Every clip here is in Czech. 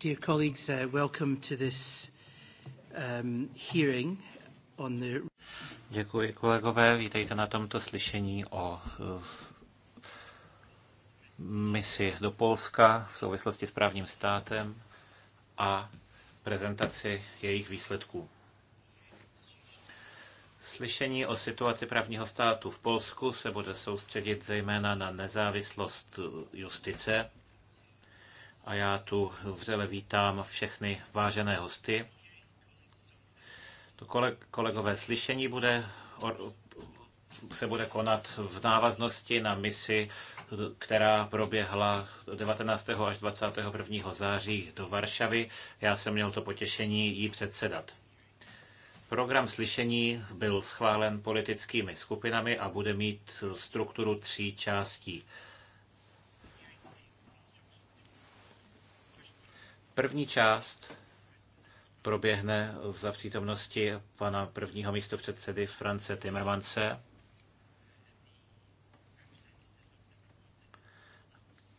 Dear colleagues, uh, welcome to this um, hearing on the... Děkuji kolegové, vítejte na tomto slyšení o uh, misi do Polska v souvislosti s právním státem a prezentaci jejich výsledků. Slyšení o situaci právního státu v Polsku se bude soustředit zejména na nezávislost uh, justice a já tu vřele vítám všechny vážené hosty. To kolegové slyšení bude, se bude konat v návaznosti na misi, která proběhla 19. až 21. září do Varšavy. Já jsem měl to potěšení jí předsedat. Program slyšení byl schválen politickými skupinami a bude mít strukturu tří částí. První část proběhne za přítomnosti pana prvního místopředsedy France Timmermanse.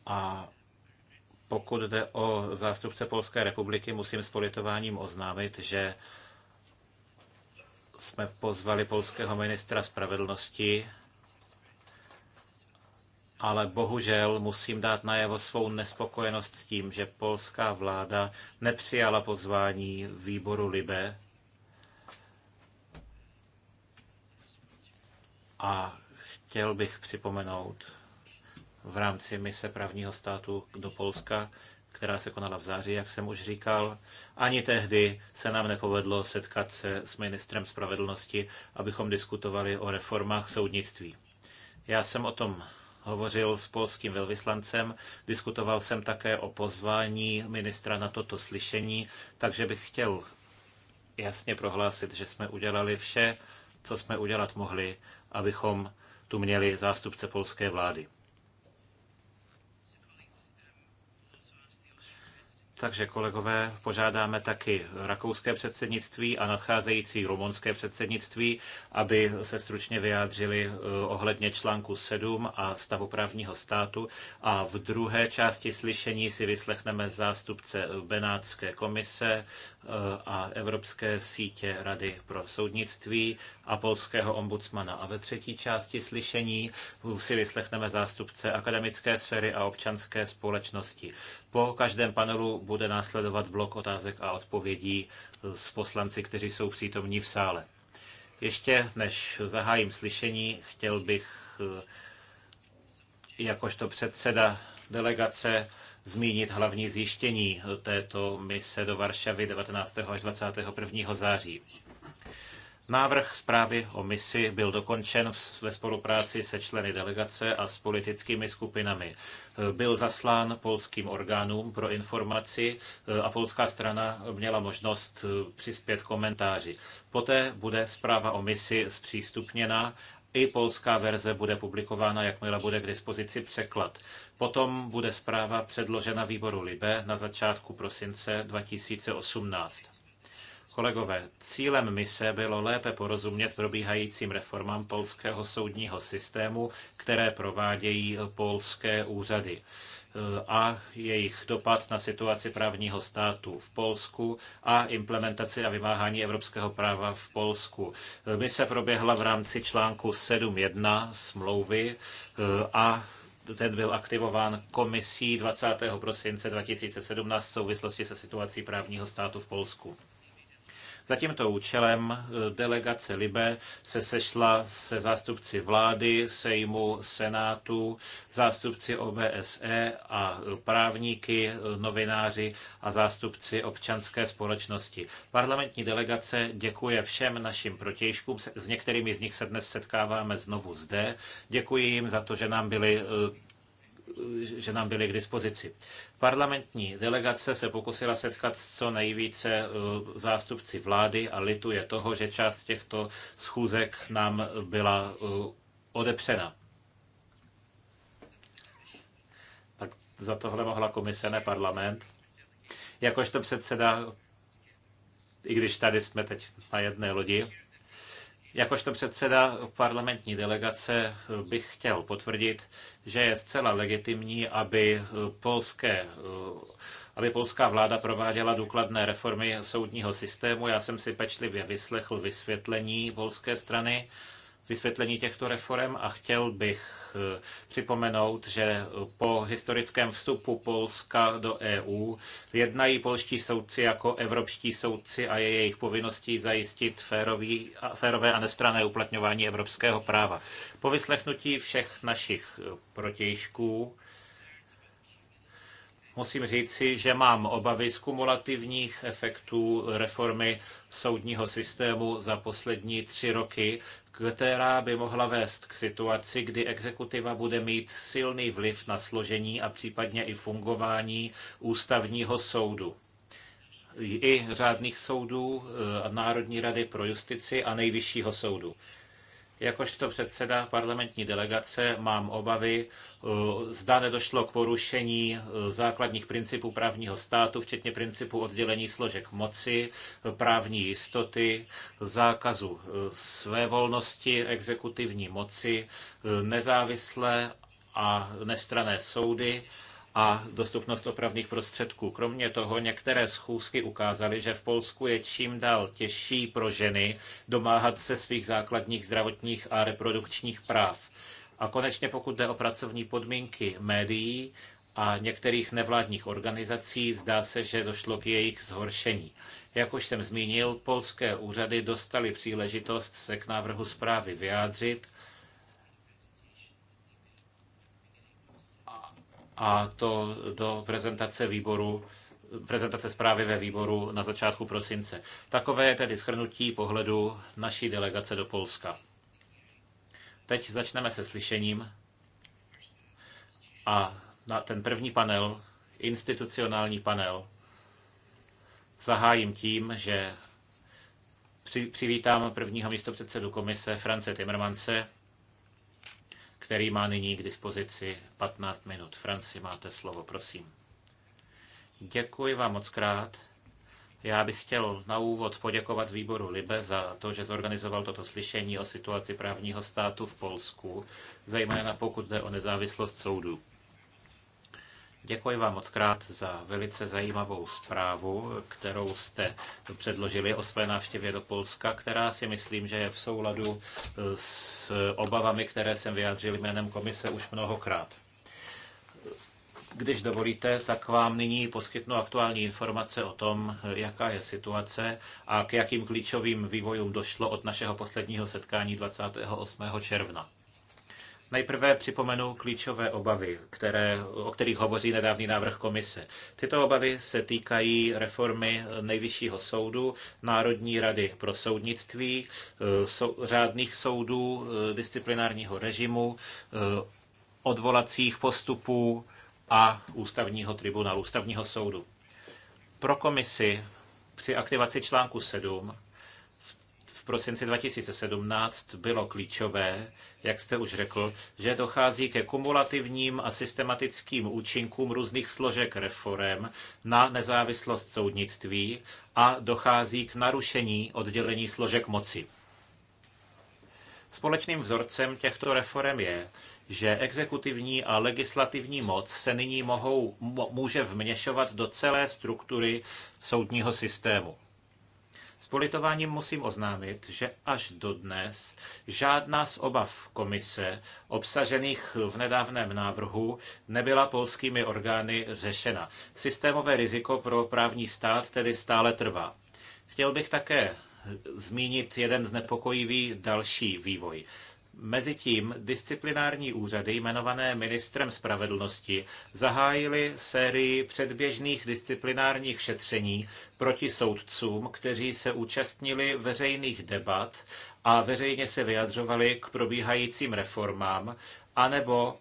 A pokud jde o zástupce Polské republiky, musím s politováním oznámit, že jsme pozvali polského ministra spravedlnosti ale bohužel musím dát najevo svou nespokojenost s tím, že polská vláda nepřijala pozvání výboru Libe a chtěl bych připomenout v rámci mise právního státu do Polska, která se konala v září, jak jsem už říkal. Ani tehdy se nám nepovedlo setkat se s ministrem spravedlnosti, abychom diskutovali o reformách soudnictví. Já jsem o tom hovořil s polským velvyslancem, diskutoval jsem také o pozvání ministra na toto slyšení, takže bych chtěl jasně prohlásit, že jsme udělali vše, co jsme udělat mohli, abychom tu měli zástupce polské vlády. Takže kolegové, požádáme taky rakouské předsednictví a nadcházející rumunské předsednictví, aby se stručně vyjádřili eh, ohledně článku 7 a stavu právního státu. A v druhé části slyšení si vyslechneme zástupce Benátské komise a Evropské sítě Rady pro soudnictví a polského ombudsmana. A ve třetí části slyšení si vyslechneme zástupce akademické sféry a občanské společnosti. Po každém panelu bude následovat blok otázek a odpovědí z poslanci, kteří jsou přítomní v sále. Ještě než zahájím slyšení, chtěl bych eh, jakožto předseda delegace zmínit hlavní zjištění této mise do Varšavy 19. až 21. září. Návrh zprávy o misi byl dokončen ve spolupráci se členy delegace a s politickými skupinami. Byl zaslán polským orgánům pro informaci e, a polská strana měla možnost e, přispět komentáři. Poté bude zpráva o misi zpřístupněna i polská verze bude publikována, jakmile bude k dispozici překlad. Potom bude zpráva předložena výboru Libe na začátku prosince 2018. Kolegové, cílem mise bylo lépe porozumět probíhajícím reformám polského soudního systému, které provádějí polské úřady. Eh, a jejich dopad na situaci právního státu v Polsku a implementaci a vymáhání evropského práva v Polsku. Mise eh, proběhla v rámci článku 7.1 smlouvy eh, a ten byl aktivován komisí 20. prosince 2017 v souvislosti se situací právního státu v Polsku. Za tímto účelem eh, delegace Libe se sešla se zástupci vlády, sejmu, senátu, zástupci OBSE a právníky, eh, novináři a zástupci občanské společnosti. Parlamentní delegace děkuje všem našim protějškům, s některými z nich se dnes setkáváme znovu zde. Děkuji jim za to, že nám byli eh, že nám byly k dispozici. Parlamentní delegace se pokusila setkat s co nejvíce e, zástupci vlády a lituje toho, že část těchto schůzek nám byla e, odepřena. Tak za tohle mohla komise, ne parlament. Jakožto předseda, i když tady jsme teď na jedné lodi, Jakožto předseda parlamentní delegace bych chtěl potvrdit, že je zcela legitimní, aby polské aby polská vláda prováděla důkladné reformy soudního systému. Já jsem si pečlivě vyslechl vysvětlení polské strany vysvětlení těchto reform a chtěl bych eh, připomenout, že po historickém vstupu Polska do EU jednají polští soudci jako evropští soudci a je jejich povinností zajistit férový, férové a nestrané uplatňování evropského práva. Po vyslechnutí všech našich eh, protějšků musím říci, že mám obavy z kumulativních efektů reformy soudního systému za poslední tři roky, která by mohla vést k situaci, kdy exekutiva bude mít silný vliv na složení a případně i fungování ústavního soudu i řádných soudů, e, Národní rady pro justici a nejvyššího soudu. Jakožto předseda parlamentní delegace mám obavy, eh, zda nedošlo k porušení eh, základních principů právního státu, včetně principu oddělení složek moci, eh, právní jistoty, zákazu svévolnosti, exekutivní moci, nezávislé a nestrané soudy a dostupnost opravných prostředků. Kromě toho některé schůzky ukázaly, že v Polsku je čím dál těžší pro ženy domáhat se svých základních zdravotních a reprodukčních práv. A konečně pokud jde o pracovní podmínky médií a některých nevládních organizací, zdá se, že došlo k jejich zhoršení. Jak už jsem zmínil, polské úřady dostaly příležitost se k návrhu zprávy vyjádřit a to do prezentace výboru prezentace zprávy ve výboru na začátku prosince. Takové je tedy schrnutí pohledu naší delegace do Polska. Teď začneme se slyšením a na ten první panel, institucionální panel, zahájím tím, že přivítám prvního místopředsedu komise France Timmermanse, který má nyní k dispozici 15 minut. Franci, máte slovo, prosím. Děkuji vám moc krát. Já bych chtěl na úvod poděkovat výboru Libe za to, že zorganizoval toto slyšení o situaci právního státu v Polsku, zejména pokud jde o nezávislost soudu. Děkuji vám moc krát za velice zajímavou zprávu, kterou jste předložili o své návštěvě do Polska, která si myslím, že je v souladu s obavami, které jsem vyjádřil jménem komise už mnohokrát. Když dovolíte, tak vám nyní poskytnu aktuální informace o tom, jaká je situace a k jakým klíčovým vývojům došlo od našeho posledního setkání 28. června. Nejprve připomenu klíčové obavy, které, o kterých hovoří nedávný návrh komise. Tyto obavy se týkají reformy Nejvyššího soudu, Národní rady pro soudnictví, e, sou, řádných soudů, e, disciplinárního režimu, e, odvolacích postupů a ústavního tribunálu, ústavního soudu. Pro komisi při aktivaci článku 7 v prosinci 2017 bylo klíčové, jak jste už řekl, že dochází ke kumulativním a systematickým účinkům různých složek reform na nezávislost soudnictví a dochází k narušení oddělení složek moci. Společným vzorcem těchto reform je, že exekutivní a legislativní moc se nyní mohou, může vměšovat do celé struktury soudního systému politováním musím oznámit, že až dodnes žádná z obav komise obsažených v nedávném návrhu nebyla polskými orgány řešena. Systémové riziko pro právní stát tedy stále trvá. Chtěl bych také zmínit jeden znepokojivý další vývoj. Mezitím disciplinární úřady jmenované ministrem spravedlnosti zahájily sérii předběžných disciplinárních šetření proti soudcům, kteří se účastnili veřejných debat a veřejně se vyjadřovali k probíhajícím reformám, anebo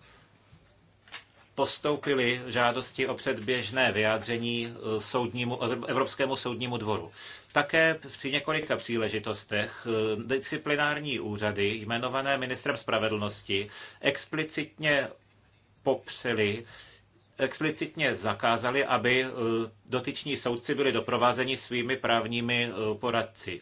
postoupili žádosti o předběžné vyjádření soudnímu, Evropskému soudnímu dvoru. Také při několika příležitostech eh, disciplinární úřady jmenované ministrem spravedlnosti explicitně popřeli, explicitně zakázali, aby eh, dotyční soudci byli doprovázeni svými právními eh, poradci.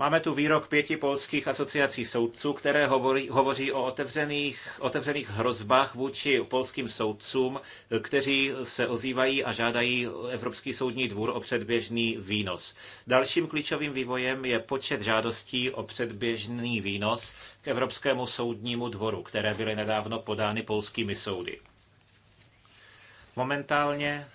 Máme tu výrok pěti polských asociací soudců, které hovorí, hovoří o otevřených, otevřených hrozbách vůči polským soudcům, kteří se ozývají a žádají Evropský soudní dvůr o předběžný výnos. Dalším klíčovým vývojem je počet žádostí o předběžný výnos k Evropskému soudnímu dvoru, které byly nedávno podány polskými soudy. Momentálně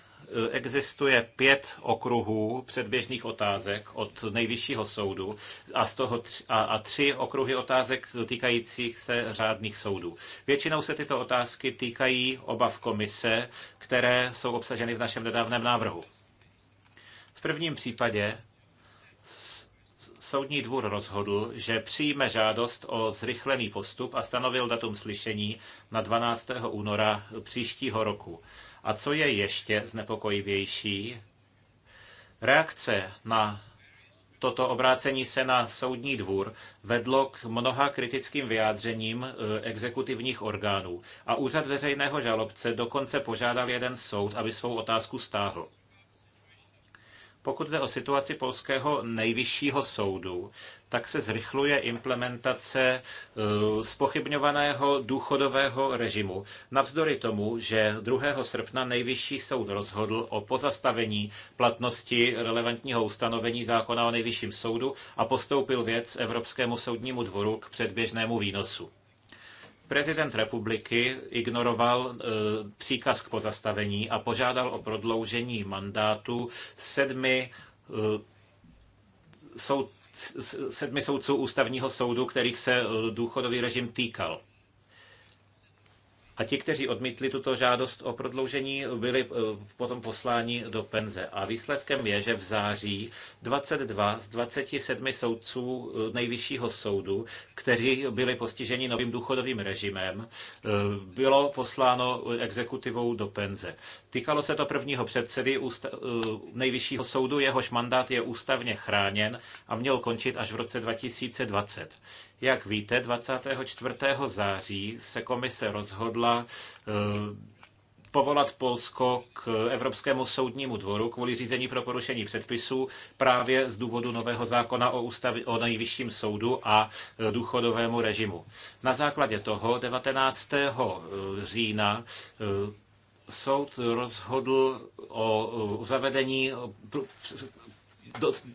existuje pět okruhů předběžných otázek od nejvyššího soudu a, z toho tři, a, a tři okruhy otázek týkajících se řádných soudů. Většinou se tyto otázky týkají obav komise, které jsou obsaženy v našem nedávném návrhu. V prvním případě Soudní dvůr rozhodl, že přijme žádost o zrychlený postup a stanovil datum slyšení na 12. února příštího roku. A co je ještě znepokojivější, reakce na toto obrácení se na soudní dvůr vedlo k mnoha kritickým vyjádřením eh, exekutivních orgánů. A úřad veřejného žalobce dokonce požádal jeden soud, aby svou otázku stáhl. Pokud jde o situaci polského nejvyššího soudu, tak se zrychluje implementace e, spochybňovaného důchodového režimu. Navzdory tomu, že 2. srpna nejvyšší soud rozhodl o pozastavení platnosti relevantního ustanovení zákona o nejvyšším soudu a postoupil věc Evropskému soudnímu dvoru k předběžnému výnosu. Prezident republiky ignoroval e, příkaz k pozastavení a požádal o prodloužení mandátu sedmi, e, soud, sedmi soudců ústavního soudu, kterých se e, důchodový režim týkal. A ti, kteří odmítli tuto žádost o prodloužení, byli eh, potom posláni do penze. A výsledkem je, že v září 22 z 27 soudců eh, nejvyššího soudu, kteří byli postiženi novým důchodovým režimem, eh, bylo posláno exekutivou do penze. Týkalo se to prvního předsedy nejvyššího soudu, jehož mandát je ústavně chráněn a měl končit až v roce 2020. Jak víte, 24. září se komise rozhodla eh, povolat Polsko k Evropskému soudnímu dvoru kvůli řízení pro porušení předpisů právě z důvodu nového zákona o, ústavi, o nejvyšším soudu a eh, důchodovému režimu. Na základě toho 19. Eh, října soud rozhodl o zavedení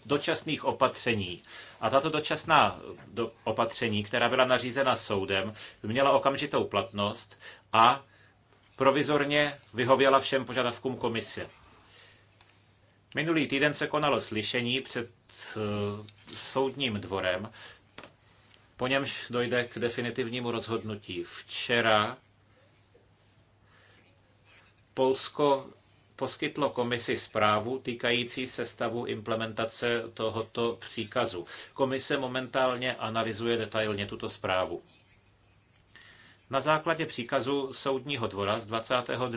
dočasných opatření a tato dočasná eh, opatření, která byla nařízena soudem, měla okamžitou platnost a provizorně vyhověla všem požadavkům komise. Minulý týden se konalo slyšení před eh, soudním dvorem, po němž dojde k definitivnímu rozhodnutí. Včera Polsko poskytlo komisi zprávu týkající se stavu implementace tohoto příkazu. Komise momentálně analyzuje detailně tuto zprávu. Na základě příkazu Soudního dvora z 22.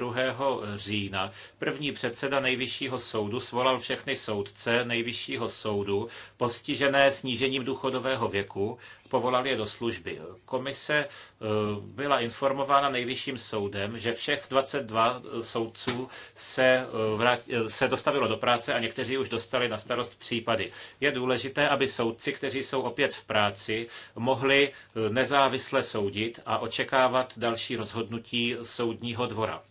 října první předseda Nejvyššího soudu svolal všechny soudce Nejvyššího soudu postižené snížením důchodového věku povolal je do služby. Komise eh, byla informována nejvyšším soudem, že všech 22 eh, soudců se, eh, vrát, se dostavilo do práce a někteří už dostali na starost případy. Je důležité, aby soudci, kteří jsou opět v práci, mohli nezávisle soudit a očekávat další rozhodnutí soudního dvora.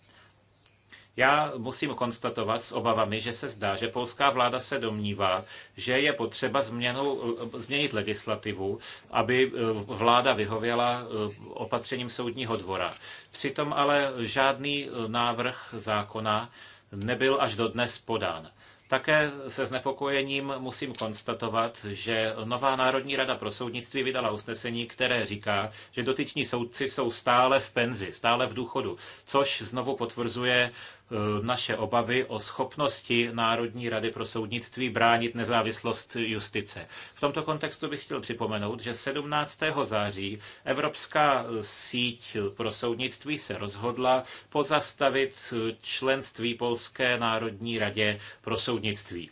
Já musím konstatovat s obavami, že se zdá, že polská vláda se domnívá, že je potřeba změnou, změnit legislativu, aby eh, vláda vyhověla eh, opatřením soudního dvora. Přitom ale žádný eh, návrh zákona nebyl až dodnes podán. Také se znepokojením musím konstatovat, že nová Národní rada pro soudnictví vydala usnesení, které říká, že dotyční soudci jsou stále v penzi, stále v důchodu, což znovu potvrzuje Eh, naše obavy o schopnosti Národní rady pro soudnictví bránit nezávislost justice. V tomto kontextu bych chtěl připomenout, že 17. září Evropská síť pro soudnictví se rozhodla pozastavit členství Polské Národní radě pro soudnictví.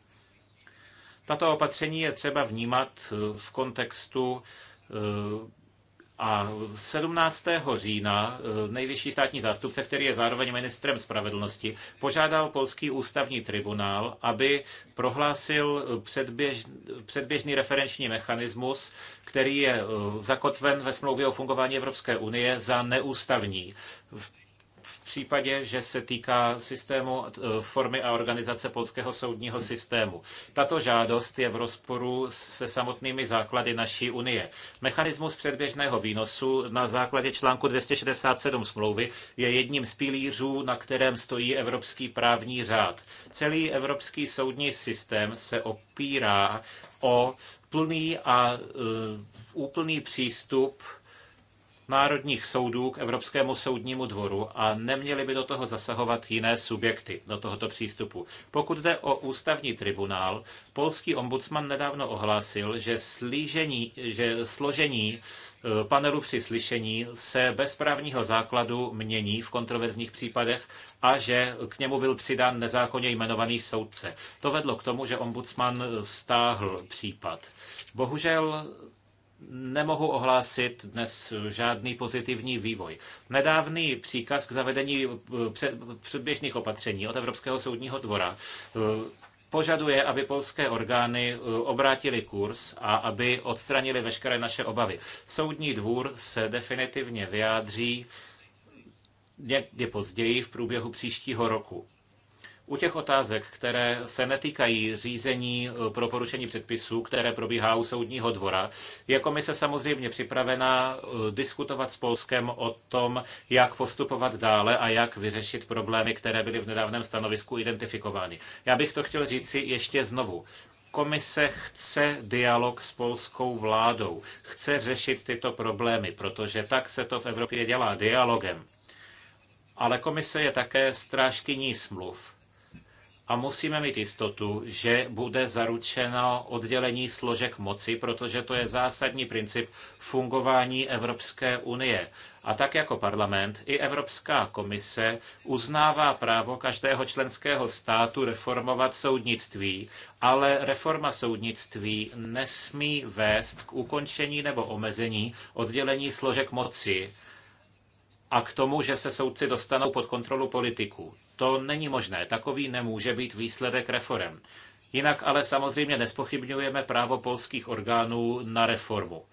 Tato opatření je třeba vnímat v kontextu eh, a 17. října eh, nejvyšší státní zástupce, který je zároveň ministrem spravedlnosti, požádal polský ústavní tribunál, aby prohlásil předběž, předběžný referenční mechanismus, který je eh, zakotven ve smlouvě o fungování Evropské unie za neústavní. V případě, že se týká systému eh, formy a organizace polského soudního systému. Tato žádost je v rozporu se samotnými základy naší unie. Mechanismus předběžného výnosu na základě článku 267 smlouvy je jedním z pilířů, na kterém stojí evropský právní řád. Celý evropský soudní systém se opírá o plný a uh, úplný přístup národních soudů k Evropskému soudnímu dvoru a neměly by do toho zasahovat jiné subjekty do tohoto přístupu. Pokud jde o ústavní tribunál, polský ombudsman nedávno ohlásil, že, slížení, že složení eh, panelu při slyšení se bez právního základu mění v kontroverzních případech a že k němu byl přidán nezákonně jmenovaný soudce. To vedlo k tomu, že ombudsman stáhl případ. Bohužel nemohu ohlásit dnes žádný pozitivní vývoj. Nedávný příkaz k zavedení eh, předběžných opatření od Evropského soudního dvora eh, požaduje, aby polské orgány eh, obrátili kurz a aby odstranili veškeré naše obavy. Soudní dvůr se definitivně vyjádří někdy později v průběhu příštího roku. U těch otázek, které se netýkají řízení eh, pro porušení předpisů, které probíhá u soudního dvora, je komise samozřejmě připravena eh, diskutovat s Polskem o tom, jak postupovat dále a jak vyřešit problémy, které byly v nedávném stanovisku identifikovány. Já bych to chtěl říci ještě znovu komise chce dialog s polskou vládou, chce řešit tyto problémy, protože tak se to v Evropě dělá dialogem. Ale komise je také strážkyní smluv a musíme mít jistotu, že bude zaručeno oddělení složek moci, protože to je zásadní princip fungování Evropské unie. A tak jako parlament, i Evropská komise uznává právo každého členského státu reformovat soudnictví, ale reforma soudnictví nesmí vést k ukončení nebo omezení oddělení složek moci a k tomu, že se soudci dostanou pod kontrolu politiků. To není možné, takový nemůže být výsledek reform. Jinak ale samozřejmě nespochybňujeme právo polských orgánů na reformu.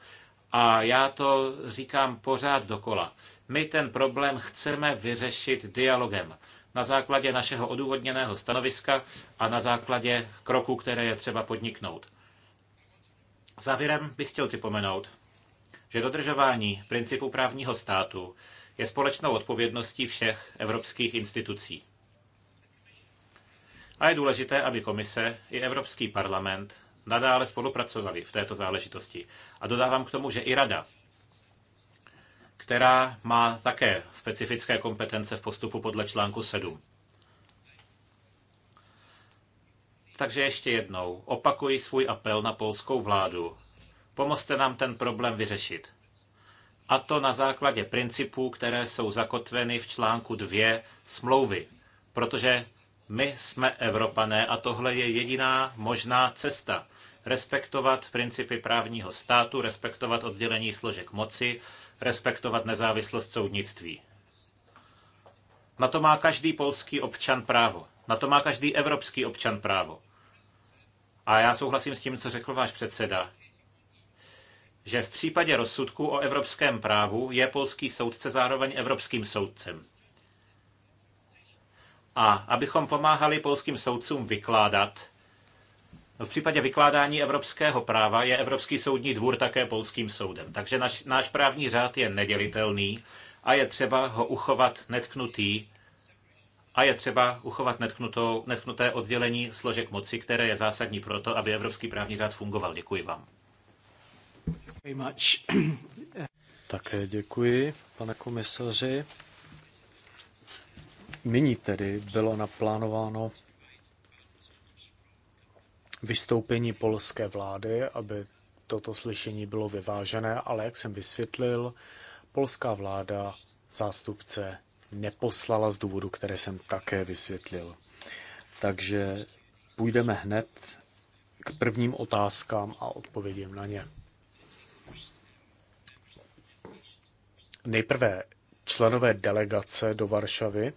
A já to říkám pořád dokola. My ten problém chceme vyřešit dialogem na základě našeho odůvodněného stanoviska a na základě kroků, které je třeba podniknout. Závěrem bych chtěl připomenout, že dodržování principu právního státu je společnou odpovědností všech evropských institucí. A je důležité, aby komise i Evropský parlament nadále spolupracovali v této záležitosti. A dodávám k tomu, že i Rada, která má také specifické kompetence v postupu podle článku 7. Takže ještě jednou opakuji svůj apel na polskou vládu. Pomozte nám ten problém vyřešit a to na základě principů, které jsou zakotveny v článku 2 smlouvy. Protože my jsme Evropané a tohle je jediná možná cesta. Respektovat principy právního státu, respektovat oddělení složek moci, respektovat nezávislost soudnictví. Na to má každý polský občan právo. Na to má každý evropský občan právo. A já souhlasím s tím, co řekl váš předseda, že v případě rozsudku o evropském právu je polský soudce zároveň evropským soudcem. A abychom pomáhali polským soudcům vykládat, v případě vykládání evropského práva je Evropský soudní dvůr také polským soudem. Takže naš, náš právní řád je nedělitelný a je třeba ho uchovat netknutý a je třeba uchovat netknutou, netknuté oddělení složek moci, které je zásadní pro to, aby evropský právní řád fungoval. Děkuji vám. Také děkuji, pane komisaři. Nyní tedy bylo naplánováno vystoupení polské vlády, aby toto slyšení bylo vyvážené, ale jak jsem vysvětlil, polská vláda zástupce neposlala z důvodu, které jsem také vysvětlil. Takže půjdeme hned k prvním otázkám a odpovědím na ně. nejprve členové delegace do Varšavy,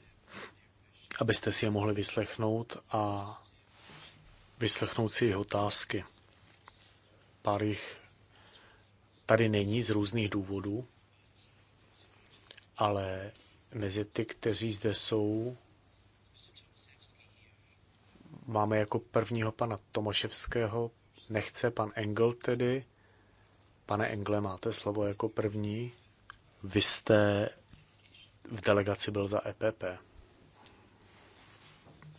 abyste si je mohli vyslechnout a vyslechnout si jejich otázky. Pár jich tady není z různých důvodů, ale mezi ty, kteří zde jsou, máme jako prvního pana Tomaševského, nechce pan Engel tedy. Pane Engle, máte slovo jako první. Vy jste v delegaci byl za EPP.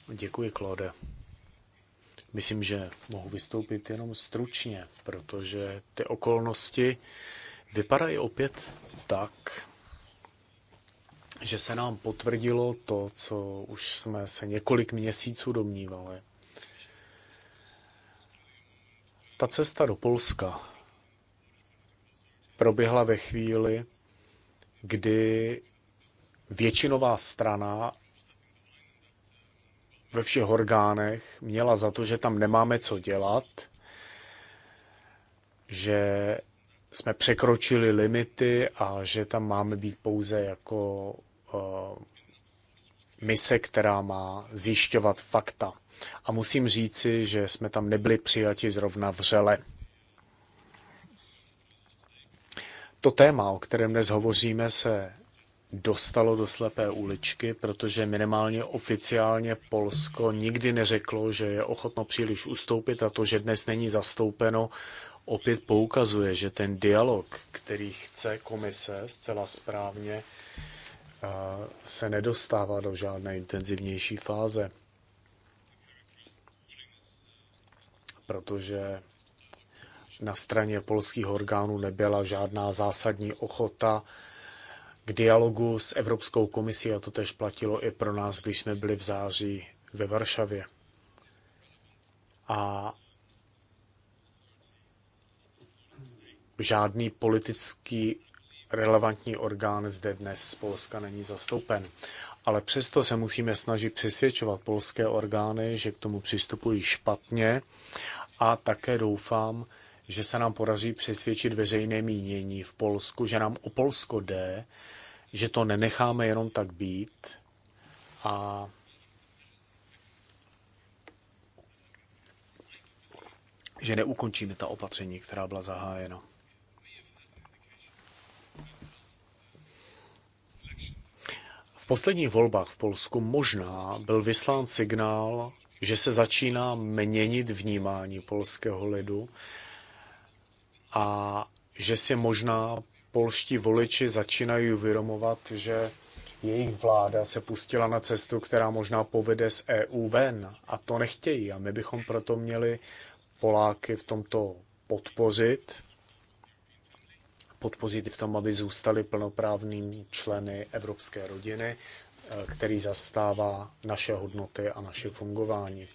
Děkuji, Claude. Myslím, že mohu vystoupit jenom stručně, protože ty okolnosti vypadají opět tak, že se nám potvrdilo to, co už jsme se několik měsíců domnívali. Ta cesta do Polska proběhla ve chvíli, kdy většinová strana ve všech orgánech měla za to, že tam nemáme co dělat, že jsme překročili limity a že tam máme být pouze jako uh, mise, která má zjišťovat fakta. A musím říci, že jsme tam nebyli přijati zrovna vřele. To téma, o kterém dnes hovoříme, se dostalo do slepé uličky, protože minimálně oficiálně Polsko nikdy neřeklo, že je ochotno příliš ustoupit a to, že dnes není zastoupeno, opět poukazuje, že ten dialog, který chce komise zcela správně, eh, se nedostává do žádné intenzivnější fáze. Protože na straně polských orgánů nebyla žádná zásadní ochota k dialogu s Evropskou komisí a to tež platilo i pro nás, když jsme byli v září ve Varšavě. A žádný politický relevantní orgán zde dnes z Polska není zastoupen. Ale přesto se musíme snažit přesvědčovat polské orgány, že k tomu přistupují špatně a také doufám, že se nám podaří přesvědčit veřejné mínění v Polsku, že nám o Polsko jde, že to nenecháme jenom tak být a že neukončíme ta opatření, která byla zahájena. V posledních volbách v Polsku možná byl vyslán signál, že se začíná měnit vnímání polského lidu, a že si možná polští voliči začínají uvědomovat, že jejich vláda se pustila na cestu, která možná povede z EU ven. A to nechtějí. A my bychom proto měli Poláky v tomto podpořit, podpořit v tom, aby zůstali plnoprávným členy evropské rodiny, eh, který zastává naše hodnoty a naše fungování.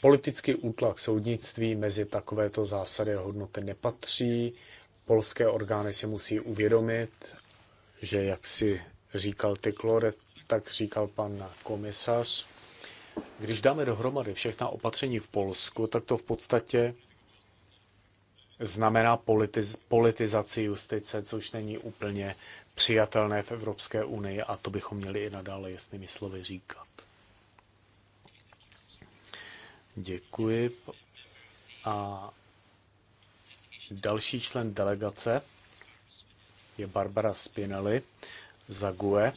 Politický útlak soudnictví mezi takovéto zásady a hodnoty nepatří. Polské orgány si musí uvědomit, že jak si říkal ty, Klore, tak říkal pan komisař, když dáme dohromady všechna opatření v Polsku, tak to v podstatě znamená politiz, politizaci justice, což není úplně přijatelné v Evropské unii a to bychom měli i nadále jasnými slovy říkat. Děkuji. A další člen delegace je Barbara Spinelli za GUE.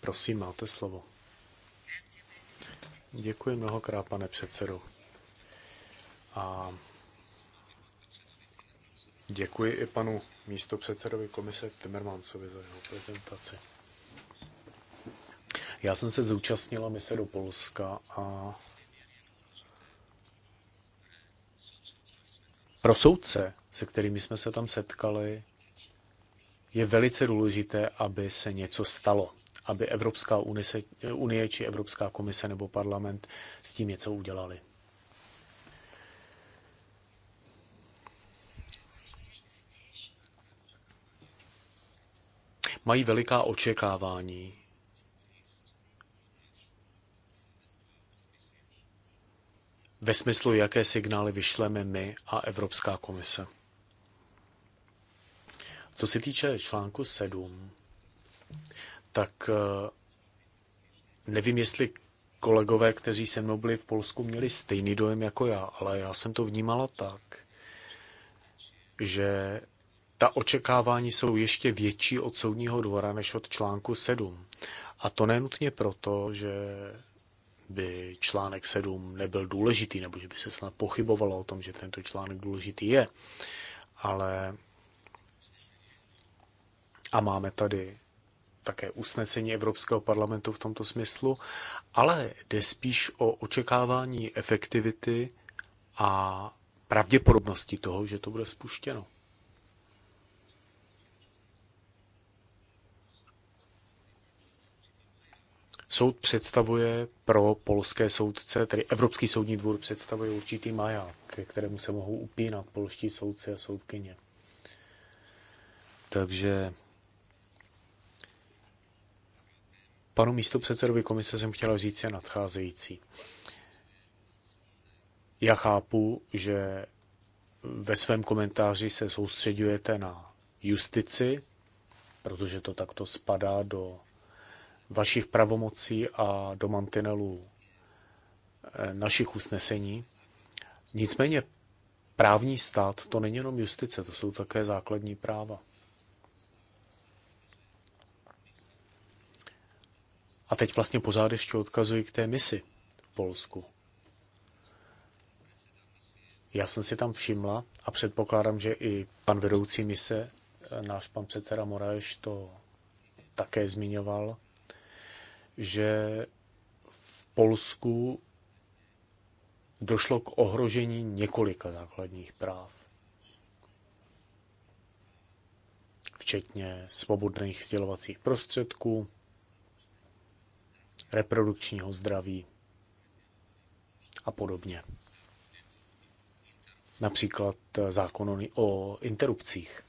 Prosím, máte slovo. Děkuji mnohokrát, pane předsedu. A děkuji i panu místopředsedovi komise Timmermansovi za jeho prezentaci. Já jsem se zúčastnila mise do Polska a pro soudce, se kterými jsme se tam setkali, je velice důležité, aby se něco stalo, aby Evropská unise, unie či Evropská komise nebo parlament s tím něco udělali. Mají veliká očekávání ve smyslu, jaké signály vyšleme my a Evropská komise. Co se týče článku 7, tak eh, nevím, jestli kolegové, kteří se mnou byli v Polsku, měli stejný dojem jako já, ale já jsem to vnímala tak, že ta očekávání jsou ještě větší od soudního dvora než od článku 7. A to nenutně proto, že by článek 7 nebyl důležitý, nebo že by se snad pochybovalo o tom, že tento článek důležitý je. Ale a máme tady také usnesení Evropského parlamentu v tomto smyslu, ale jde spíš o očekávání efektivity a pravděpodobnosti toho, že to bude spuštěno. Soud představuje pro polské soudce, tedy Evropský soudní dvůr představuje určitý maják, ke kterému se mohou upínat polští soudci a soudkyně. Takže panu místopředsedovi komise jsem chtěla říct je nadcházející. Já chápu, že ve svém komentáři se soustředujete na justici, protože to takto spadá do vašich pravomocí a do mantinelu eh, našich usnesení. Nicméně právní stát to není jenom justice, to jsou také základní práva. A teď vlastně pořád ještě odkazuji k té misi v Polsku. Já jsem si tam všimla a předpokládám, že i pan vedoucí mise, eh, náš pan předseda Moraješ, to také zmiňoval, že v Polsku došlo k ohrožení několika základních práv, včetně svobodných sdělovacích prostředků, reprodukčního zdraví a podobně. Například zákon o interrupcích,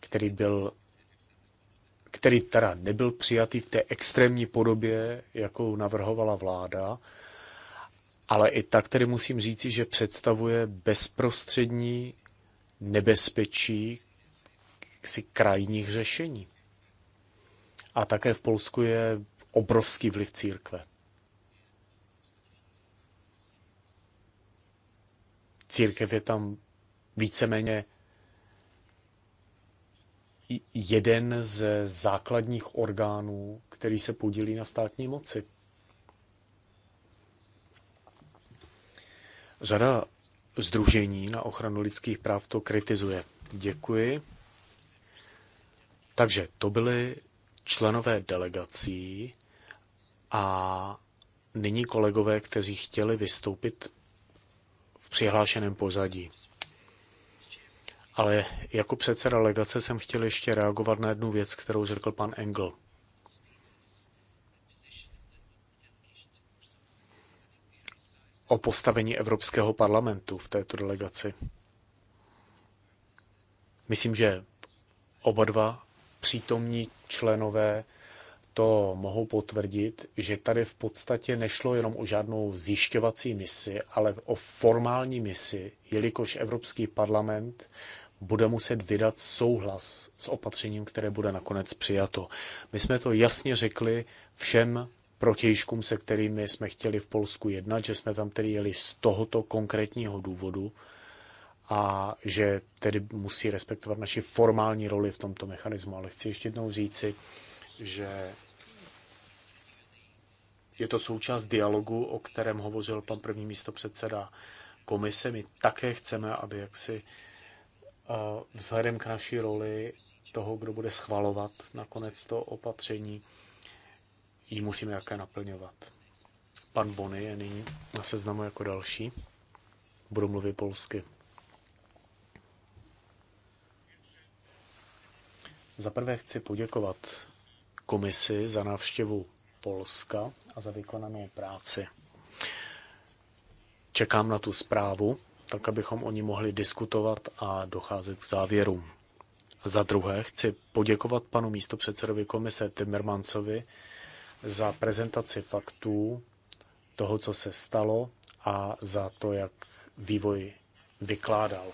který byl který teda nebyl přijatý v té extrémní podobě, jakou navrhovala vláda, ale i tak tedy musím říci, že představuje bezprostřední nebezpečí si krajních řešení. A také v Polsku je obrovský vliv církve. Církev je tam víceméně jeden ze základních orgánů, který se podílí na státní moci. Řada Združení na ochranu lidských práv to kritizuje. Děkuji. Takže to byly členové delegací a nyní kolegové, kteří chtěli vystoupit v přihlášeném pozadí. Ale jako předseda legace jsem chtěl ještě reagovat na jednu věc, kterou řekl pan Engel. O postavení Evropského parlamentu v této delegaci. Myslím, že oba dva přítomní členové to mohou potvrdit, že tady v podstatě nešlo jenom o žádnou zjišťovací misi, ale o formální misi, jelikož Evropský parlament bude muset vydat souhlas s opatřením, které bude nakonec přijato. My jsme to jasně řekli všem protějškům, se kterými jsme chtěli v Polsku jednat, že jsme tam tedy jeli z tohoto konkrétního důvodu a že tedy musí respektovat naši formální roli v tomto mechanismu. Ale chci ještě jednou říci, že je to součást dialogu, o kterém hovořil pan první místo předseda komise. My také chceme, aby jaksi vzhledem k naší roli toho, kdo bude schvalovat nakonec to opatření, ji musíme také naplňovat. Pan Bony je nyní na seznamu jako další. Budu mluvit polsky. Za prvé chci poděkovat komisi za návštěvu Polska a za vykonanou práci. Čekám na tu zprávu tak abychom o ní mohli diskutovat a docházet k závěrům. Za druhé chci poděkovat panu místopředsedovi komise Timmermansovi za prezentaci faktů toho, co se stalo a za to, jak vývoj vykládal.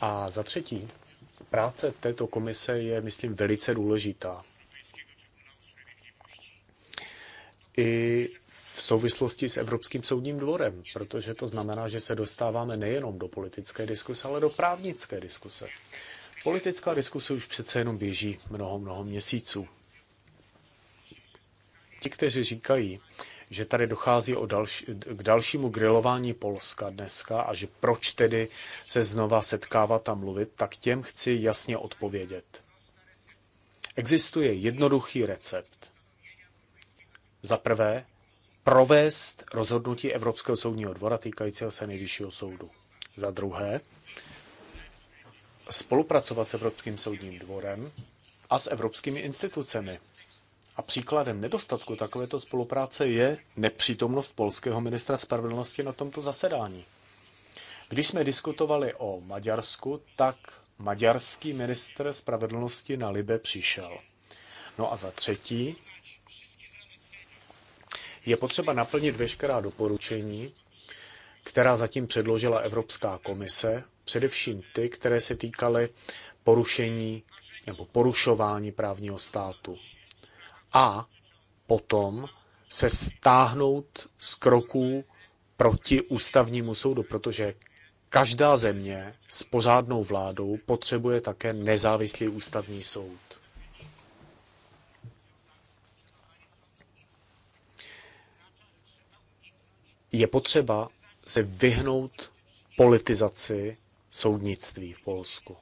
A za třetí, práce této komise je, myslím, velice důležitá. I v souvislosti s Evropským soudním dvorem, protože to znamená, že se dostáváme nejenom do politické diskuse, ale do právnické diskuse. Politická diskuse už přece jenom běží mnoho, mnoho měsíců. Ti, kteří říkají, že tady dochází o dalš- k dalšímu grilování Polska dneska a že proč tedy se znova setkávat a mluvit, tak těm chci jasně odpovědět. Existuje jednoduchý recept. Za prvé, provést rozhodnutí Evropského soudního dvora týkajícího se nejvyššího soudu. Za druhé, spolupracovat s Evropským soudním dvorem a s evropskými institucemi. A příkladem nedostatku takovéto spolupráce je nepřítomnost polského ministra spravedlnosti na tomto zasedání. Když jsme diskutovali o Maďarsku, tak maďarský ministr spravedlnosti na Libe přišel. No a za třetí, je potřeba naplnit veškerá doporučení, která zatím předložila Evropská komise, především ty, které se týkaly porušení nebo porušování právního státu. A potom se stáhnout z kroků proti ústavnímu soudu, protože každá země s pořádnou vládou potřebuje také nezávislý ústavní soud. Je potřeba se vyhnout politizaci soudnictví v Polsku.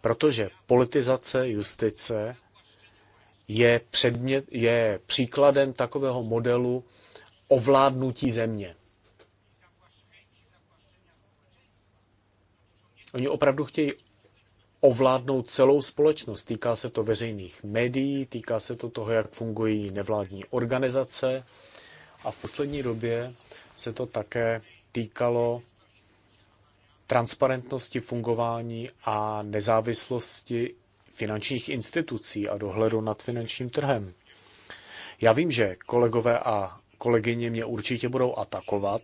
Protože politizace justice je, předmět, je příkladem takového modelu ovládnutí země. Oni opravdu chtějí ovládnout celou společnost. Týká se to veřejných médií, týká se to toho, jak fungují nevládní organizace. A v poslední době se to také týkalo transparentnosti fungování a nezávislosti finančních institucí a dohledu nad finančním trhem. Já vím, že kolegové a kolegyně mě určitě budou atakovat,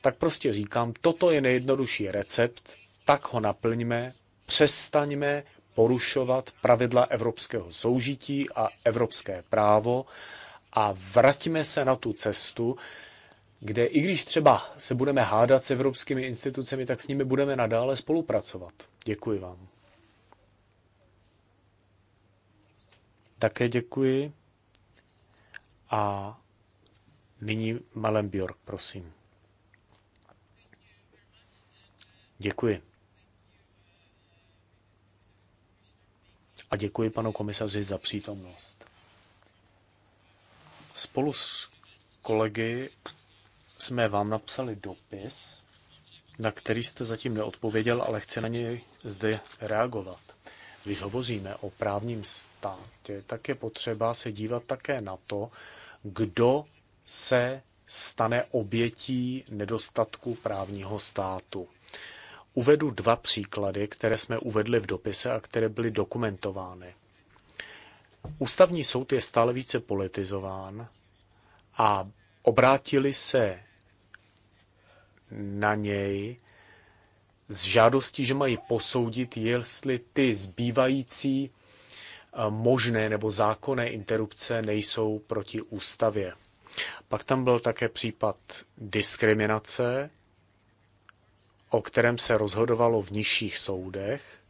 tak prostě říkám, toto je nejjednodušší recept, tak ho naplňme, přestaňme porušovat pravidla evropského soužití a evropské právo a vraťme se na tu cestu, kde i když třeba se budeme hádat s evropskými institucemi, tak s nimi budeme nadále spolupracovat. Děkuji vám. Také děkuji. A nyní Malem Bjork, prosím. Děkuji. A děkuji panu komisaři za přítomnost. Spolu s kolegy jsme vám napsali dopis, na který jste zatím neodpověděl, ale chci na něj zde reagovat. Když hovoříme o právním státě, tak je potřeba se dívat také na to, kdo se stane obětí nedostatku právního státu. Uvedu dva příklady, které jsme uvedli v dopise a které byly dokumentovány. Ústavní soud je stále více politizován a obrátili se na něj s žádostí, že mají posoudit, jestli ty zbývající eh, možné nebo zákonné interrupce nejsou proti ústavě. Pak tam byl také případ diskriminace, o kterém se rozhodovalo v nižších soudech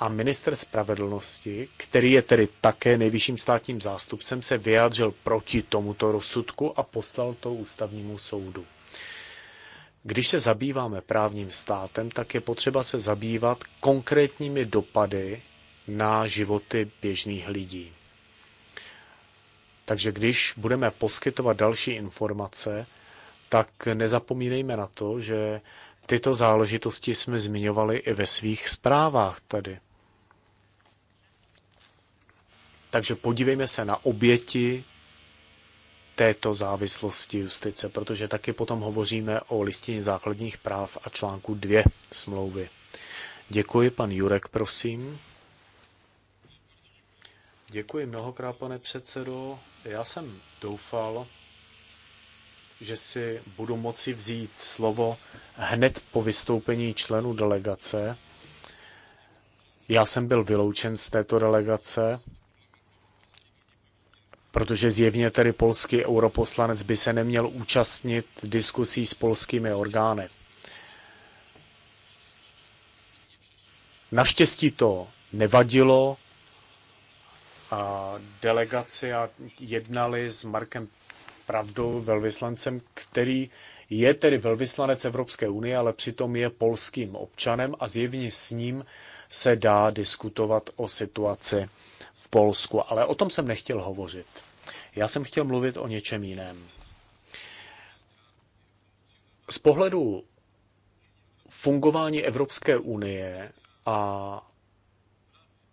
a minister spravedlnosti, který je tedy také nejvyšším státním zástupcem, se vyjádřil proti tomuto rozsudku a poslal to ústavnímu soudu. Když se zabýváme právním státem, tak je potřeba se zabývat konkrétními dopady na životy běžných lidí. Takže když budeme poskytovat další informace, tak nezapomínejme na to, že tyto záležitosti jsme zmiňovali i ve svých zprávách tady. Takže podívejme se na oběti této závislosti justice, protože taky potom hovoříme o listině základních práv a článku 2 smlouvy. Děkuji, pan Jurek, prosím. Děkuji mnohokrát, pane předsedo. Já jsem doufal, že si budu moci vzít slovo hned po vystoupení členů delegace. Já jsem byl vyloučen z této delegace protože zjevně tedy polský europoslanec by se neměl účastnit diskusí s polskými orgány. Naštěstí to nevadilo. A delegace jednali s Markem Pravdou, velvyslancem, který je tedy velvyslanec Evropské unie, ale přitom je polským občanem a zjevně s ním se dá diskutovat o situaci Polsku, ale o tom jsem nechtěl hovořit. Já jsem chtěl mluvit o něčem jiném. Z pohledu fungování Evropské unie a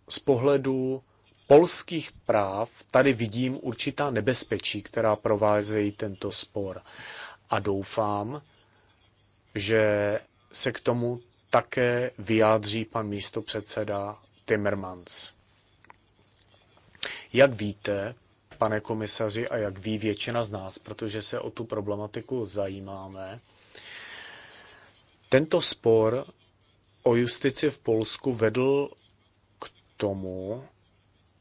z pohledu polských práv tady vidím určitá nebezpečí, která provázejí tento spor. A doufám, že se k tomu také vyjádří pan místopředseda Timmermans. Jak víte, pane komisaři, a jak ví většina z nás, protože se o tu problematiku zajímáme, tento spor o justici v Polsku vedl k tomu,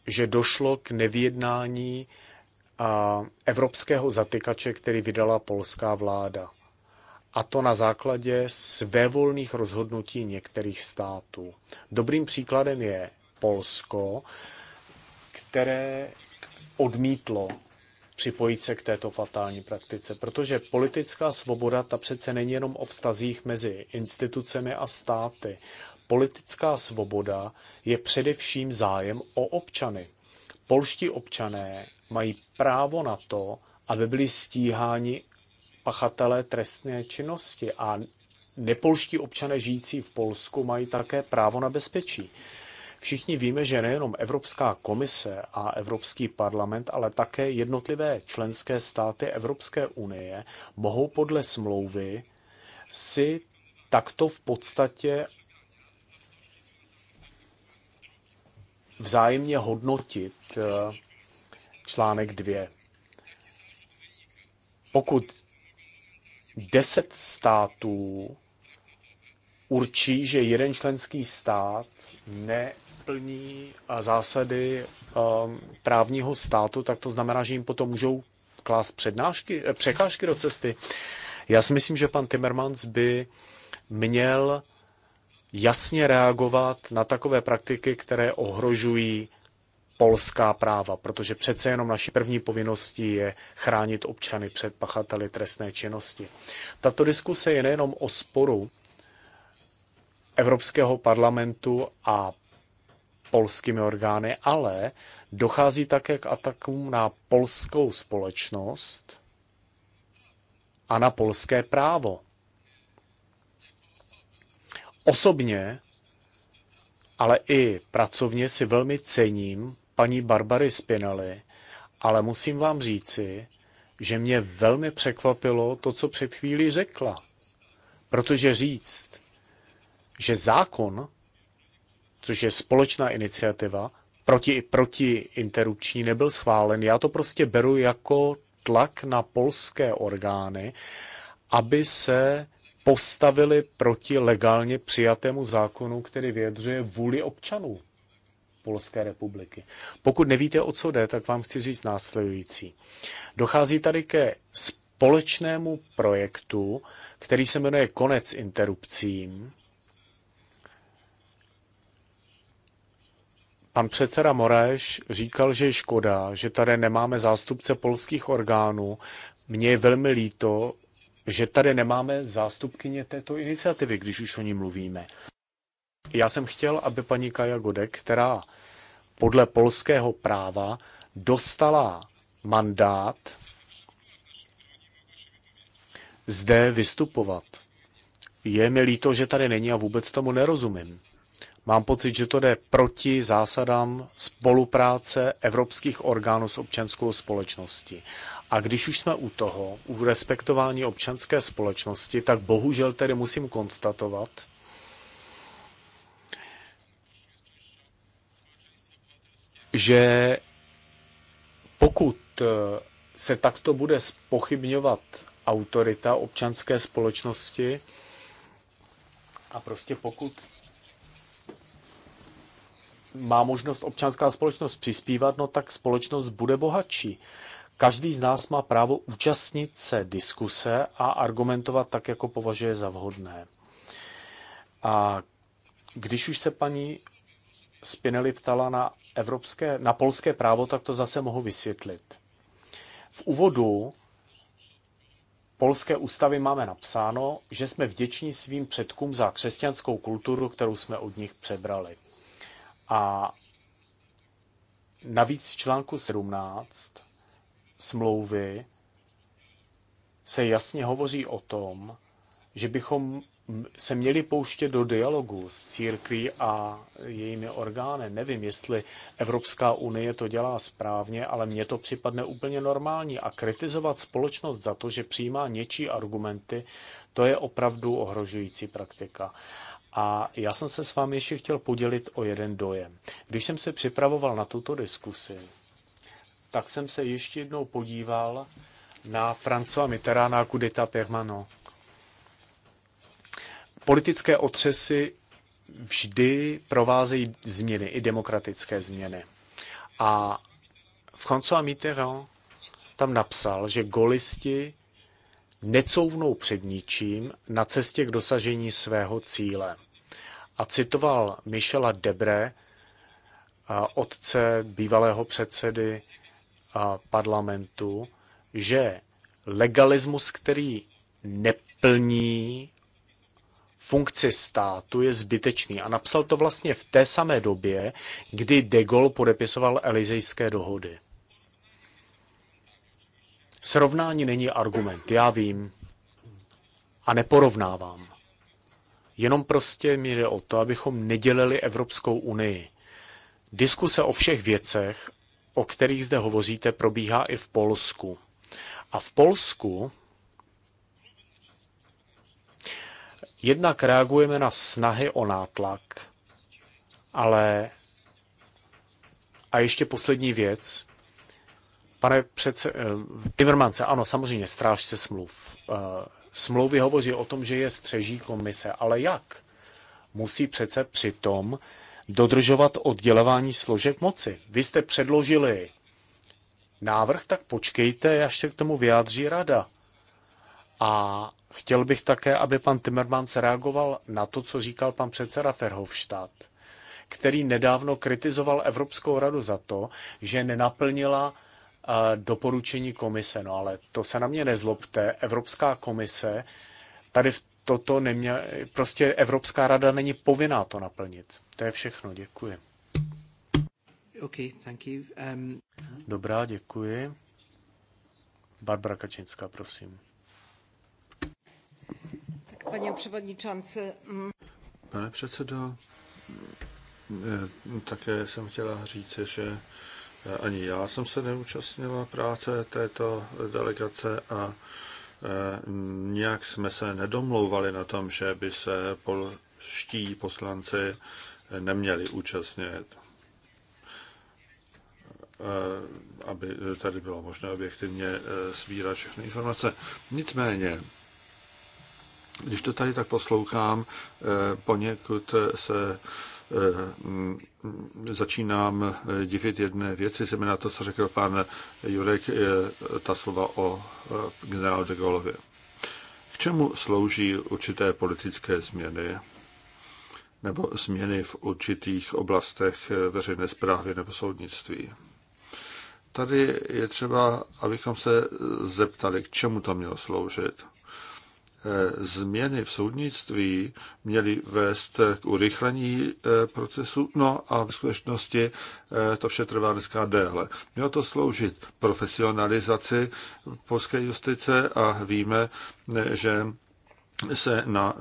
že došlo k nevyjednání a evropského zatykače, který vydala polská vláda. A to na základě svévolných rozhodnutí některých států. Dobrým příkladem je Polsko, které odmítlo připojit se k této fatální praktice, protože politická svoboda ta přece není jenom o vztazích mezi institucemi a státy. Politická svoboda je především zájem o občany. Polští občané mají právo na to, aby byli stíháni pachatelé trestné činnosti a nepolští občané žijící v Polsku mají také právo na bezpečí. Všichni víme, že nejenom Evropská komise a Evropský parlament, ale také jednotlivé členské státy Evropské unie mohou podle smlouvy si takto v podstatě vzájemně hodnotit eh, článek 2. Pokud deset států určí, že jeden členský stát ne a zásady um, právního státu, tak to znamená, že jim potom můžou klást přednášky, eh, překážky do cesty. Já si myslím, že pan Timmermans by měl jasně reagovat na takové praktiky, které ohrožují polská práva, protože přece jenom naší první povinností je chránit občany před pachateli trestné činnosti. Tato diskuse je nejenom o sporu Evropského parlamentu a polskými orgány, ale dochází také k atakům na polskou společnost a na polské právo. Osobně, ale i pracovně si velmi cením paní Barbary Spinelli, ale musím vám říci, že mě velmi překvapilo to, co před chvílí řekla. Protože říct, že zákon což je společná iniciativa, proti, proti interrupční nebyl schválen. Já to prostě beru jako tlak na polské orgány, aby se postavili proti legálně přijatému zákonu, který vyjadřuje vůli občanů Polské republiky. Pokud nevíte, o co jde, tak vám chci říct následující. Dochází tady ke společnému projektu, který se jmenuje Konec interrupcím, Pan předseda Moraes říkal, že je škoda, že tady nemáme zástupce polských orgánů. Mně je velmi líto, že tady nemáme zástupkyně této iniciativy, když už o ní mluvíme. Já jsem chtěl, aby paní Kaja Godek, která podle polského práva dostala mandát zde vystupovat. Je mi líto, že tady není a vůbec tomu nerozumím. Mám pocit, že to jde proti zásadám spolupráce evropských orgánů s občanskou společností. A když už jsme u toho, u respektování občanské společnosti, tak bohužel tedy musím konstatovat, že pokud eh, se takto bude spochybňovat autorita občanské společnosti a prostě pokud má možnost občanská společnost přispívat, no tak společnost bude bohatší. Každý z nás má právo účastnit se diskuse a argumentovat tak, jako považuje za vhodné. A když už se paní Spinelli ptala na, evropské, na polské právo, tak to zase mohu vysvětlit. V úvodu polské ústavy máme napsáno, že jsme vděční svým předkům za křesťanskou kulturu, kterou jsme od nich přebrali. A navíc v článku 17 smlouvy se jasně hovoří o tom, že bychom se měli pouštět do dialogu s církví a jejími orgány. Nevím, jestli Evropská unie to dělá správně, ale mně to připadne úplně normální. A kritizovat společnost za to, že přijímá něčí argumenty, to je opravdu ohrožující praktika. A já jsem se s vámi ještě chtěl podělit o jeden dojem. Když jsem se připravoval na tuto diskusi, tak jsem se ještě jednou podíval na François Mitterranda a Kudeta Permano. Politické otřesy vždy provázejí změny, i demokratické změny. A François Mitterrand tam napsal, že golisti necouvnou před ničím na cestě k dosažení svého cíle a citoval Michela Debre, otce bývalého předsedy parlamentu, že legalismus, který neplní funkci státu, je zbytečný. A napsal to vlastně v té samé době, kdy de Gaulle podepisoval elizejské dohody. Srovnání není argument, já vím. A neporovnávám. Jenom prostě mi jde o to, abychom nedělili Evropskou unii. Diskuse o všech věcech, o kterých zde hovoříte, probíhá i v Polsku. A v Polsku jednak reagujeme na snahy o nátlak, ale a ještě poslední věc. Pane přece, eh, Timmermance, ano, samozřejmě, strážce smluv. Eh, Smlouvy hovoří o tom, že je střeží komise, ale jak? Musí přece přitom dodržovat oddělování složek moci. Vy jste předložili návrh, tak počkejte, až se k tomu vyjádří rada. A chtěl bych také, aby pan Timmermans reagoval na to, co říkal pan předseda Ferhofstadt, který nedávno kritizoval Evropskou radu za to, že nenaplnila doporučení komise. No ale to se na mě nezlobte, Evropská komise tady v toto neměl, prostě Evropská rada není povinná to naplnit. To je všechno, děkuji. Okay, thank you. Um... Dobrá, děkuji. Barbara Kačinská, prosím. Tak, paní předsedající. Mm. Pane předsedo, také jsem chtěla říct, že ani já jsem se neúčastnila práce této delegace a e, nějak jsme se nedomlouvali na tom, že by se polští poslanci neměli účastnit, e, aby tady bylo možné objektivně e, sbírat všechny informace. Nicméně, když to tady tak poslouchám, poněkud se Eh, mm, začínám eh, divit jedné věci, na to, co řekl pan Jurek, eh, ta slova o generálu de Gaulle. K čemu slouží určité politické změny nebo změny v určitých oblastech veřejné zprávy nebo soudnictví? Tady je třeba, abychom se zeptali, k čemu to mělo sloužit. Eh, změny v soudnictví měly vést k urychlení eh, procesu, no a v skutečnosti eh, to vše trvá dneska déle. Mělo to sloužit profesionalizaci polské justice a víme, že se na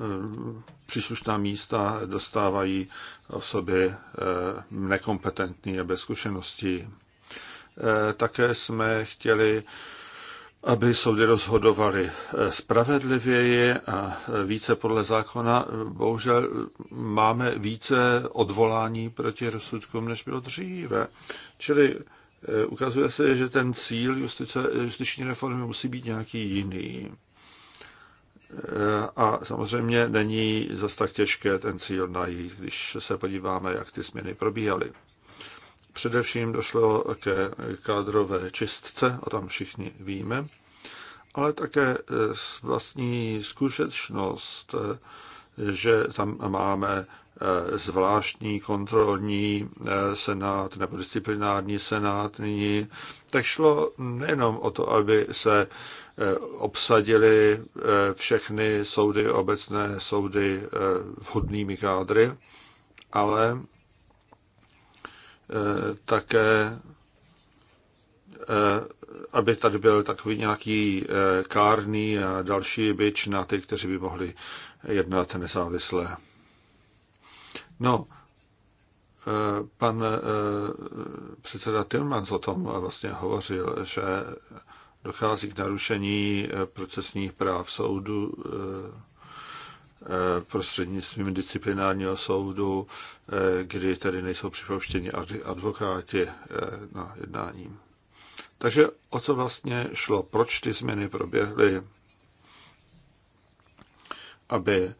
příslušná místa dostávají osoby nekompetentní a bez zkušeností. Také jsme chtěli aby soudy rozhodovaly eh, spravedlivěji a eh, více podle zákona. Bohužel eh, máme více odvolání proti rozsudkům, než bylo dříve. Čili ukazuje se, že ten cíl justice, justiční reformy musí být nějaký jiný. A samozřejmě není zas tak těžké ten cíl najít, když se podíváme, jak ty změny probíhaly. Především došlo ke kádrové čistce, o tom všichni víme, ale také e, vlastní zkušečnost, e, že tam máme e, zvláštní kontrolní senát nebo disciplinární senát nyní, tak šlo nejenom o to, aby se obsadili všechny soudy, obecné soudy vhodnými kádry, ale Eh, také, eh, aby tady byl takový nějaký eh, kárný a další byč na ty, kteří by mohli jednat nezávisle. No, pan předseda Tilmans o tom vlastně hovořil, že dochází k narušení procesních práv soudu, Eh, prostřednictvím disciplinárního soudu, eh, kdy tedy nejsou připouštěni advokáti eh, na jednání. Takže o co vlastně šlo? Proč ty změny proběhly? Aby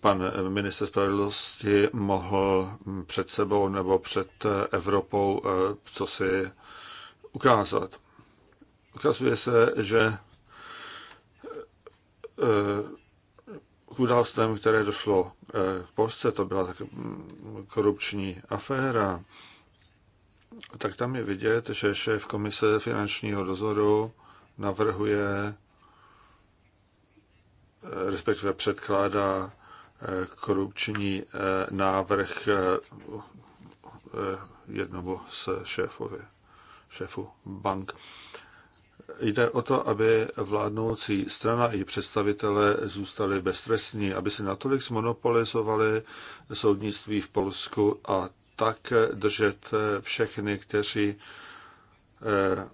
pan minister spravedlnosti mohl před sebou nebo před Evropou co si ukázat. Ukazuje se, že k událostem, které došlo k eh, Polsce, to byla tak mm, korupční aféra, tak tam je vidět, že šéf komise finančního dozoru navrhuje, eh, respektive předkládá eh, korupční návrh jednomu z šéfovi, šéfu bank. Jde o to, aby vládnoucí strana i představitelé zůstali beztrestní, aby si natolik zmonopolizovali soudnictví v Polsku a tak držet všechny, kteří eh,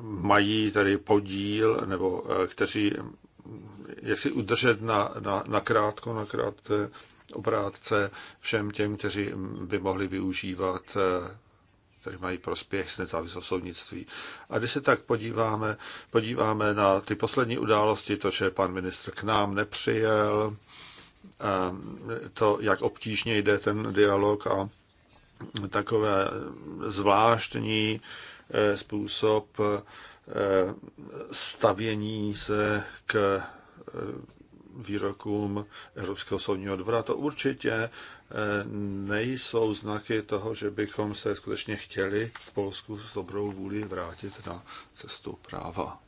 mají tady podíl nebo eh, kteří jak si udržet na, na, na krátko, na krátké obrátce všem těm, kteří by mohli využívat eh, které mají prospěch z nezávislého soudnictví. A když se tak podíváme, podíváme na ty poslední události, to, že pan ministr k nám nepřijel, ehm, to, jak obtížně jde ten dialog a takové zvláštní eh, způsob eh, stavění se k eh, výrokům Evropského soudního dvora. To určitě eh, nejsou znaky toho, že bychom se skutečně chtěli v Polsku s dobrou vůli vrátit na cestu práva.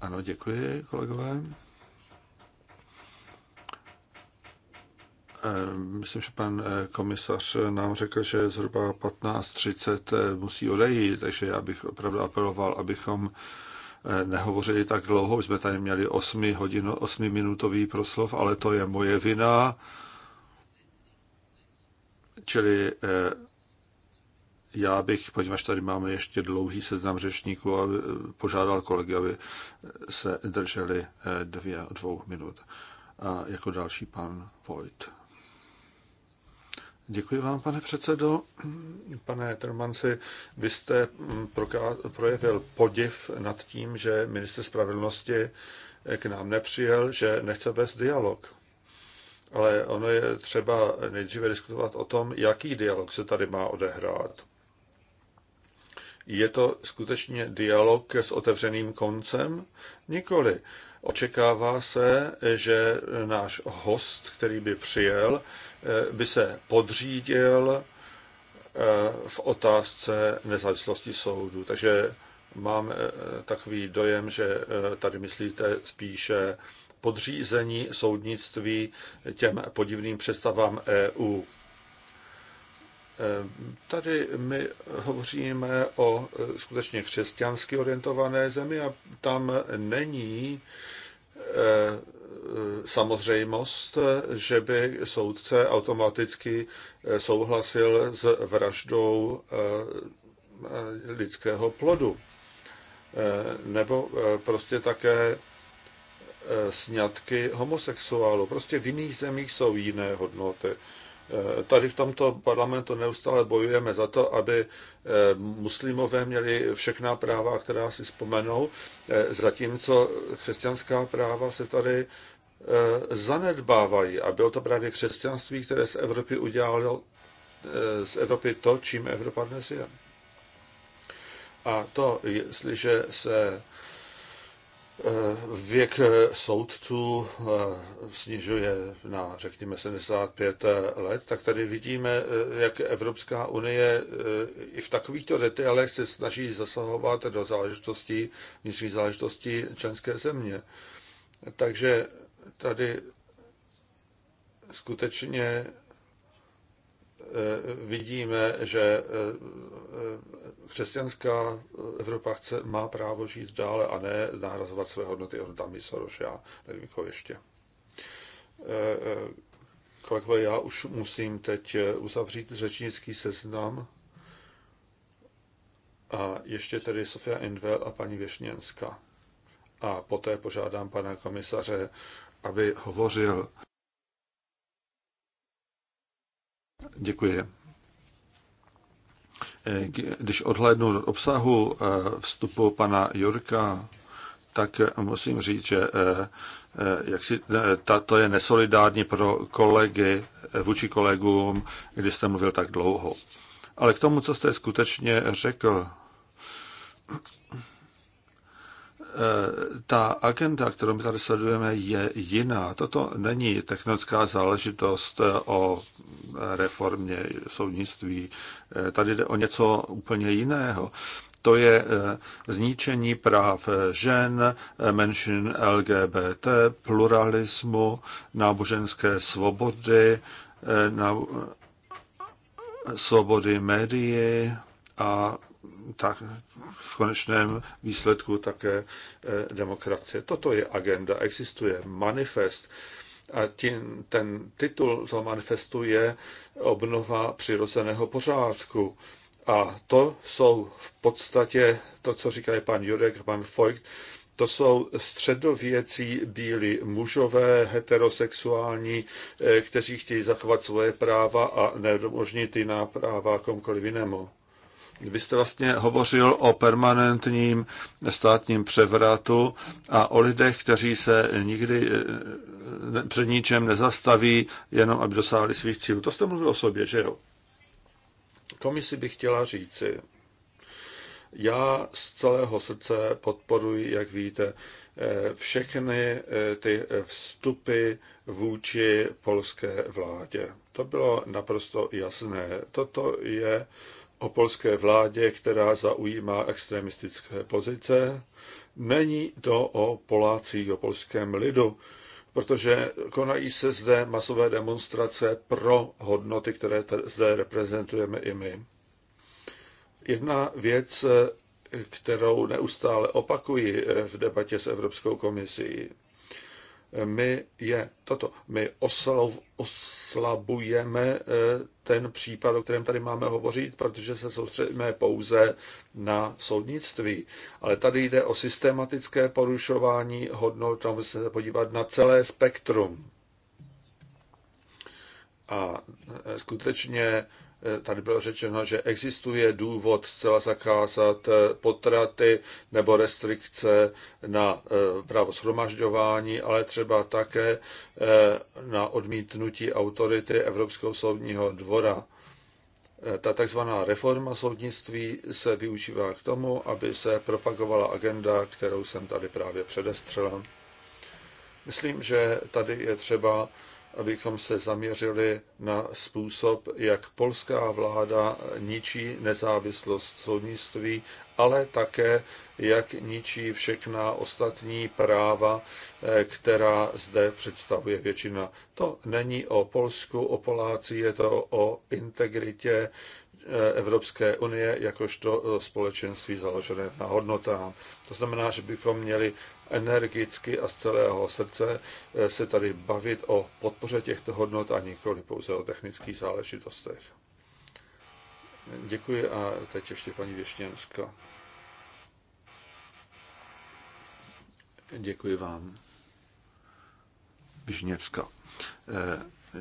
Ano, děkuji, kolegové. Eh, myslím, že pan eh, komisař nám řekl, že zhruba 15.30 musí odejít, takže já bych opravdu apeloval, abychom nehovořili tak dlouho, už jsme tady měli 8, hodin, 8 minutový proslov, ale to je moje vina. Čili eh, já bych, poněvadž tady máme ještě dlouhý seznam řečníků, a eh, požádal kolegy, aby eh, se drželi dvě, dvou minut. A jako další pan Vojt. Děkuji vám, pane předsedo. Pane Termanci, vy jste projevil podiv nad tím, že minister spravedlnosti k nám nepřijel, že nechce vést dialog. Ale ono je třeba nejdříve diskutovat o tom, jaký dialog se tady má odehrát. Je to skutečně dialog s otevřeným koncem? Nikoli. Očekává se, že náš host, který by přijel, by se podřídil eh, v otázce nezávislosti soudu. Takže mám eh, takový dojem, že eh, tady myslíte spíše podřízení soudnictví těm podivným představám EU. Eh, tady my hovoříme o eh, skutečně křesťansky orientované zemi a tam není eh, samozřejmost, že by soudce automaticky souhlasil s vraždou lidského plodu. Nebo prostě také sňatky homosexuálů. Prostě v jiných zemích jsou jiné hodnoty. Eh, tady v tomto parlamentu neustále bojujeme za to, aby eh, muslimové měli všechna práva, která si vzpomenou, eh, zatímco křesťanská práva se tady zanedbávají. A bylo to právě křesťanství, které z Evropy udělalo z Evropy to, čím Evropa dnes je. A to, jestliže se Eh, věk eh, soudců eh, snižuje na, řekněme, 75 let, tak tady vidíme, jak Evropská unie i v takovýchto detailech se snaží zasahovat do záležitostí, vnitřní záležitosti členské země. Takže tady skutečně vidíme, že křesťanská Evropa chce, má právo žít dále a ne nahrazovat své hodnoty hodnotami Soroš, já nevím, koho ještě. Eh, eh, kolegové, já už musím teď eh, uzavřít řečnický seznam a ještě tedy Sofia Invel a paní Věšněnská. A poté požádám pana komisaře, aby hovořil. Děkuji když odhlédnu od obsahu eh, vstupu pana Jurka, tak musím říct, že eh, eh, jak si, ta, to je nesolidární pro kolegy, vůči kolegům, když jste mluvil tak dlouho. Ale k tomu, co jste skutečně řekl, Eh, ta agenda, kterou my tady sledujeme, je jiná. Toto není technická záležitost eh, o reformě soudnictví. Eh, tady jde o něco úplně jiného. To je zničení práv žen, menšin LGBT, pluralismu, náboženské svobody, svobody médií a tak v konečném výsledku také eh, demokracie. Toto je agenda, existuje manifest a tím, ten titul toho manifestu je obnova přirozeného pořádku. A to jsou v podstatě to, co říkají pan Jurek, pan Feucht, to jsou středověcí bílí mužové, heterosexuální, eh, kteří chtějí zachovat svoje práva a nedomožnit jiná práva komkoliv jinému. Vy jste vlastně hovořil o permanentním státním převratu a o lidech, kteří se nikdy eh, před ničem nezastaví, jenom aby dosáhli svých cílů. To jste mluvil o sobě, že jo? Komisi bych chtěla říci, já z celého srdce podporuji, jak víte, eh, všechny eh, ty vstupy vůči polské vládě. To bylo naprosto jasné. Toto je o polské vládě, která zaujímá extremistické pozice. Není to o Polácích, o polském lidu, protože konají se zde masové demonstrace pro hodnoty, které zde reprezentujeme i my. Jedna věc, kterou neustále opakuji v debatě s Evropskou komisí, my je toto. My oslav, oslabujeme eh, ten případ, o kterém tady máme hovořit, protože se soustředíme pouze na soudnictví. Ale tady jde o systematické porušování hodnot, tam musíme se podívat na celé spektrum. A e, skutečně Eh, tady bylo řečeno, že existuje důvod zcela zakázat eh, potraty nebo restrikce na eh, právo shromažďování, ale třeba také na odmítnutí autority Evropského soudního dvora. Ta takzvaná reforma soudnictví se využívá k tomu, aby se propagovala agenda, kterou jsem tady právě předestřela. Myslím, že tady je třeba abychom se zaměřili na způsob, jak polská vláda ničí nezávislost soudnictví, ale také jak ničí všechna ostatní práva, eh, která zde představuje většina. To není o Polsku, o Poláci, je to o integritě Evropské unie jakožto e, společenství založené na hodnotách. To znamená, že bychom měli energicky a z celého srdce e, se tady bavit o podpoře těchto hodnot a nikoli pouze o technických záležitostech. Děkuji a teď ještě paní Věštěnská. Děkuji vám. Vižněvska.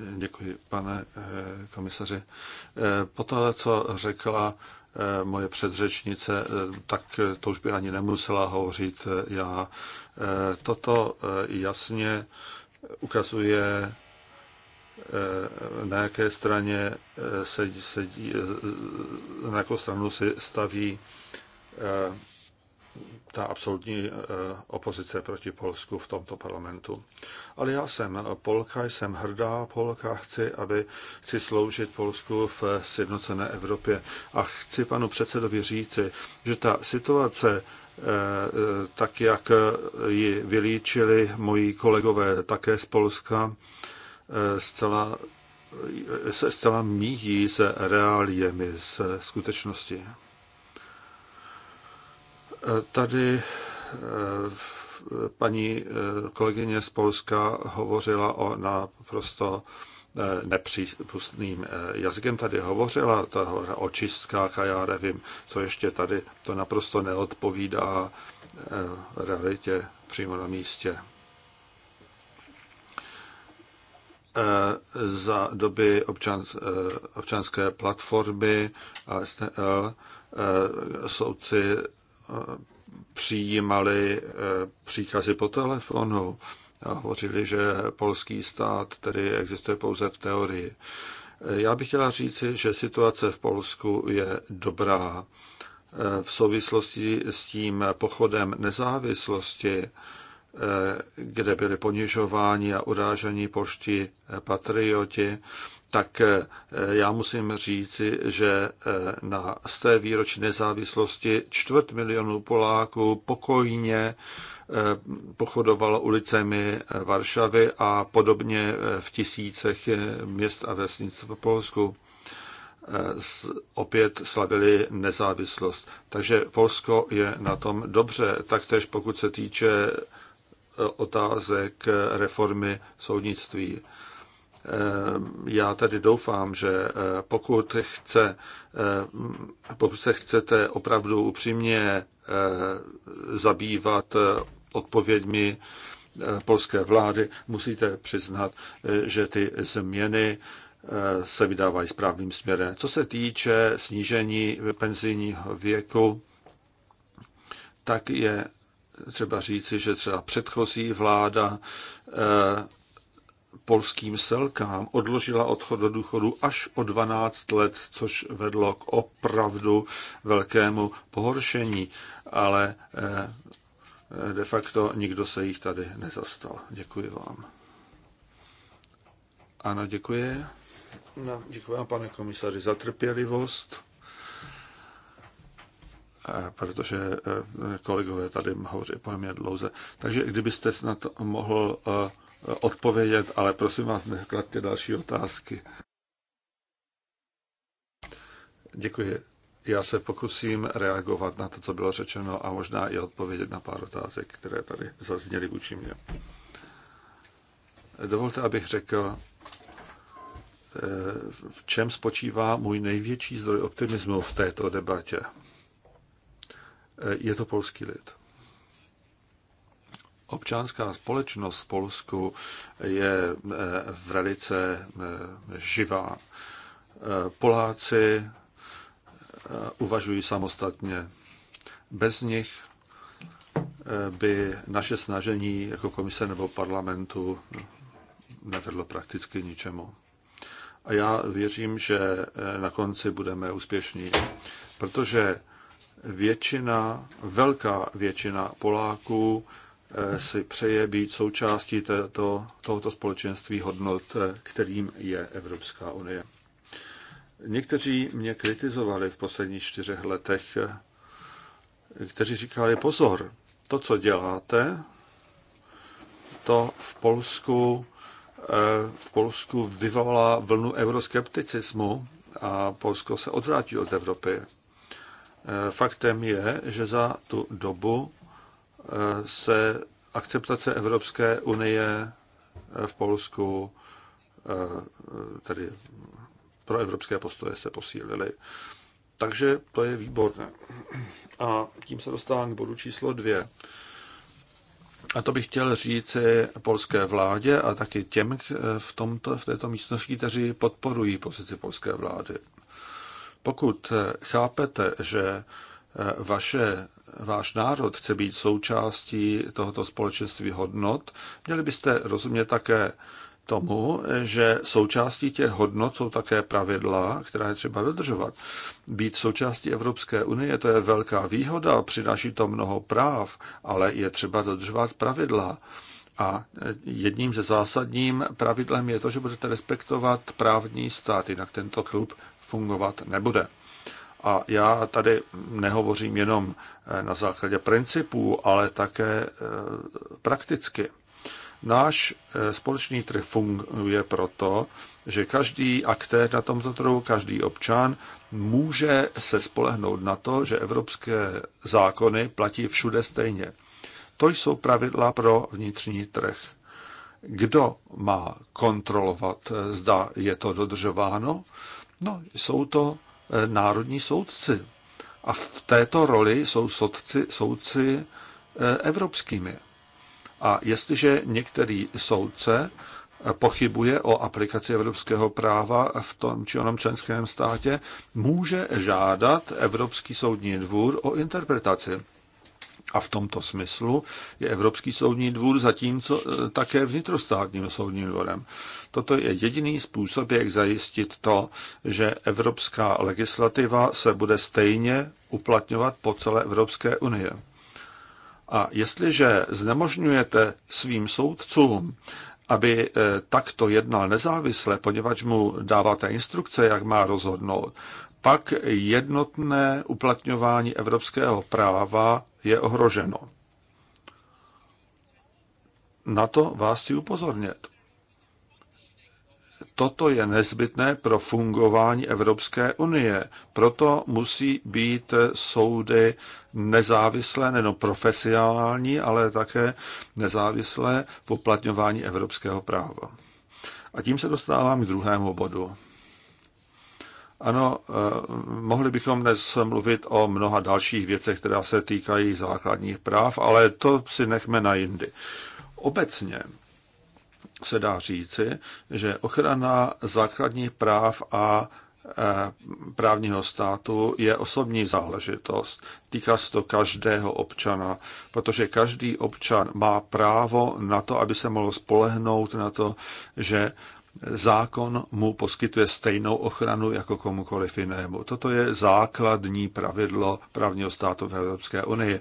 Děkuji, pane eh, komisaři. Eh, po to, co řekla eh, moje předřečnice, tak to už by ani nemusela hovořit já. Toto jasně ukazuje, na jaké straně sedí, sedí na jakou stranu si staví ta absolutní eh, opozice proti Polsku v tomto parlamentu. Ale já jsem Polka, jsem hrdá Polka, chci, aby chci sloužit Polsku v sjednocené Evropě a chci panu předsedovi říci, že ta situace eh, eh, tak, jak ji vylíčili moji kolegové také z Polska, zcela, se zcela míjí se reáliemi, se skutečnosti. Tady eh, paní eh, kolegyně z Polska hovořila o naprosto eh, nepřípustným jazykem. Tady hovořila ta o čistkách a já nevím, co ještě tady. To naprosto neodpovídá realitě přímo na místě. Za doby občans, občanské platformy a STL soudci přijímali eh, příkazy po telefonu a hovořili, že polský stát tedy existuje pouze v teorii. Eh, já bych chtěla říci, že situace v Polsku je dobrá. Eh, v souvislosti s tím pochodem nezávislosti, kde byly ponižováni a urážení pošti patrioti, tak eh, já musím říci, že eh, na z té výročí nezávislosti čtvrt milionu Poláků pokojně eh, pochodovalo ulicemi Varšavy a podobně v tisícech měst a vesnic v Polsku opět slavili nezávislost. Takže Polsko je na tom dobře, taktéž pokud se týče otázek reformy soudnictví. Eh, já tady doufám, že eh, pokud, chce, eh, pokud se chcete opravdu upřímně zabývat odpověďmi polské vlády, musíte přiznat, že ty změny se vydávají správným směrem. Co se týče snížení penzijního věku, tak je třeba říci, že třeba předchozí vláda polským selkám odložila odchod do důchodu až o 12 let, což vedlo k opravdu velkému pohoršení, ale eh, de facto nikdo se jich tady nezastal. Děkuji vám. Ano, děkuji. No, děkuji vám, pane komisaři, za trpělivost, eh, protože eh, kolegové tady hovoří poměrně dlouze. Takže kdybyste snad mohl odpovědět, ale prosím vás, nekladte další otázky. Děkuji. Já se pokusím reagovat na to, co bylo řečeno a možná i odpovědět na pár otázek, které tady zazněly vůči mě. Dovolte, abych řekl, eh, v čem spočívá můj největší zdroj optimismu v této debatě. Eh, je to polský lid občanská společnost v Polsku je eh, velice eh, živá. Eh, Poláci uvažují samostatně. Bez nich by naše snažení jako komise nebo parlamentu nevedlo prakticky ničemu. A já věřím, že na konci budeme úspěšní, protože většina, velká většina Poláků Eh, si přeje být součástí této, tohoto společenství hodnot, eh, kterým je Evropská unie. Někteří mě kritizovali v posledních čtyřech letech, eh, kteří říkali, pozor, to, co děláte, to v Polsku, v Polsku vyvolá vlnu euroskepticismu a Polsko se odvrátí od Evropy. Faktem je, že za tu dobu se akceptace Evropské unie v Polsku, tedy pro evropské postoje se posílily. Takže to je výborné. A tím se dostávám k bodu číslo dvě. A to bych chtěl říct polské vládě a taky těm v, tomto, v této místnosti, kteří podporují pozici polské vlády. Pokud chápete, že vaše váš národ chce být součástí tohoto společenství hodnot, měli byste rozumět také tomu, že součástí těch hodnot jsou také pravidla, která je třeba dodržovat. Být součástí Evropské unie to je velká výhoda, přináší to mnoho práv, ale je třeba dodržovat pravidla. A jedním ze zásadním pravidlem je to, že budete respektovat právní stát, jinak tento klub fungovat nebude. A já tady nehovořím jenom eh, na základě principů, ale také eh, prakticky. Náš eh, společný trh funguje proto, že každý aktér na tomto trhu, každý občan může se spolehnout na to, že evropské zákony platí všude stejně. To jsou pravidla pro vnitřní trh. Kdo má kontrolovat, zda je to dodržováno? No, jsou to Eh, národní soudci. A v této roli jsou soudci, soudci eh, evropskými. A jestliže některý soudce eh, pochybuje o aplikaci evropského práva v tom či onom členském státě, může žádat Evropský soudní dvůr o interpretaci. A v tomto smyslu je Evropský soudní dvůr zatímco e, také vnitrostátním soudním dvorem. Toto je jediný způsob, jak zajistit to, že evropská legislativa se bude stejně uplatňovat po celé Evropské unie. A jestliže znemožňujete svým soudcům, aby e, takto jednal nezávisle, poněvadž mu dáváte instrukce, jak má rozhodnout, pak jednotné uplatňování evropského práva je ohroženo. Na to vás chci upozornit. Toto je nezbytné pro fungování Evropské unie. Proto musí být soudy nezávislé, nejen profesionální, ale také nezávislé v uplatňování evropského práva. A tím se dostávám k druhému bodu. Ano, eh, mohli bychom dnes mluvit o mnoha dalších věcech, která se týkají základních práv, ale to si nechme na jindy. Obecně se dá říci, že ochrana základních práv a eh, právního státu je osobní záležitost. Týká se to každého občana, protože každý občan má právo na to, aby se mohl spolehnout na to, že zákon mu poskytuje stejnou ochranu jako komukoliv jinému. Toto je základní pravidlo právního státu v Evropské unii.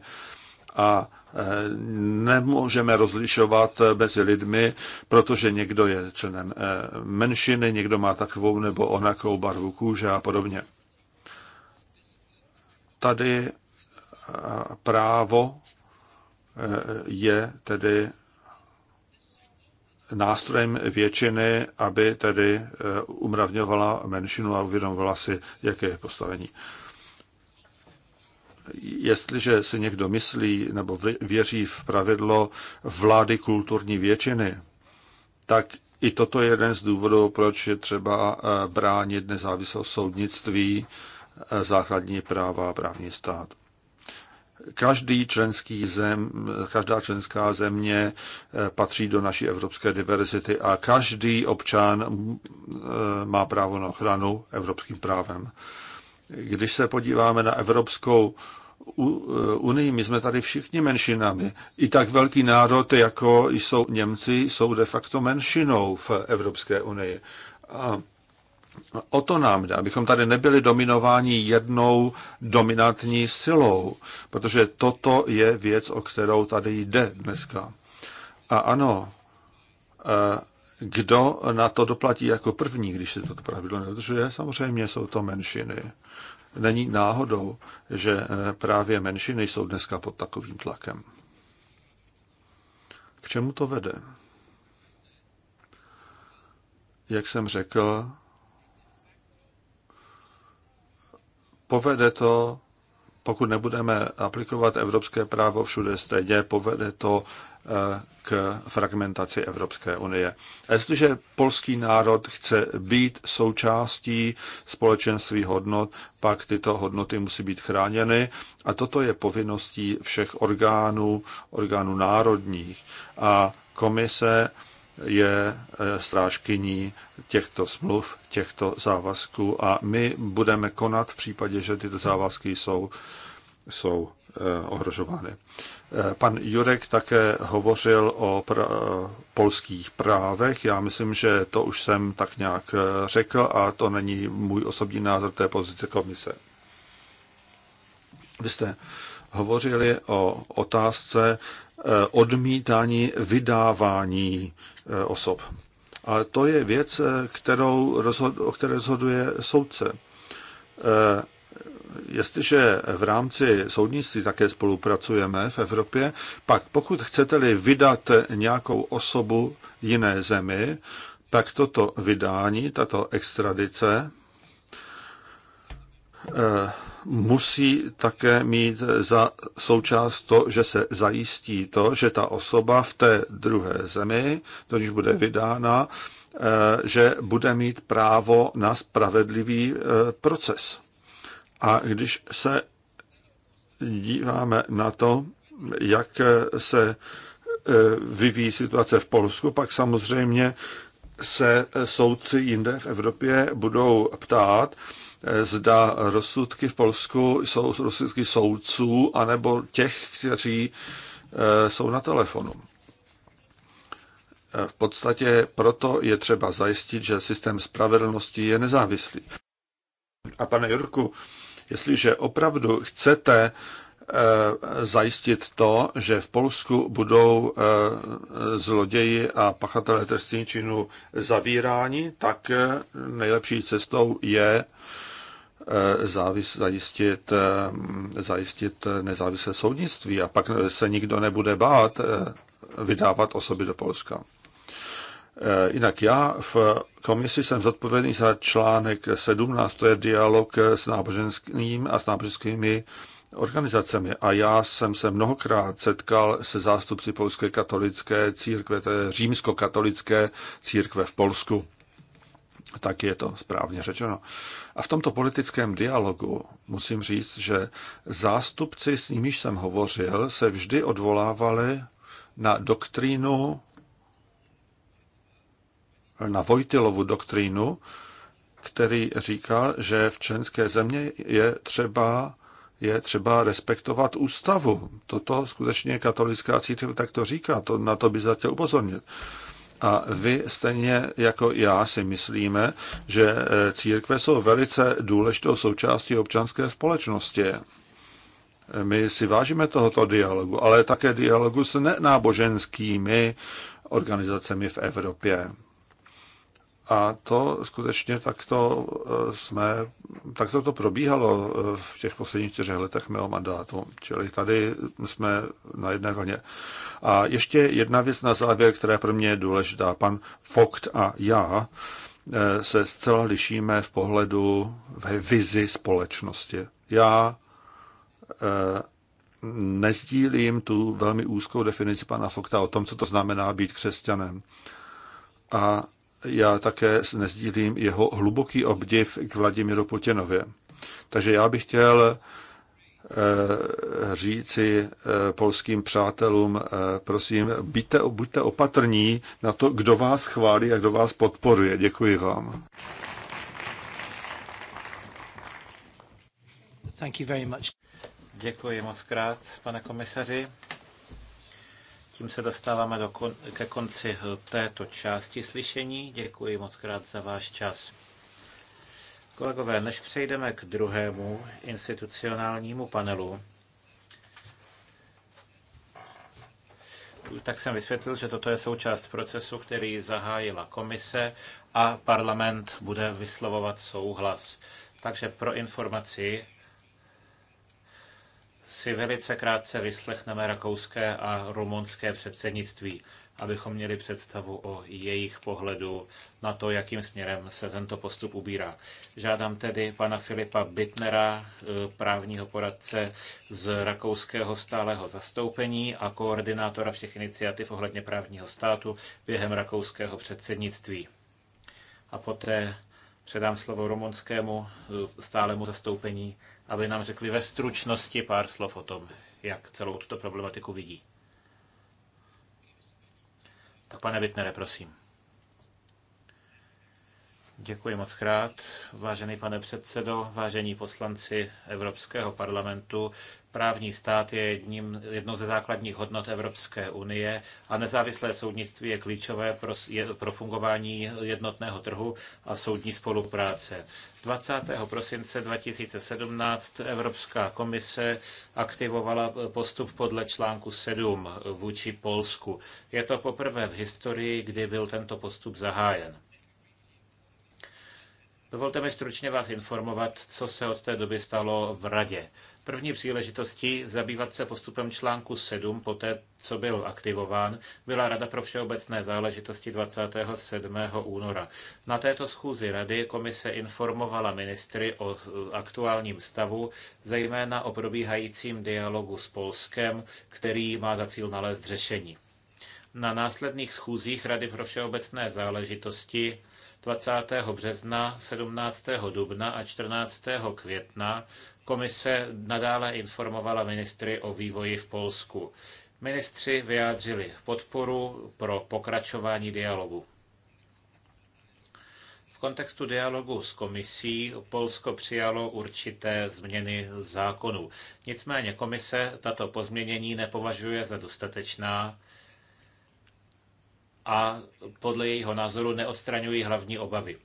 A eh, nemůžeme rozlišovat eh, mezi lidmi, protože někdo je členem eh, menšiny, někdo má takovou nebo onakou barvu kůže a podobně. Tady právo je tedy nástrojem většiny, aby tedy eh, umravňovala menšinu a uvědomovala si, jaké je postavení. Jestliže si někdo myslí nebo věří v pravidlo vlády kulturní většiny, tak i toto je jeden z důvodů, proč je třeba eh, bránit nezávislost soudnictví, eh, základní práva a právní stát. Každý členský zem, každá členská země eh, patří do naší evropské diverzity a každý občan eh, má právo na ochranu evropským právem. Když se podíváme na Evropskou eh, Unii, my jsme tady všichni menšinami. I tak velký národ, jako jsou Němci, jsou de facto menšinou v Evropské unii. A O to nám jde, abychom tady nebyli dominováni jednou dominantní silou, protože toto je věc, o kterou tady jde dneska. A ano, eh, kdo na to doplatí jako první, když se toto pravidlo nedržuje? Samozřejmě jsou to menšiny. Není náhodou, že eh, právě menšiny jsou dneska pod takovým tlakem. K čemu to vede? Jak jsem řekl, Povede to, pokud nebudeme aplikovat evropské právo všude stejně, povede to eh, k fragmentaci Evropské unie. A jestliže polský národ chce být součástí společenství hodnot, pak tyto hodnoty musí být chráněny a toto je povinností všech orgánů, orgánů národních. A komise je eh, strážkyní těchto smluv, těchto závazků a my budeme konat v případě, že tyto závazky jsou, jsou eh, ohrožovány. Eh, pan Jurek také hovořil o pra- polských právech. Já myslím, že to už jsem tak nějak řekl a to není můj osobní názor, to je pozice komise. Vy jste hovořili o otázce, Eh, odmítání vydávání eh, osob. Ale to je věc, eh, kterou rozhod, o které rozhoduje soudce. Jestliže v rámci soudnictví také spolupracujeme v Evropě, pak pokud chcete-li vydat nějakou osobu jiné zemi, tak toto vydání, tato extradice musí také mít za součást to, že se zajistí to, že ta osoba v té druhé zemi, to když bude vydána, eh, že bude mít právo na spravedlivý eh, proces. A když se díváme na to, jak se eh, vyvíjí situace v Polsku, pak samozřejmě se soudci jinde v Evropě budou ptát, Eh, zda rozsudky v Polsku jsou rozsudky soudců anebo těch, kteří eh, jsou na telefonu. Eh, v podstatě proto je třeba zajistit, že systém spravedlnosti je nezávislý. A pane Jurku, jestliže opravdu chcete zajistit to, že v Polsku budou zloději a pachatelé trestní činu zavíráni, tak nejlepší cestou je Eh, závis, zajistit, eh, zajistit nezávislé soudnictví a pak se nikdo nebude bát eh, vydávat osoby do Polska. Jinak já v komisi jsem zodpovědný za článek 17, to je dialog s náboženským a s náboženskými organizacemi. A já jsem se mnohokrát setkal se zástupci Polské katolické církve, to je římskokatolické církve v Polsku tak je to správně řečeno. A v tomto politickém dialogu musím říct, že zástupci, s nimiž jsem hovořil, se vždy odvolávali na doktrínu, na Vojtilovu doktrínu, který říkal, že v členské země je třeba je třeba respektovat ústavu. Toto skutečně katolická církev tak to říká, to, na to by zatím upozornit. A vy stejně jako já si myslíme, že e, církve jsou velice důležitou součástí občanské společnosti. E, my si vážíme tohoto dialogu, ale také dialogu s nenáboženskými organizacemi v Evropě. A to skutečně takto e, jsme, takto to probíhalo v těch posledních čtyřech letech mého mandátu. Čili tady jsme na jedné vlně. A ještě jedna věc na závěr, která pro mě je důležitá. Pan Fokt a já eh, se zcela lišíme v pohledu, ve vizi společnosti. Já eh, nezdílím tu velmi úzkou definici pana Fokta o tom, co to znamená být křesťanem. A já také nezdílím jeho hluboký obdiv k Vladimíru Putinovi. Takže já bych chtěl Eh, říci eh, polským přátelům, eh, prosím, buďte, buďte opatrní na to, kdo vás chválí a kdo vás podporuje. Děkuji vám. Thank you very much. Děkuji moc krát, pane komisaři. Tím se dostáváme do kon- ke konci této části slyšení. Děkuji moc krát za váš čas. Kolegové, než přejdeme k druhému institucionálnímu panelu, tak jsem vysvětlil, že toto je součást procesu, který zahájila komise a parlament bude vyslovovat souhlas. Takže pro informaci si velice krátce vyslechneme rakouské a rumunské předsednictví abychom měli představu o jejich pohledu na to, jakým směrem se tento postup ubírá. Žádám tedy pana Filipa Bitnera, eh, právního poradce z rakouského stáleho zastoupení a koordinátora všech iniciativ ohledně právního státu během rakouského předsednictví. A poté předám slovo rumunskému eh, stálemu zastoupení, aby nám řekli ve stručnosti pár slov o tom, jak celou tuto problematiku vidí. Tak Pane Bitnere, prosím. Děkuji moc krát. Vážený pane předsedo, vážení poslanci Evropského parlamentu, právní stát je jedním, jednou ze základních hodnot Evropské unie a nezávislé soudnictví je klíčové pro, je, pro fungování jednotného trhu a soudní spolupráce. 20. prosince 2017 Evropská komise aktivovala postup podle článku 7 vůči Polsku. Je to poprvé v historii, kdy byl tento postup zahájen. Dovolte mi stručně vás informovat, co se od té doby stalo v Radě. První příležitostí zabývat se postupem článku 7, poté co byl aktivován, byla Rada pro všeobecné záležitosti 27. února. Na této schůzi Rady komise informovala ministry o aktuálním stavu, zejména o probíhajícím dialogu s Polskem, který má za cíl nalézt řešení. Na následných schůzích Rady pro všeobecné záležitosti 20. března, 17. dubna a 14. května komise nadále informovala ministry o vývoji v Polsku. Ministři vyjádřili podporu pro pokračování dialogu. V kontextu dialogu s komisí Polsko přijalo určité změny zákonů. Nicméně komise tato pozměnění nepovažuje za dostatečná a podle jejího názoru neodstraňují hlavní obavy.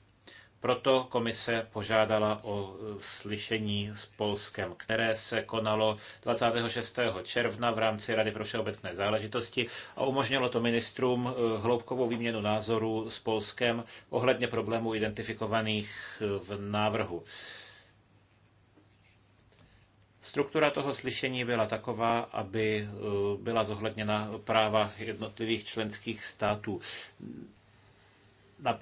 Proto komise požádala o e, slyšení s Polskem, které se konalo 26. června v rámci Rady pro všeobecné záležitosti a umožnilo to ministrům e, hloubkovou výměnu názorů s Polskem ohledně problémů identifikovaných e, v návrhu. Struktura toho slyšení byla taková, aby eh, byla zohledněna práva jednotlivých členských států. Na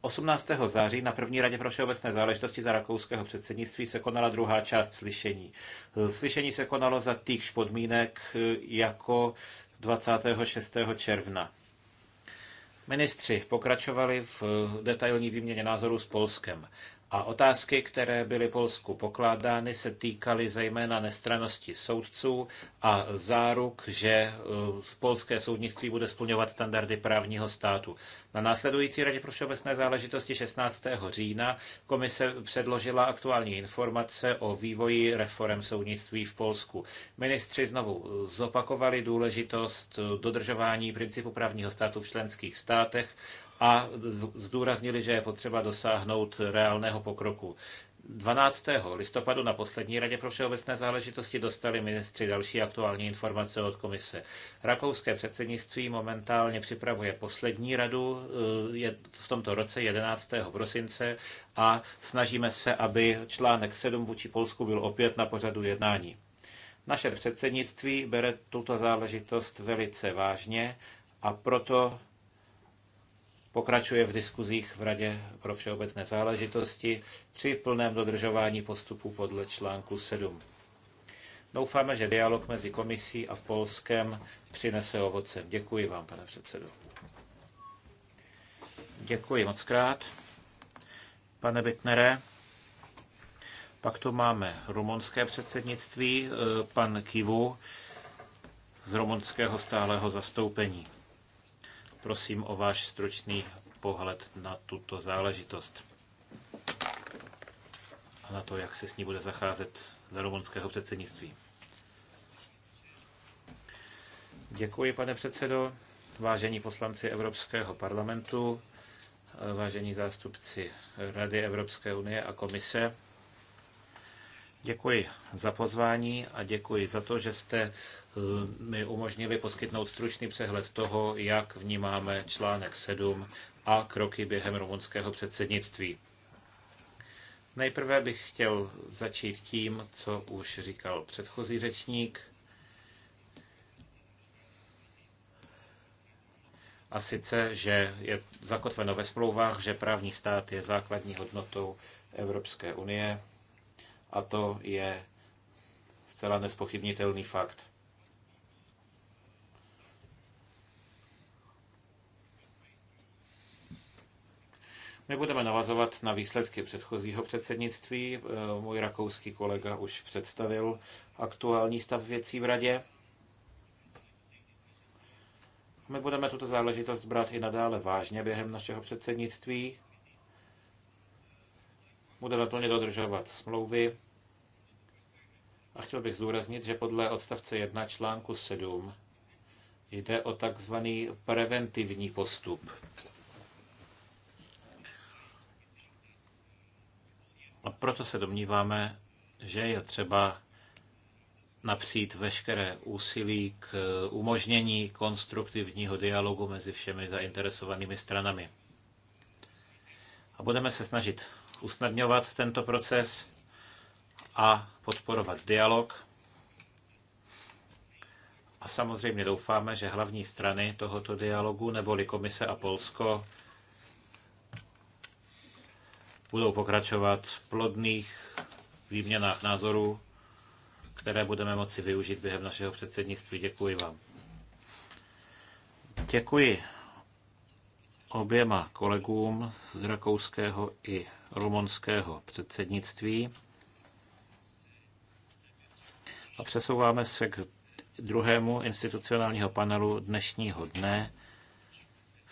18. září na první radě pro všeobecné záležitosti za rakouského předsednictví se konala druhá část slyšení. Slyšení se konalo za týchž podmínek eh, jako 26. června. Ministři pokračovali v eh, detailní výměně názorů s Polskem. A otázky, které byly Polsku pokládány, se týkaly zejména nestranosti soudců a záruk, že e, polské soudnictví bude splňovat standardy právního státu. Na následující Radě pro všeobecné záležitosti 16. října komise předložila aktuální informace o vývoji reform soudnictví v Polsku. Ministři znovu zopakovali důležitost dodržování principu právního státu v členských státech a zdůraznili, že je potřeba dosáhnout reálného pokroku. 12. listopadu na poslední radě pro všeobecné záležitosti dostali ministři další aktuální informace od komise. Rakouské předsednictví momentálně připravuje poslední radu eh, je v tomto roce 11. prosince a snažíme se, aby článek 7 vůči Polsku byl opět na pořadu jednání. Naše předsednictví bere tuto záležitost velice vážně a proto pokračuje v diskuzích v Radě pro všeobecné záležitosti při plném dodržování postupu podle článku 7. Doufáme, že dialog mezi komisí a Polskem přinese ovoce. Děkuji vám, pane předsedo. Děkuji moc krát. Pane Bitnere, pak tu máme rumunské předsednictví, eh, pan Kivu z rumunského stálého zastoupení. Prosím o váš stručný pohled na tuto záležitost a na to, jak se s ní bude zacházet za rumunského předsednictví. Děkuji, pane předsedo. Vážení poslanci Evropského parlamentu, vážení zástupci Rady Evropské unie a komise, děkuji za pozvání a děkuji za to, že jste mi umožnili poskytnout stručný přehled toho, jak vnímáme článek 7 a kroky během rumunského předsednictví. Nejprve bych chtěl začít tím, co už říkal předchozí řečník. A sice, že je zakotveno ve smlouvách, že právní stát je základní hodnotou Evropské unie. A to je zcela nespochybnitelný fakt. My budeme navazovat na výsledky předchozího předsednictví. Eh, můj rakouský kolega už představil aktuální stav věcí v radě. My budeme tuto záležitost brát i nadále vážně během našeho předsednictví. Budeme plně dodržovat smlouvy. A chtěl bych zúraznit, že podle odstavce 1 článku 7 jde o takzvaný preventivní postup. A proto se domníváme, že je třeba napřít veškeré úsilí k umožnění konstruktivního dialogu mezi všemi zainteresovanými stranami. A budeme se snažit usnadňovat tento proces a podporovat dialog. A samozřejmě doufáme, že hlavní strany tohoto dialogu, neboli Komise a Polsko, budou pokračovat v plodných výměnách názorů, které budeme moci využít během našeho předsednictví. Děkuji vám. Děkuji oběma kolegům z rakouského i rumunského předsednictví. A přesouváme se k druhému institucionálního panelu dnešního dne,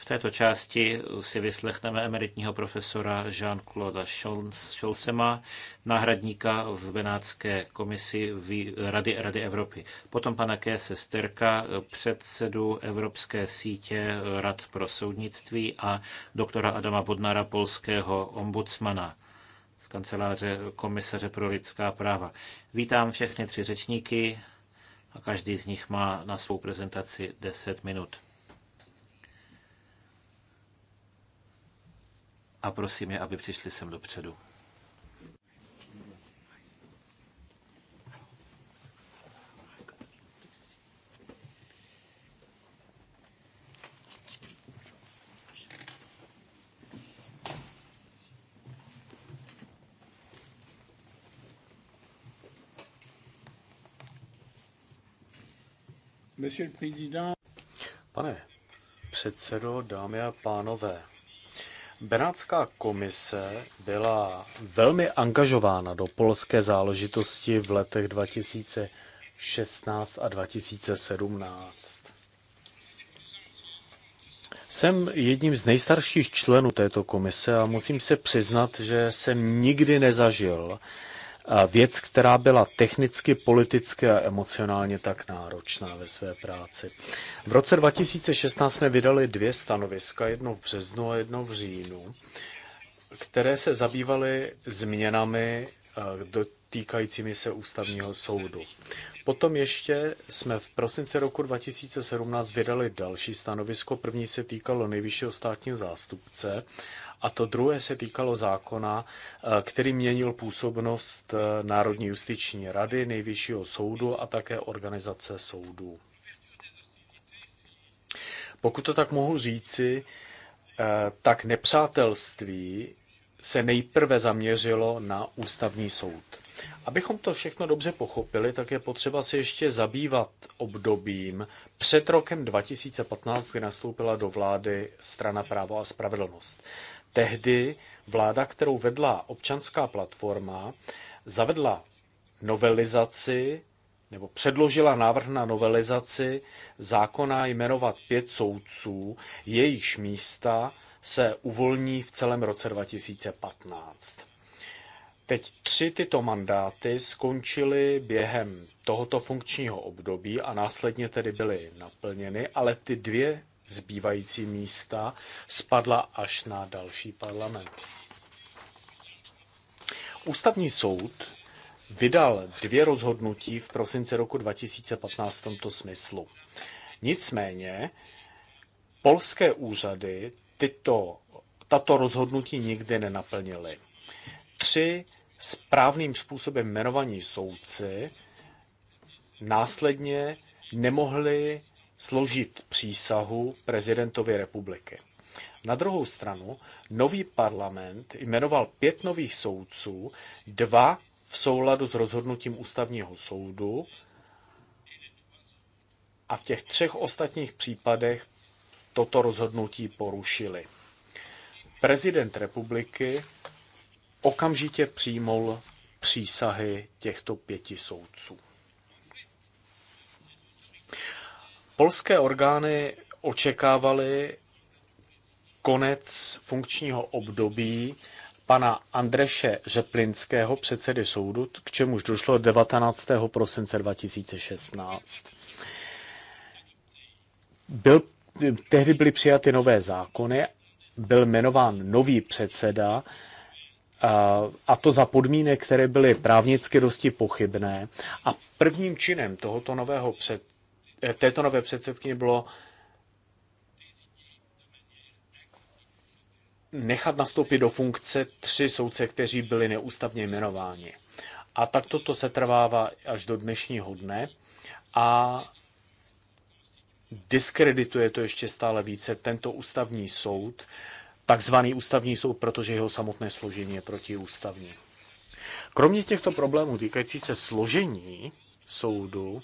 v této části si vyslechneme emeritního profesora Jean-Claude Scholzema, náhradníka v Benátské komisi Rady, Rady Evropy. Potom pana Kése Sterka, předsedu Evropské sítě Rad pro soudnictví a doktora Adama Bodnara, polského ombudsmana z kanceláře komisaře pro lidská práva. Vítám všechny tři řečníky a každý z nich má na svou prezentaci 10 minut. a prosím je, aby přišli sem dopředu. Pane předsedo, dámy a pánové, Benátská komise byla velmi angažována do polské záležitosti v letech 2016 a 2017. Jsem jedním z nejstarších členů této komise a musím se přiznat, že jsem nikdy nezažil, věc, která byla technicky, politicky a emocionálně tak náročná ve své práci. V roce 2016 jsme vydali dvě stanoviska, jedno v březnu a jedno v říjnu, které se zabývaly změnami eh, dotýkajícími se ústavního soudu. Potom ještě jsme v prosinci roku 2017 vydali další stanovisko. První se týkalo nejvyššího státního zástupce a to druhé se týkalo zákona, eh, který měnil působnost eh, Národní justiční rady, Nejvyššího soudu a také organizace soudů. Pokud to tak mohu říci, eh, tak nepřátelství se nejprve zaměřilo na ústavní soud. Abychom to všechno dobře pochopili, tak je potřeba se ještě zabývat obdobím před rokem 2015, kdy nastoupila do vlády strana právo a spravedlnost. Tehdy vláda, kterou vedla občanská platforma, zavedla novelizaci nebo předložila návrh na novelizaci zákona jmenovat pět soudců, jejichž místa se uvolní v celém roce 2015. Teď tři tyto mandáty skončily během tohoto funkčního období a následně tedy byly naplněny, ale ty dvě zbývající místa spadla až na další parlament. Ústavní soud vydal dvě rozhodnutí v prosinci roku 2015 v tomto smyslu. Nicméně polské úřady tyto, tato rozhodnutí nikdy nenaplnily. Tři správným způsobem jmenovaní soudci následně nemohli složit přísahu prezidentovi republiky. Na druhou stranu, nový parlament jmenoval pět nových soudců, dva v souladu s rozhodnutím ústavního soudu a v těch třech ostatních případech toto rozhodnutí porušili. Prezident republiky okamžitě přijmul přísahy těchto pěti soudců. Polské orgány očekávaly konec funkčního období pana Andreše Řeplinského, předsedy soudu, k čemuž došlo 19. prosince 2016. Byl, tehdy byly přijaty nové zákony, byl jmenován nový předseda, a to za podmínek, které byly právnicky dosti pochybné. A prvním činem tohoto nového před, Eh, této nové předsedkyně bylo nechat nastoupit do funkce tři soudce, kteří byli neústavně jmenováni. A tak toto se trvává až do dnešního dne a diskredituje to ještě stále více tento ústavní soud, takzvaný ústavní soud, protože jeho samotné složení je protiústavní. Kromě těchto problémů týkající se složení soudu,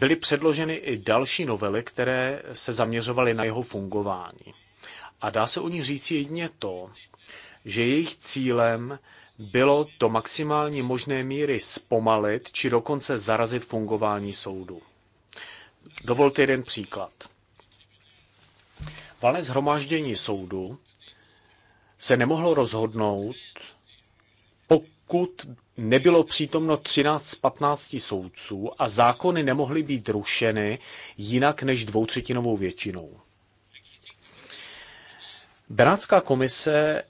Byly předloženy i další novely, které se zaměřovaly na jeho fungování. A dá se o nich říci jedině to, že jejich cílem bylo to maximální možné míry zpomalit či dokonce zarazit fungování soudu. Dovolte jeden příklad. Valné zhromáždění soudu se nemohlo rozhodnout pokud nebylo přítomno 13 z 15 soudců a zákony nemohly být rušeny jinak než dvoutřetinovou většinou. Benátská komise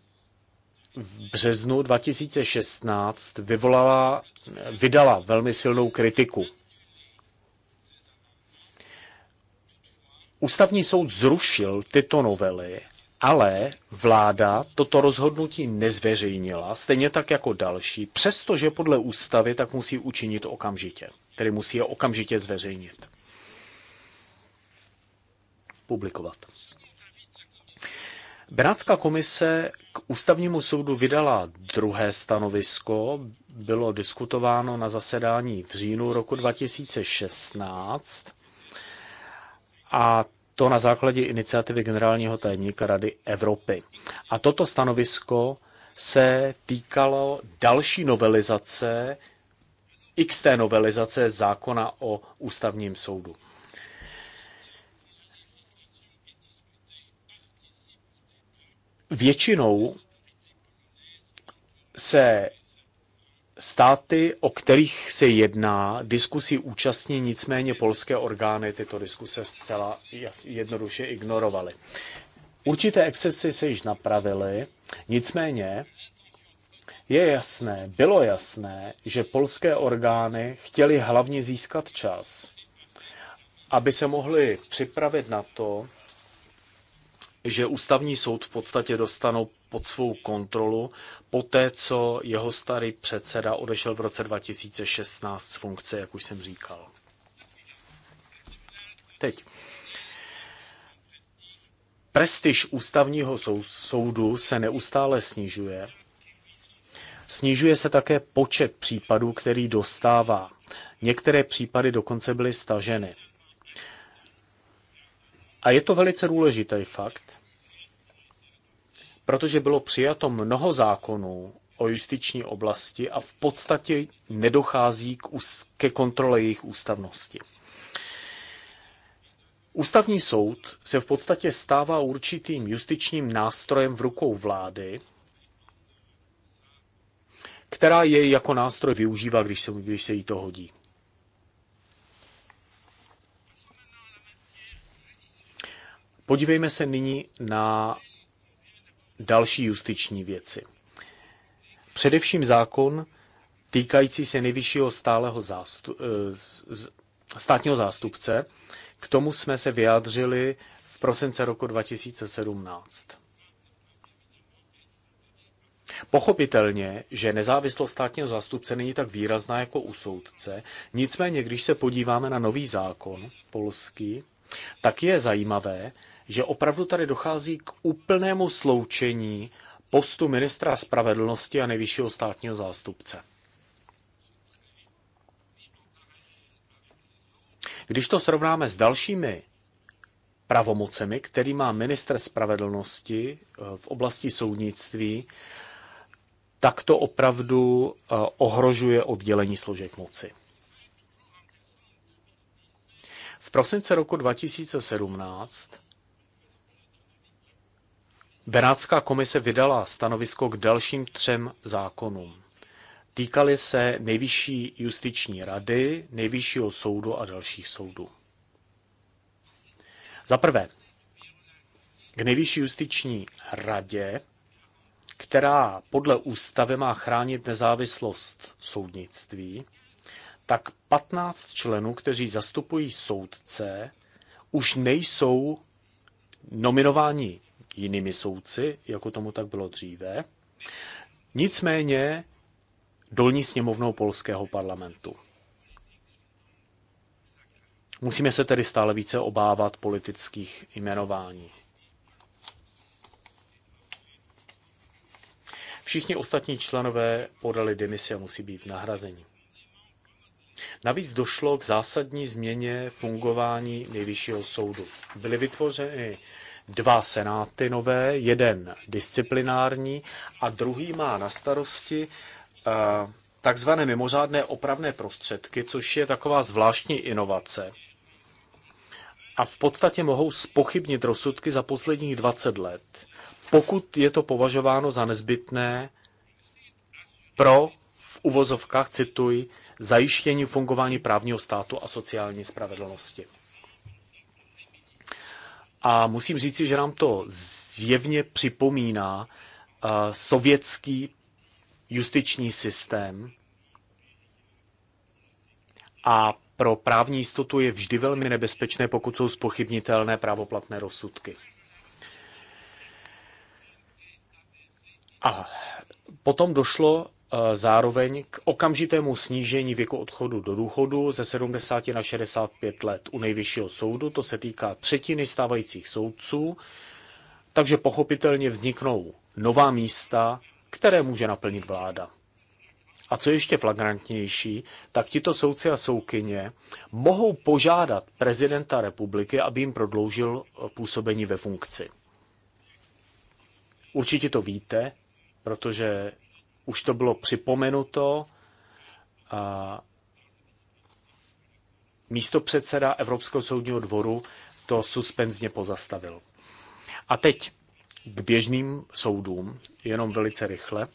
v březnu 2016 vyvolala, vydala velmi silnou kritiku. Ústavní soud zrušil tyto novely ale vláda toto rozhodnutí nezveřejnila, stejně tak jako další, přestože podle ústavy tak musí učinit okamžitě, tedy musí je okamžitě zveřejnit. Publikovat. Benátská komise k ústavnímu soudu vydala druhé stanovisko, bylo diskutováno na zasedání v říjnu roku 2016 a to na základě iniciativy generálního tajemníka Rady Evropy. A toto stanovisko se týkalo další novelizace, x té novelizace zákona o ústavním soudu. Většinou se Státy, o kterých se jedná, diskusí účastní, nicméně polské orgány tyto diskuse zcela jednoduše ignorovaly. Určité excesy se již napravily, nicméně je jasné, bylo jasné, že polské orgány chtěly hlavně získat čas, aby se mohli připravit na to, že ústavní soud v podstatě dostanou pod svou kontrolu, poté co jeho starý předseda odešel v roce 2016 z funkce, jak už jsem říkal. Teď. Prestiž ústavního soudu se neustále snižuje. Snižuje se také počet případů, který dostává. Některé případy dokonce byly staženy. A je to velice důležitý fakt, protože bylo přijato mnoho zákonů o justiční oblasti a v podstatě nedochází k, ke kontrole jejich ústavnosti. Ústavní soud se v podstatě stává určitým justičním nástrojem v rukou vlády, která jej jako nástroj využívá, když se, když se jí to hodí. Podívejme se nyní na další justiční věci. Především zákon týkající se nejvyššího stáleho zástup, eh, státního zástupce. K tomu jsme se vyjádřili v prosince roku 2017. Pochopitelně, že nezávislost státního zástupce není tak výrazná jako u soudce, nicméně když se podíváme na nový zákon polský, tak je zajímavé, že opravdu tady dochází k úplnému sloučení postu ministra spravedlnosti a nejvyššího státního zástupce. Když to srovnáme s dalšími pravomocemi, který má minister spravedlnosti eh, v oblasti soudnictví, tak to opravdu eh, ohrožuje oddělení složek moci. V prosince roku 2017 Benátská komise vydala stanovisko k dalším třem zákonům. Týkaly se nejvyšší justiční rady, nejvyššího soudu a dalších soudů. Za prvé, k nejvyšší justiční radě, která podle ústavy má chránit nezávislost soudnictví, tak 15 členů, kteří zastupují soudce, už nejsou nominováni jinými soudci, jako tomu tak bylo dříve. Nicméně dolní sněmovnou polského parlamentu. Musíme se tedy stále více obávat politických jmenování. Všichni ostatní členové podali demisi a musí být nahrazeni. Navíc došlo k zásadní změně fungování nejvyššího soudu. Byly vytvořeny dva senáty nové, jeden disciplinární a druhý má na starosti eh, takzvané mimořádné opravné prostředky, což je taková zvláštní inovace. A v podstatě mohou spochybnit rozsudky za posledních 20 let, pokud je to považováno za nezbytné pro, v uvozovkách cituji, zajištění fungování právního státu a sociální spravedlnosti. A musím říci, že nám to zjevně připomíná uh, sovětský justiční systém. A pro právní jistotu je vždy velmi nebezpečné, pokud jsou spochybnitelné právoplatné rozsudky. A potom došlo Eh, zároveň k okamžitému snížení věku odchodu do důchodu ze 70 na 65 let u nejvyššího soudu. To se týká třetiny stávajících soudců, takže pochopitelně vzniknou nová místa, které může naplnit vláda. A co ještě flagrantnější, tak tito soudci a soukyně mohou požádat prezidenta republiky, aby jim prodloužil eh, působení ve funkci. Určitě to víte, protože už to bylo připomenuto. Místo předseda Evropského soudního dvoru to suspenzně pozastavil. A teď k běžným soudům, jenom velice rychle.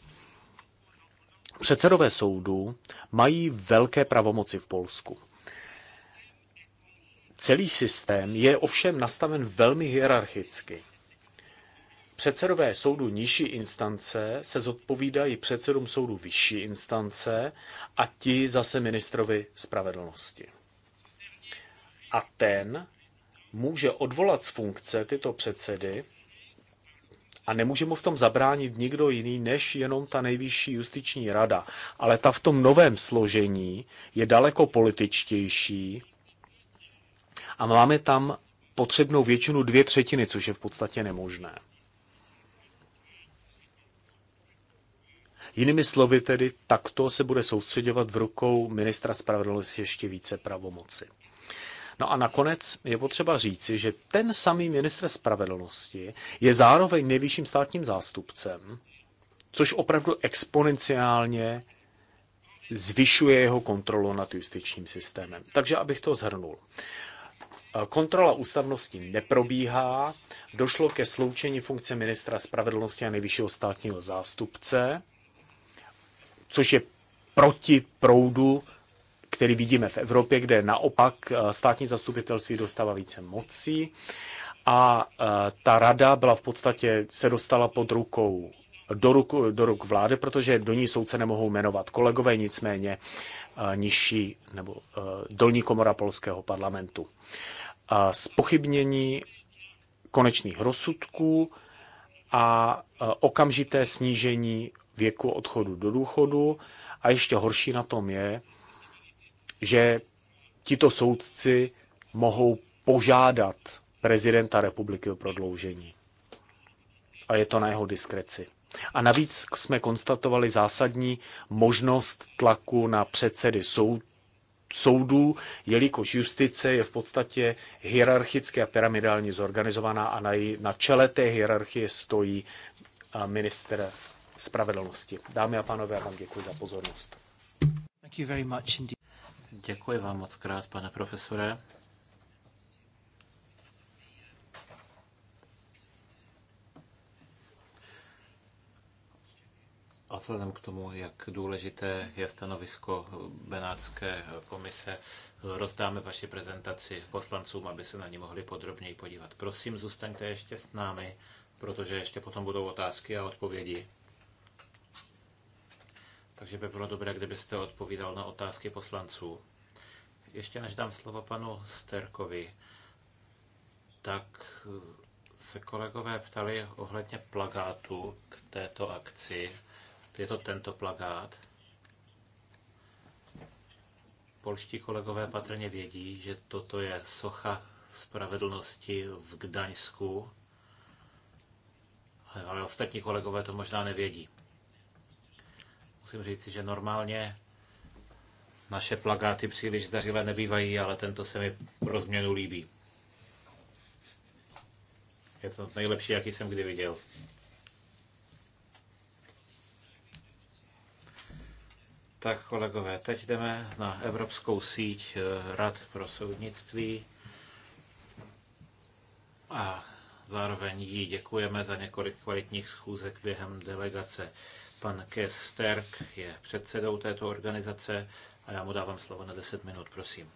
Předsedové soudů mají velké pravomoci v Polsku. Celý systém je ovšem nastaven velmi hierarchicky. Předsedové soudu nižší instance se zodpovídají předsedům soudu vyšší instance a ti zase ministrovi spravedlnosti. A ten může odvolat z funkce tyto předsedy a nemůže mu v tom zabránit nikdo jiný než jenom ta nejvyšší justiční rada. Ale ta v tom novém složení je daleko političtější a máme tam potřebnou většinu dvě třetiny, což je v podstatě nemožné. Jinými slovy tedy, takto se bude soustředovat v rukou ministra spravedlnosti ještě více pravomoci. No a nakonec je potřeba říci, že ten samý ministr spravedlnosti je zároveň nejvyšším státním zástupcem, což opravdu exponenciálně zvyšuje jeho kontrolu nad justičním systémem. Takže abych to zhrnul. Kontrola ústavnosti neprobíhá, došlo ke sloučení funkce ministra spravedlnosti a nejvyššího státního zástupce, což je proti proudu, který vidíme v Evropě, kde naopak eh, státní zastupitelství dostává více mocí a eh, ta rada byla v podstatě, se dostala pod rukou do, ruku, do ruk vlády, protože do ní soudce nemohou jmenovat kolegové, nicméně eh, nižší nebo dolní komora polského parlamentu. Spochybnění konečných rozsudků a okamžité snížení věku odchodu do důchodu a ještě horší na tom je, že tito soudci mohou požádat prezidenta republiky o prodloužení. A je to na jeho diskreci. A navíc jsme konstatovali zásadní možnost tlaku na předsedy soud, soudů, jelikož justice je v podstatě hierarchicky a pyramidálně zorganizovaná a na, její, na čele té hierarchie stojí minister spravedlnosti. Dámy a pánové, já vám děkuji za pozornost. Děkuji vám moc krát, pane profesore. A vzhledem k tomu, jak důležité je stanovisko Benátské komise, rozdáme vaši prezentaci poslancům, aby se na ní mohli podrobněji podívat. Prosím, zůstaňte ještě s námi, protože ještě potom budou otázky a odpovědi. Takže by bylo dobré, kdybyste odpovídal na otázky poslanců. Ještě než dám slovo panu Sterkovi, tak se kolegové ptali ohledně plagátu k této akci. Je to tento plagát. Polští kolegové patrně vědí, že toto je socha spravedlnosti v Gdaňsku, ale ostatní kolegové to možná nevědí. Musím říct, že normálně naše plagáty příliš zdařile nebývají, ale tento se mi pro změnu líbí. Je to nejlepší, jaký jsem kdy viděl. Tak kolegové, teď jdeme na Evropskou síť eh, rad pro soudnictví a zároveň jí děkujeme za několik kvalitních schůzek během delegace. Pan Kes Sterk je předsedou této organizace a já mu dávám slovo na 10 minut, prosím.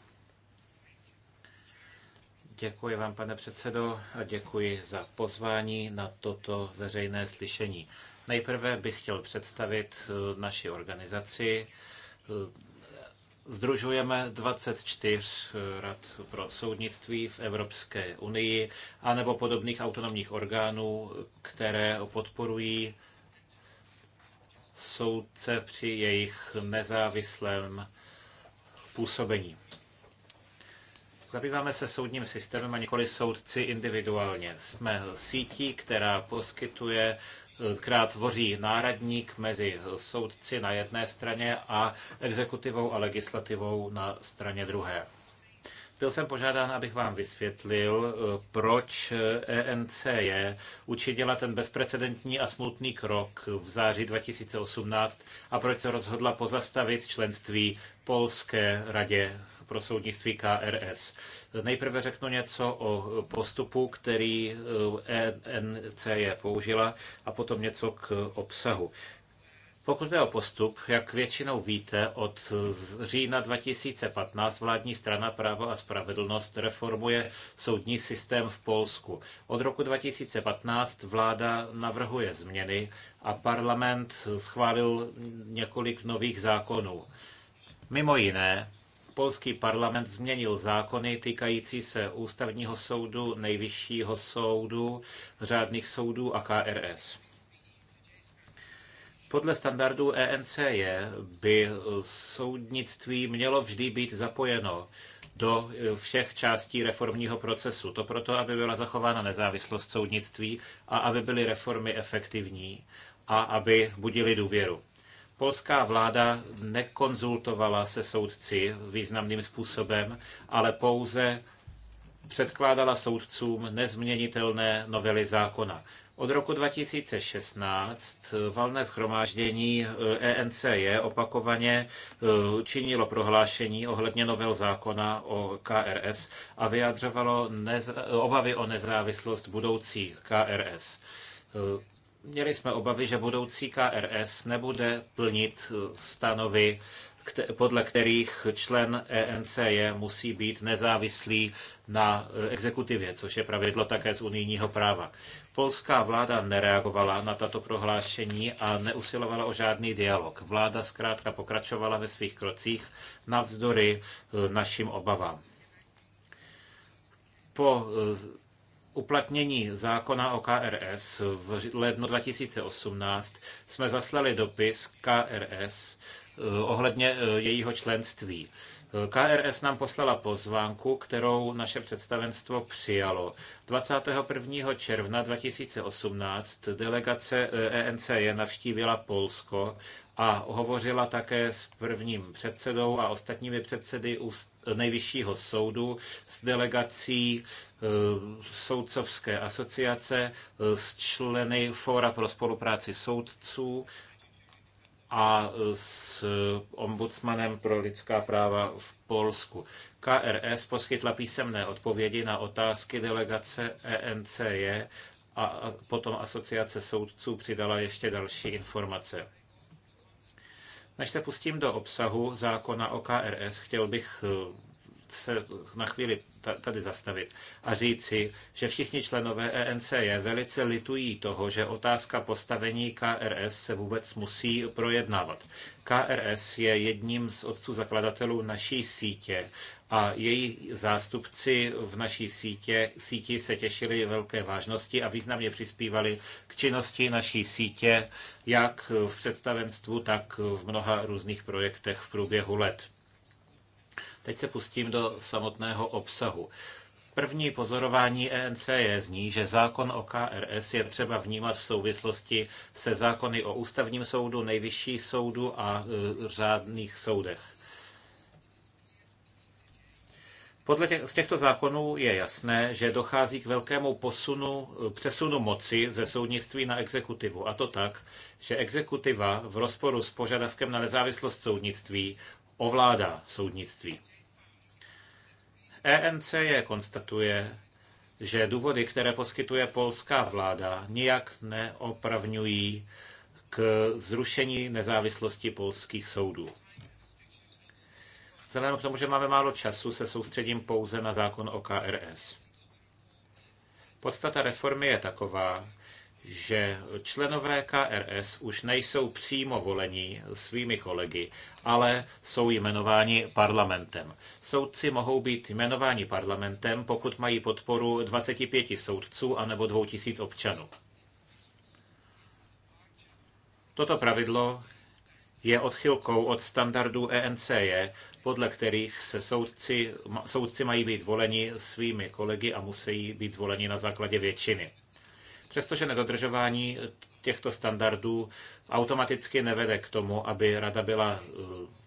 Děkuji vám, pane předsedo, a děkuji za pozvání na toto veřejné slyšení. Nejprve bych chtěl představit eh, naši organizaci. Eh, združujeme 24 eh, rad pro soudnictví v Evropské unii anebo podobných autonomních orgánů, které podporují soudce při jejich nezávislém působení. Zabýváme se soudním systémem a nikoli soudci individuálně. Jsme sítí, která poskytuje která tvoří náradník mezi soudci na jedné straně a exekutivou a legislativou na straně druhé. Byl jsem požádán, abych vám vysvětlil, eh, proč ENCJ eh, e učinila ten bezprecedentní a smutný krok v září 2018 a proč se rozhodla pozastavit členství Polské radě pro soudnictví KRS. Nejprve řeknu něco o postupu, který ENC eh, e je použila a potom něco k obsahu. Pokud je o postup, jak většinou víte, od října 2015 vládní strana Právo a spravedlnost reformuje soudní systém v Polsku. Od roku 2015 vláda navrhuje změny a parlament schválil několik nových zákonů. Mimo jiné, polský parlament změnil zákony týkající se ústavního soudu, nejvyššího soudu, řádných soudů a KRS. Podle standardů je, by soudnictví mělo vždy být zapojeno do eh, všech částí reformního procesu. To proto, aby byla zachována nezávislost soudnictví a aby byly reformy efektivní a aby budili důvěru. Polská vláda nekonzultovala se soudci významným způsobem, ale pouze předkládala soudcům nezměnitelné novely zákona. Od roku 2016 eh, valné schromáždění ENCJ eh, e opakovaně eh, činilo prohlášení ohledně nového zákona o KRS a vyjadřovalo nez... obavy o nezávislost budoucí KRS. Měli jsme obavy, že budoucí KRS nebude plnit stanovy podle kterých člen ENCE musí být nezávislý na e, exekutivě, což je pravidlo také z unijního práva. Polská vláda nereagovala na tato prohlášení a neusilovala o žádný dialog. Vláda zkrátka pokračovala ve svých krocích navzdory e, našim obavám. Po e, uplatnění zákona o KRS v lednu 2018 jsme zaslali dopis KRS Eh, ohledně eh, jejího členství. Eh, KRS nám poslala pozvánku, kterou naše představenstvo přijalo. 21. června 2018 delegace ENC e je navštívila Polsko a hovořila také s prvním předsedou a ostatními předsedy nejvyššího soudu, s delegací soudcovské asociace, s členy Fóra pro spolupráci soudců a s ombudsmanem pro lidská práva v Polsku. KRS poskytla písemné odpovědi na otázky delegace ENCJ a potom asociace soudců přidala ještě další informace. Než se pustím do obsahu zákona o KRS, chtěl bych se na chvíli tady zastavit a říci, že všichni členové ENC je velice litují toho, že otázka postavení KRS se vůbec musí projednávat. KRS je jedním z otců zakladatelů naší sítě a její zástupci v naší sítě, síti se těšili velké vážnosti a významně přispívali k činnosti naší sítě, jak v představenstvu, tak v mnoha různých projektech v průběhu let. Teď se pustím do samotného obsahu. První pozorování ENC je zní, že zákon o KRS je třeba vnímat v souvislosti se zákony o ústavním soudu, nejvyšší soudu a e, řádných soudech. Podle těch, z těchto zákonů je jasné, že dochází k velkému posunu, e, přesunu moci ze soudnictví na exekutivu. A to tak, že exekutiva v rozporu s požadavkem na nezávislost soudnictví ovládá soudnictví. E je konstatuje, že důvody, které poskytuje polská vláda, nijak neopravňují k zrušení nezávislosti polských soudů. Vzhledem k tomu, že máme málo času, se soustředím pouze na zákon o KRS. Podstata reformy je taková, že členové KRS už nejsou přímo voleni svými kolegy, ale jsou jmenováni parlamentem. Soudci mohou být jmenováni parlamentem, pokud mají podporu 25 soudců anebo 2000 občanů. Toto pravidlo je odchylkou od standardů ENCJ, podle kterých se soudci, soudci mají být voleni svými kolegy a musí být zvoleni na základě většiny. Přestože nedodržování těchto standardů automaticky nevede k tomu, aby rada byla,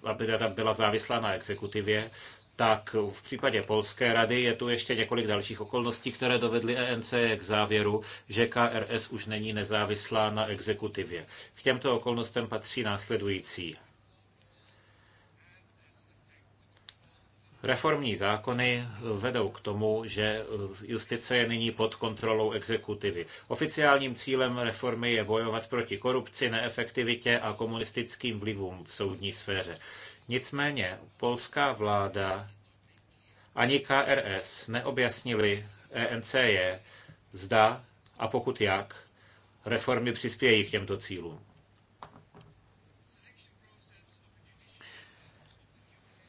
eh, aby rada byla závislá na exekutivě, tak v případě Polské rady je tu ještě několik dalších okolností, které dovedly ENC k závěru, že KRS už není nezávislá na exekutivě. K těmto okolnostem patří následující. Reformní zákony vedou k tomu, že justice je nyní pod kontrolou exekutivy. Oficiálním cílem reformy je bojovat proti korupci, neefektivitě a komunistickým vlivům v soudní sféře. Nicméně polská vláda ani KRS neobjasnili ENCJ, zda a pokud jak reformy přispějí k těmto cílům.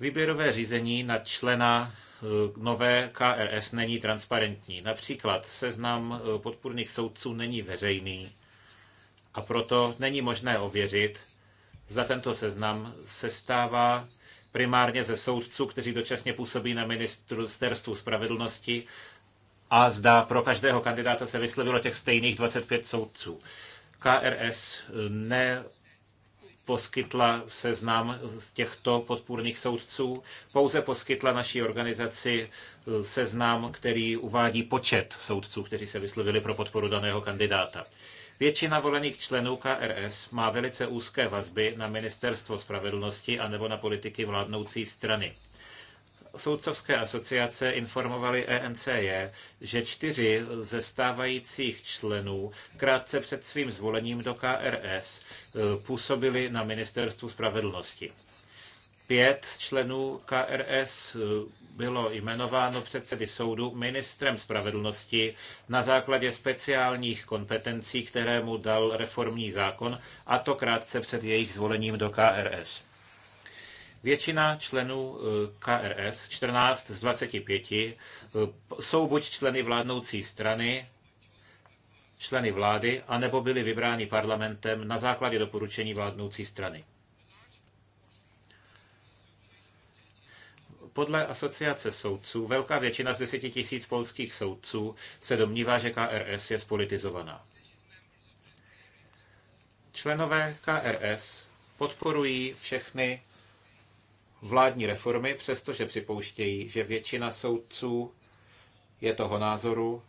Výběrové řízení na člena eh, nové KRS není transparentní. Například seznam eh, podpůrných soudců není veřejný a proto není možné ověřit, zda tento seznam se stává primárně ze soudců, kteří dočasně působí na ministerstvu spravedlnosti a zda pro každého kandidáta se vyslovilo těch stejných 25 soudců. KRS eh, ne poskytla seznam z těchto podpůrných soudců, pouze poskytla naší organizaci seznam, který uvádí počet soudců, kteří se vyslovili pro podporu daného kandidáta. Většina volených členů KRS má velice úzké vazby na Ministerstvo spravedlnosti anebo na politiky vládnoucí strany. Soudcovské asociace informovali ENCJ, že čtyři ze stávajících členů krátce před svým zvolením do KRS eh, působili na Ministerstvu spravedlnosti. Pět členů KRS eh, bylo jmenováno předsedy soudu ministrem spravedlnosti na základě speciálních kompetencí, které mu dal reformní zákon, a to krátce před jejich zvolením do KRS. Většina členů eh, KRS, 14 z 25, eh, jsou buď členy vládnoucí strany, členy vlády, anebo byli vybráni parlamentem na základě doporučení vládnoucí strany. Podle asociace soudců velká většina z 10 000 polských soudců se domnívá, že KRS je spolitizovaná. Členové KRS podporují všechny vládní reformy, přestože připouštějí, že většina soudců je toho názoru,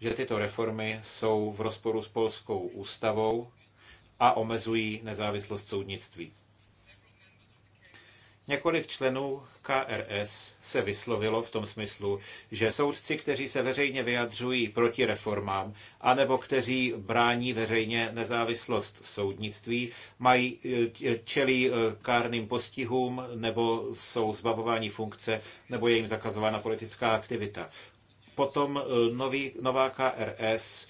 že tyto reformy jsou v rozporu s polskou ústavou a omezují nezávislost soudnictví. Několik členů KRS se vyslovilo v tom smyslu, že soudci, kteří se veřejně vyjadřují proti reformám, anebo kteří brání veřejně nezávislost soudnictví, mají eh, čelí eh, kárným postihům, nebo jsou zbavováni funkce, nebo je jim zakazována politická aktivita. Potom eh, nový, nová KRS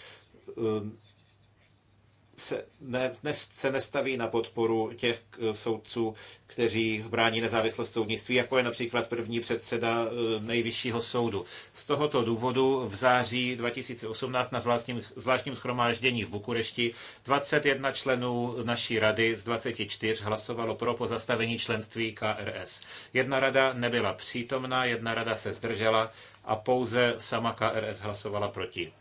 se, ne, dnes se nestaví na podporu těch eh, soudců, kteří brání nezávislost soudnictví, jako je například první předseda eh, nejvyššího soudu. Z tohoto důvodu v září 2018 na zvláštním, zvláštním schromáždění v Bukurešti 21 členů naší rady z 24 hlasovalo pro pozastavení členství KRS. Jedna rada nebyla přítomná, jedna rada se zdržela a pouze sama KRS hlasovala proti.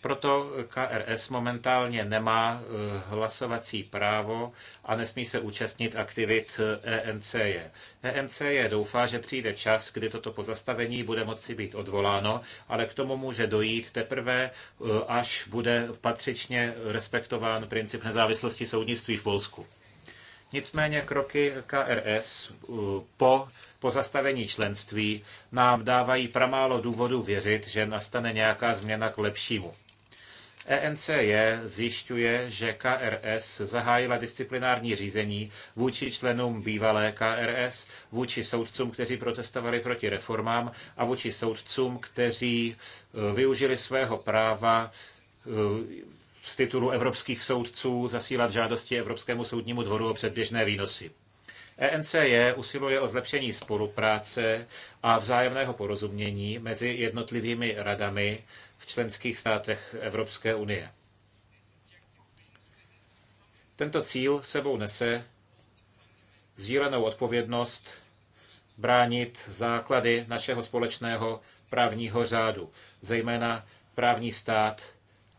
Proto KRS momentálně nemá eh, hlasovací právo a nesmí se účastnit aktivit ENCJ. Eh, ENCJ e doufá, že přijde čas, kdy toto pozastavení bude moci být odvoláno, ale k tomu může dojít teprve, eh, až bude patřičně respektován princip nezávislosti soudnictví v Polsku. Nicméně kroky KRS po pozastavení členství nám dávají pramálo důvodu věřit, že nastane nějaká změna k lepšímu. ENCJ zjišťuje, že KRS zahájila disciplinární řízení vůči členům bývalé KRS, vůči soudcům, kteří protestovali proti reformám a vůči soudcům, kteří e, využili svého práva e, z titulu evropských soudců zasílat žádosti Evropskému soudnímu dvoru o předběžné výnosy. ENCJ usiluje o zlepšení spolupráce a vzájemného porozumění mezi jednotlivými radami členských státech Evropské unie. Tento cíl sebou nese sdílenou odpovědnost bránit základy našeho společného právního řádu, zejména právní stát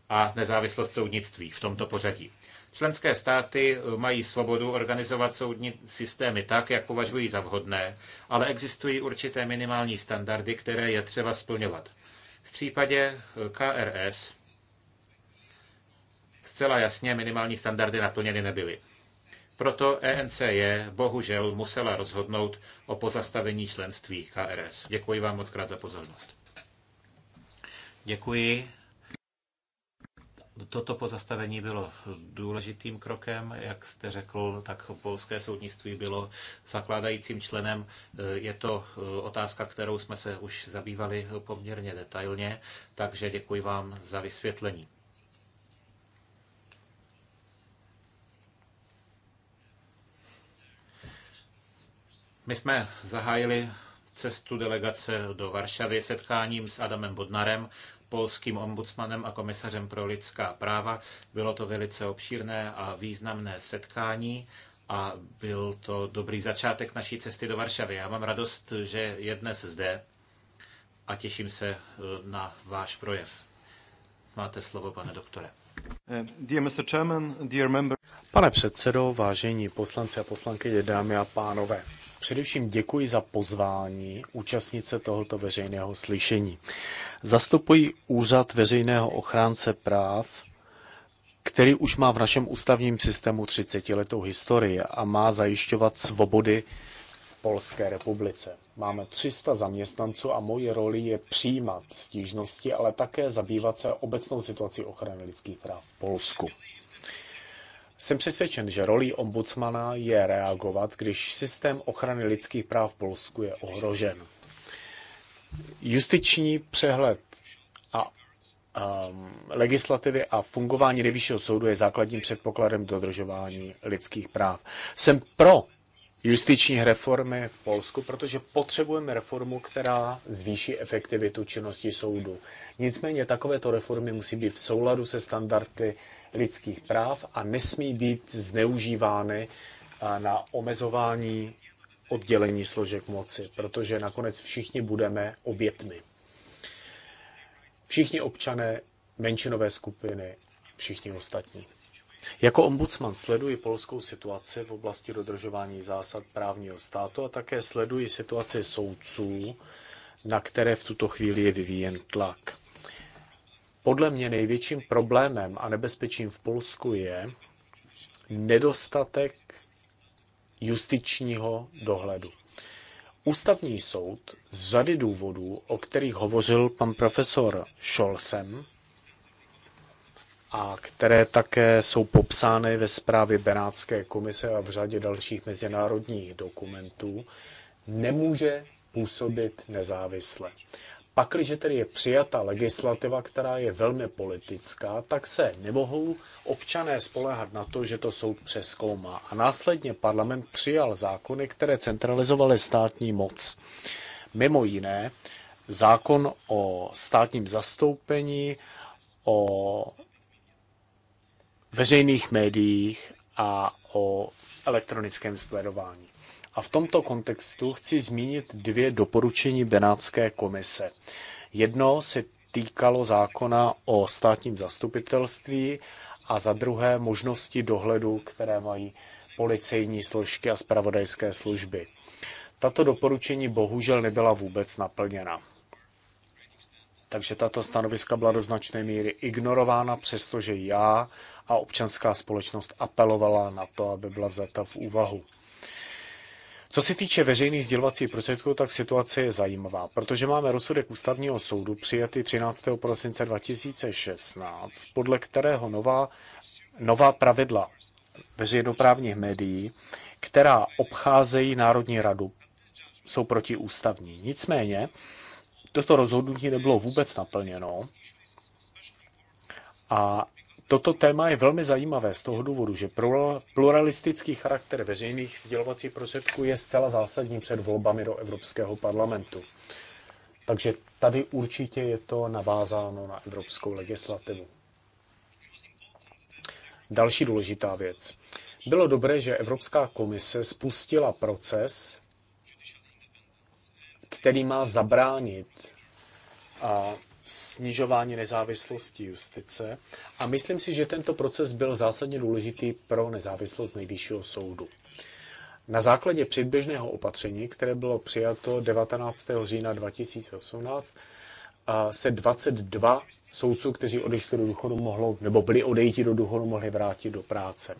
a nezávislost soudnictví v tomto pořadí. Členské státy mají svobodu organizovat soudní systémy tak, jak považují za vhodné, ale existují určité minimální standardy, které je třeba splňovat. V případě eh, KRS zcela jasně minimální standardy naplněny nebyly. Proto ENCE bohužel musela rozhodnout o pozastavení členství KRS. Děkuji vám moc krát za pozornost. Děkuji. Toto pozastavení bylo důležitým krokem, jak jste řekl, tak polské soudnictví bylo zakládajícím členem. Je to eh, otázka, kterou jsme se už zabývali poměrně detailně, takže děkuji vám za vysvětlení. My jsme zahájili cestu delegace do Varšavy setkáním s Adamem Bodnarem, polským ombudsmanem a komisařem pro lidská práva. Bylo to velice obšírné a významné setkání a byl to dobrý začátek naší cesty do Varšavy. Já mám radost, že je dnes zde a těším se eh, na váš projev. Máte slovo, pane doktore. Eh, pane předsedo, vážení poslanci a poslankyně, dámy a pánové, Především děkuji za pozvání účastnit se tohoto veřejného slyšení. Zastupuji úřad veřejného ochránce práv, který už má v našem ústavním systému 30 letou historii a má zajišťovat svobody v Polské republice. Máme 300 zaměstnanců a moje roli je přijímat stížnosti, ale také zabývat se obecnou situací ochrany lidských práv v Polsku. Jsem přesvědčen, že rolí ombudsmana je reagovat, když systém ochrany lidských práv v Polsku je ohrožen. Justiční přehled a um, legislativy a fungování nejvyššího soudu je základním předpokladem dodržování lidských práv. Jsem pro justiční reformy v Polsku, protože potřebujeme reformu, která zvýší efektivitu činnosti soudu. Nicméně takovéto reformy musí být v souladu se standardy lidských práv a nesmí být zneužívány eh, na omezování oddělení složek moci, protože nakonec všichni budeme obětmi. Všichni občané, menšinové skupiny, všichni ostatní. Jako ombudsman sleduji polskou situaci v oblasti dodržování zásad právního státu a také sleduji situaci soudců, na které v tuto chvíli je vyvíjen tlak. Podle mě největším problémem a nebezpečím v Polsku je nedostatek justičního dohledu. Ústavní soud z řady důvodů, o kterých hovořil pan profesor Scholsem, a které také jsou popsány ve zprávě Benátské komise a v řadě dalších mezinárodních dokumentů, nemůže působit nezávisle. Pakliže tedy je přijata legislativa, která je velmi politická, tak se nemohou občané spolehat na to, že to soud přeskoumá. A následně parlament přijal zákony, které centralizovaly státní moc. Mimo jiné zákon o státním zastoupení, o veřejných médiích a o elektronickém sledování. A v tomto kontextu chci zmínit dvě doporučení Benátské komise. Jedno se týkalo zákona o státním zastupitelství a za druhé možnosti dohledu, které mají policejní složky a spravodajské služby. Tato doporučení bohužel nebyla vůbec naplněna. Takže tato stanoviska byla do značné míry ignorována, přestože já a občanská společnost apelovala na to, aby byla vzata v úvahu. Co se týče veřejných sdělovacích prostředků, tak situace je zajímavá, protože máme rozsudek ústavního soudu přijatý 13. prosince 2016, podle kterého nová, nová pravidla veřejnoprávních médií, která obcházejí Národní radu, jsou protiústavní. Nicméně toto rozhodnutí nebylo vůbec naplněno. A toto téma je velmi zajímavé z toho důvodu, že pluralistický charakter veřejných sdělovacích prostředků je zcela zásadní před volbami do Evropského parlamentu. Takže tady určitě je to navázáno na evropskou legislativu. Další důležitá věc. Bylo dobré, že Evropská komise spustila proces který má zabránit a snižování nezávislosti justice a myslím si, že tento proces byl zásadně důležitý pro nezávislost nejvyššího soudu. Na základě předběžného opatření, které bylo přijato 19. října 2018, se 22 soudců, kteří odešli do důchodu, mohlo, nebo byli odejti do důchodu, mohli vrátit do práce.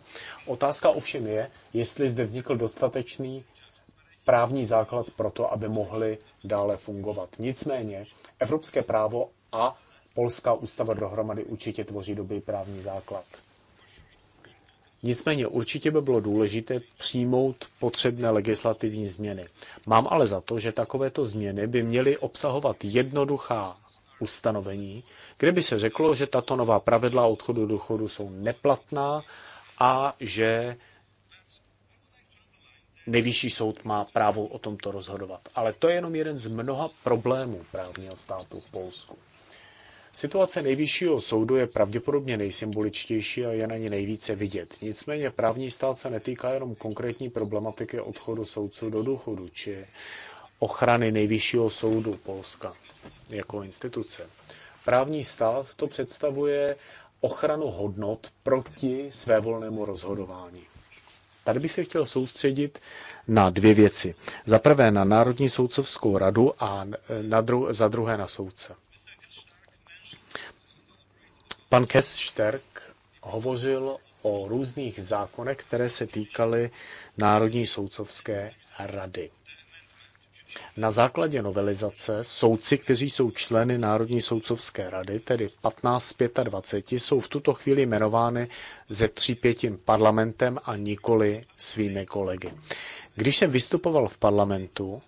Otázka ovšem je, jestli zde vznikl dostatečný právní základ pro to, aby mohly dále fungovat. Nicméně evropské právo a polská ústava dohromady určitě tvoří dobrý právní základ. Nicméně určitě by bylo důležité přijmout potřebné legislativní změny. Mám ale za to, že takovéto změny by měly obsahovat jednoduchá ustanovení, kde by se řeklo, že tato nová pravidla odchodu do chodu jsou neplatná a že nejvyšší soud má právo o tomto rozhodovat. Ale to je jenom jeden z mnoha problémů právního státu v Polsku. Situace nejvyššího soudu je pravděpodobně nejsymboličtější a je na ní nejvíce vidět. Nicméně právní stát se netýká jenom konkrétní problematiky odchodu soudců do důchodu či ochrany nejvyššího soudu Polska jako instituce. Právní stát to představuje ochranu hodnot proti svévolnému rozhodování. Tady bych se chtěl soustředit na dvě věci. Za prvé na Národní soudcovskou radu a na dru- za druhé na soudce. Pan Kes Šterk hovořil o různých zákonech, které se týkaly Národní soudcovské rady. Na základě novelizace soudci, kteří jsou členy Národní soudcovské rady, tedy 15 z 25, jsou v tuto chvíli jmenovány ze tří pětin parlamentem a nikoli svými kolegy. Když jsem vystupoval v parlamentu,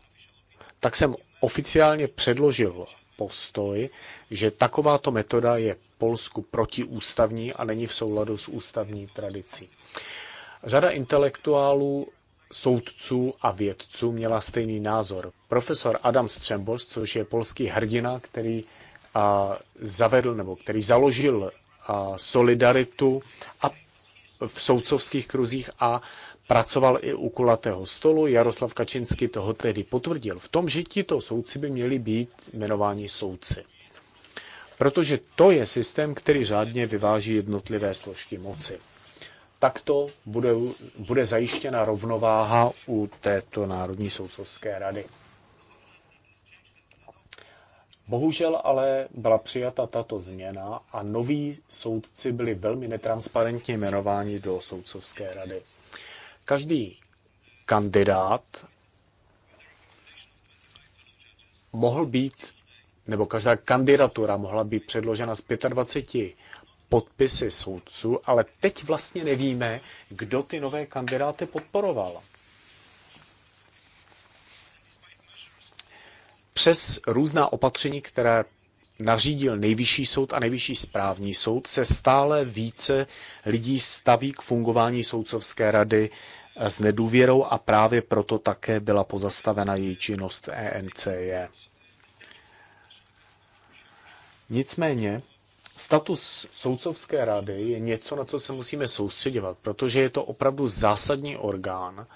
tak jsem oficiálně předložil postoj, že takováto metoda je Polsku protiústavní a není v souladu s ústavní tradicí. Řada intelektuálů soudců a vědců měla stejný názor. Profesor Adam Střembos, což je polský hrdina, který a, zavedl nebo který založil a, solidaritu a v soudcovských kruzích a pracoval i u kulatého stolu. Jaroslav Kačinsky toho tedy potvrdil v tom, že tito soudci by měli být jmenováni soudci. Protože to je systém, který řádně vyváží jednotlivé složky moci takto bude, bude zajištěna rovnováha u této Národní soudcovské rady. Bohužel ale byla přijata tato změna a noví soudci byli velmi netransparentně jmenováni do soudcovské rady. Každý kandidát mohl být, nebo každá kandidatura mohla být předložena z 25 podpisy soudců, ale teď vlastně nevíme, kdo ty nové kandidáty podporoval. Přes různá opatření, které nařídil nejvyšší soud a nejvyšší správní soud, se stále více lidí staví k fungování soudcovské rady eh, s nedůvěrou a právě proto také byla pozastavena její činnost ENCE. Nicméně Status soudcovské rady je něco, na co se musíme soustředovat, protože je to opravdu zásadní orgán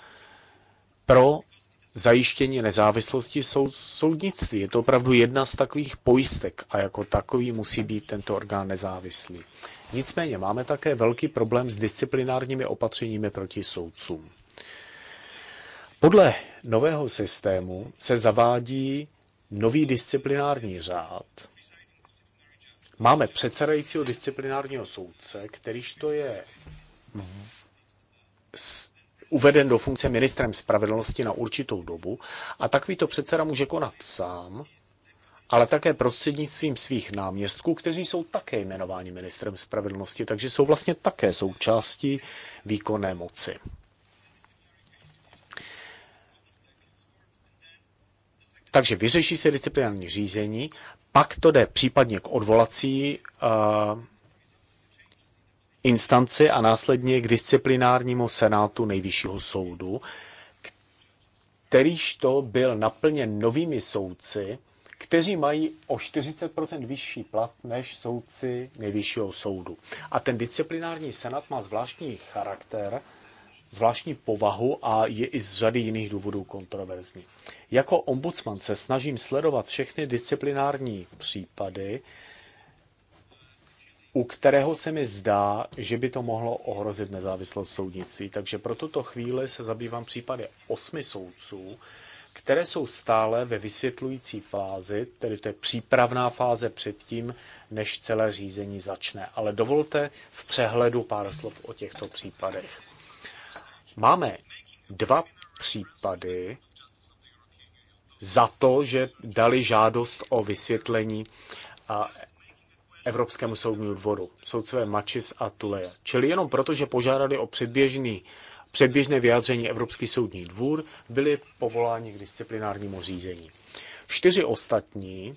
pro zajištění nezávislosti soud, soudnictví. Je to opravdu jedna z takových pojistek a jako takový musí být tento orgán nezávislý. Nicméně máme také velký problém s disciplinárními opatřeními proti soudcům. Podle nového systému se zavádí nový disciplinární řád, Máme předsedajícího disciplinárního soudce, kterýž to je uveden do funkce ministrem spravedlnosti na určitou dobu a takovýto předseda může konat sám, ale také prostřednictvím svých náměstků, kteří jsou také jmenováni ministrem spravedlnosti, takže jsou vlastně také součástí výkonné moci. Takže vyřeší se disciplinární řízení, pak to jde případně k odvolací uh, instanci a následně k disciplinárnímu senátu nejvyššího soudu, kterýž to byl naplněn novými soudci, kteří mají o 40% vyšší plat než soudci nejvyššího soudu. A ten disciplinární senát má zvláštní charakter, zvláštní povahu a je i z řady jiných důvodů kontroverzní. Jako ombudsman se snažím sledovat všechny disciplinární případy, u kterého se mi zdá, že by to mohlo ohrozit nezávislost soudnictví. Takže pro tuto chvíli se zabývám případy osmi soudců, které jsou stále ve vysvětlující fázi, tedy to je přípravná fáze předtím, než celé řízení začne. Ale dovolte v přehledu pár slov o těchto případech. Máme dva případy za to, že dali žádost o vysvětlení a Evropskému soudnímu dvoru, soudcové Mačis a Tuleje. Čili jenom proto, že požádali o předběžný, předběžné vyjádření Evropský soudní dvůr, byli povoláni k disciplinárnímu řízení. Čtyři ostatní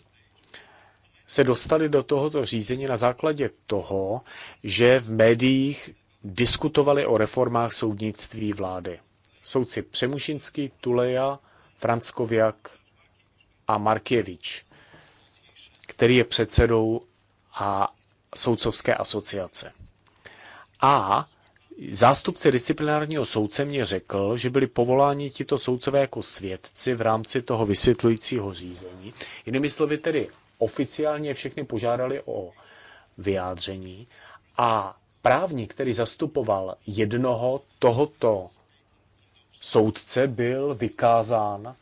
se dostali do tohoto řízení na základě toho, že v médiích diskutovali o reformách soudnictví vlády. Soudci Přemušinský, Tuleja, Franskoviak a Markěvič, který je předsedou a soudcovské asociace. A zástupce disciplinárního soudce mě řekl, že byli povoláni tito soudcové jako svědci v rámci toho vysvětlujícího řízení. Jinými slovy tedy oficiálně všechny požádali o vyjádření a Právník, který zastupoval jednoho tohoto soudce, byl vykázán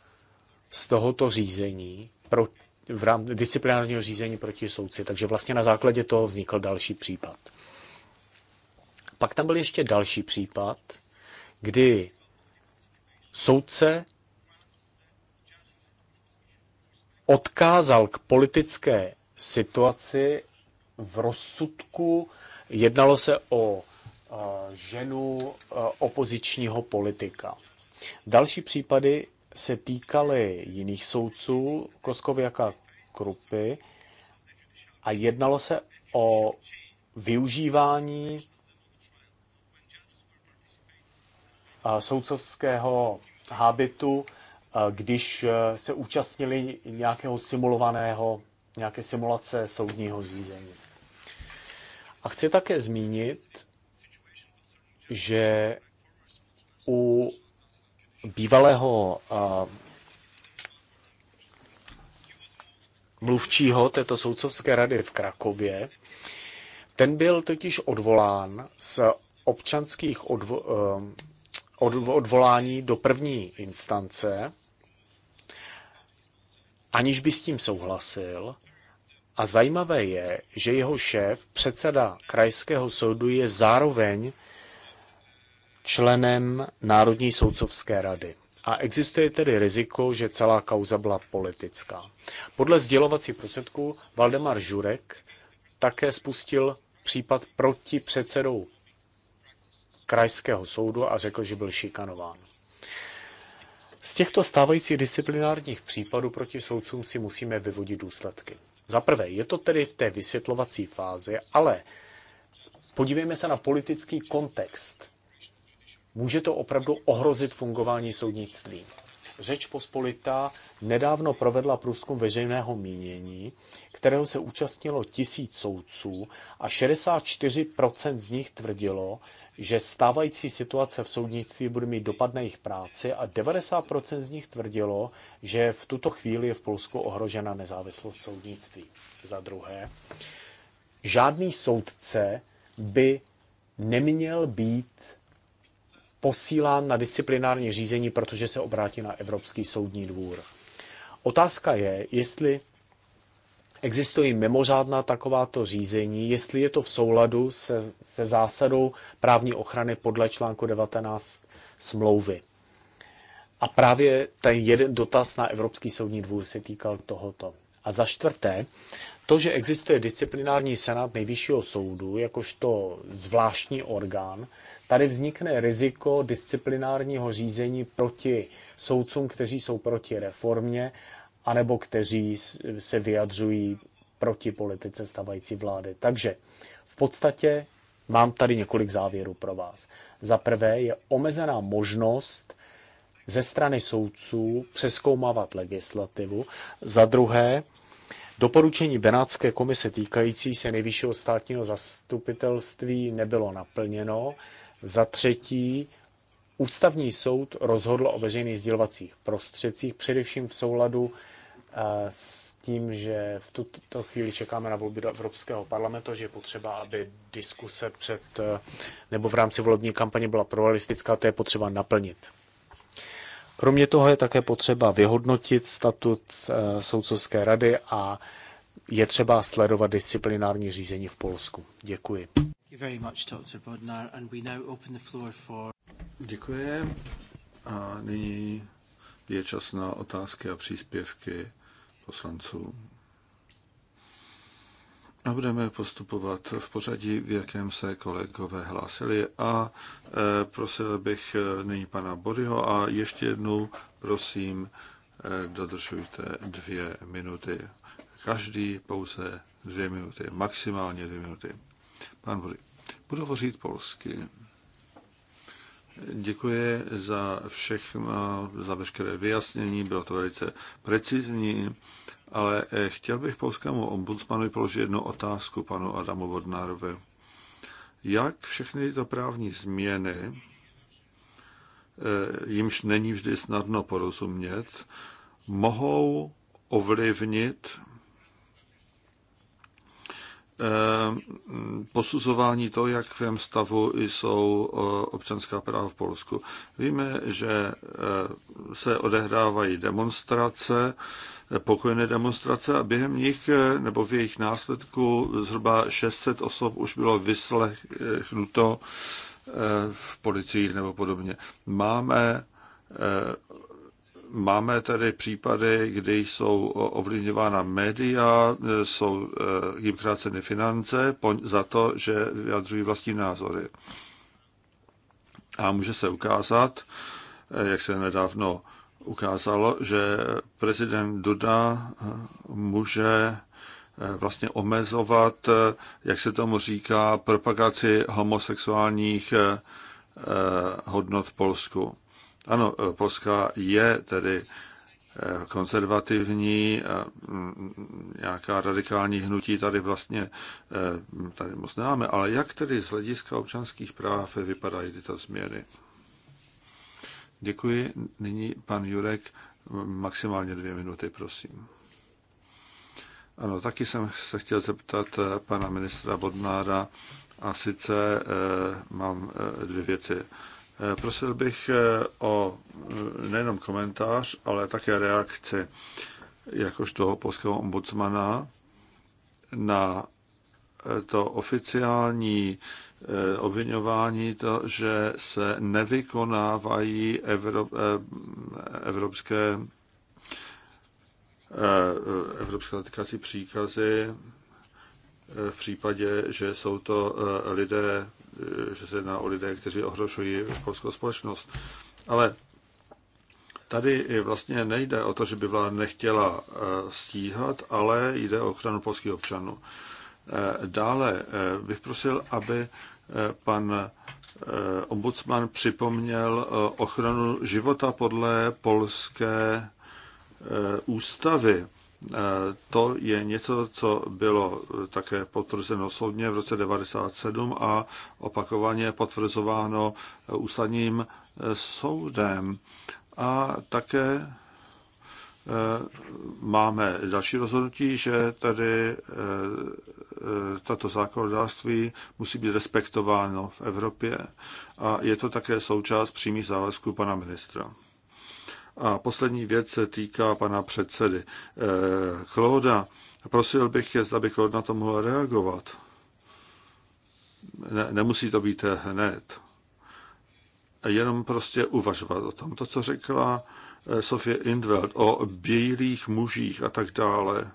z tohoto řízení pro, v rámci disciplinárního řízení proti soudci. Takže vlastně na základě toho vznikl další případ. Pak tam byl ještě další případ, kdy soudce odkázal k politické situaci v rozsudku Jednalo se o eh, ženu eh, opozičního politika. Další případy se týkaly jiných soudců, Koskověka Krupy, a jednalo se o využívání eh, soudcovského hábitu, když se účastnili nějakého simulovaného, nějaké simulace soudního řízení. A chci také zmínit, že u bývalého a, mluvčího této soudcovské rady v Krakově, ten byl totiž odvolán z občanských odvo- e, od, odvolání do první instance, aniž by s tím souhlasil, a zajímavé je, že jeho šéf, předseda krajského soudu, je zároveň členem Národní soudcovské rady. A existuje tedy riziko, že celá kauza byla politická. Podle sdělovací prostředků Valdemar Žurek také spustil případ proti předsedou krajského soudu a řekl, že byl šikanován. Z těchto stávajících disciplinárních případů proti soudcům si musíme vyvodit důsledky. Za prvé, je to tedy v té vysvětlovací fázi, ale podívejme se na politický kontext. Může to opravdu ohrozit fungování soudnictví. Řeč Pospolita nedávno provedla průzkum veřejného mínění, kterého se účastnilo tisíc soudců a 64% z nich tvrdilo, že stávající situace v soudnictví bude mít dopad na jejich práci a 90% z nich tvrdilo, že v tuto chvíli je v Polsku ohrožena nezávislost soudnictví. Za druhé, žádný soudce by neměl být posílán na disciplinární řízení, protože se obrátí na Evropský soudní dvůr. Otázka je, jestli existují mimořádná takováto řízení, jestli je to v souladu se, se zásadou právní ochrany podle článku 19 smlouvy. A právě ten jeden dotaz na Evropský soudní dvůr se týkal tohoto. A za čtvrté, to, že existuje disciplinární senát nejvyššího soudu, jakožto zvláštní orgán, tady vznikne riziko disciplinárního řízení proti soudcům, kteří jsou proti reformě anebo kteří se vyjadřují proti politice stavající vlády. Takže v podstatě mám tady několik závěrů pro vás. Za prvé je omezená možnost ze strany soudců přeskoumávat legislativu. Za druhé, doporučení Benátské komise týkající se nejvyššího státního zastupitelství nebylo naplněno. Za třetí, ústavní soud rozhodl o veřejných sdělovacích prostředcích, především v souladu s tím, že v tuto chvíli čekáme na volby do Evropského parlamentu, že je potřeba, aby diskuse před eh, nebo v rámci volební kampaně byla pluralistická, to je potřeba naplnit. Kromě toho je také potřeba vyhodnotit statut eh, soudcovské rady a je třeba sledovat disciplinární řízení v Polsku. Děkuji. Děkuji. A nyní je čas na otázky a příspěvky poslanců. A budeme postupovat v pořadí, v jakém se kolegové hlásili. A e, prosil bych e, nyní pana Boryho a ještě jednou prosím, e, dodržujte dvě minuty. Každý pouze dvě minuty, maximálně dvě minuty. Pan Bory, budu hovořit polsky. Děkuji za všechno, za veškeré vyjasnění, bylo to velice precizní, ale eh, chtěl bych polskému ombudsmanu položit jednu otázku panu Adamu Vodnárovi. Jak všechny tyto právní změny, eh, jimž není vždy snadno porozumět, mohou ovlivnit Eh, posuzování toho, jak v jakém stavu jsou eh, občanská práva v Polsku. Víme, že eh, se odehrávají demonstrace, pokojné demonstrace a během nich nebo v jejich následku zhruba 600 osob už bylo vyslechnuto v policiích nebo podobně. Máme Máme tady případy, kdy jsou ovlivňována média, jsou eh, jim kráceny finance za to, že vyjadřují vlastní názory. A může se ukázat, eh, jak se nedávno ukázalo, že prezident Duda eh, může vlastně omezovat, jak se tomu říká, propagaci homosexuálních hodnot v Polsku. Ano, eh, Polska je tedy eh, konzervativní, mm, nějaká radikální hnutí tady vlastně eh, tady moc nemáme, ale jak tedy z hlediska občanských práv vypadají tyto změny? Děkuji. Nyní pan Jurek, maximálně dvě minuty, prosím. Ano, taky jsem se chtěl zeptat pana ministra Bodnára a sice mám dvě věci. Eh, prosil bych eh, o eh, nejenom komentář, ale také reakci jakožto polského ombudsmana na to oficiální obvinování, to, že se nevykonávají evropské evropské letkací příkazy v případě, že jsou to lidé že se jedná o lidé, kteří ohrožují polskou společnost. Ale tady vlastně nejde o to, že by vláda nechtěla eh, stíhat, ale jde o ochranu polských občanů. Eh, dále eh, bych prosil, aby pan ombudsman připomněl ochranu života podle polské ústavy. Eh, to je něco, co bylo eh, také potvrzeno soudně v roce 1997 a opakovaně potvrzováno eh, ústavním soudem. A také máme další rozhodnutí, že tady tato zákonodárství musí být respektováno v Evropě a je to také součást přímých závazků pana ministra. A poslední věc se týká pana předsedy Kloda. Eh, Prosil bych, jest, aby Chloda na to mohl reagovat. Ne, nemusí to být hned. Jenom prostě uvažovat o tom. To, co řekla eh, Sofie Indveld o bílých mužích a tak dále.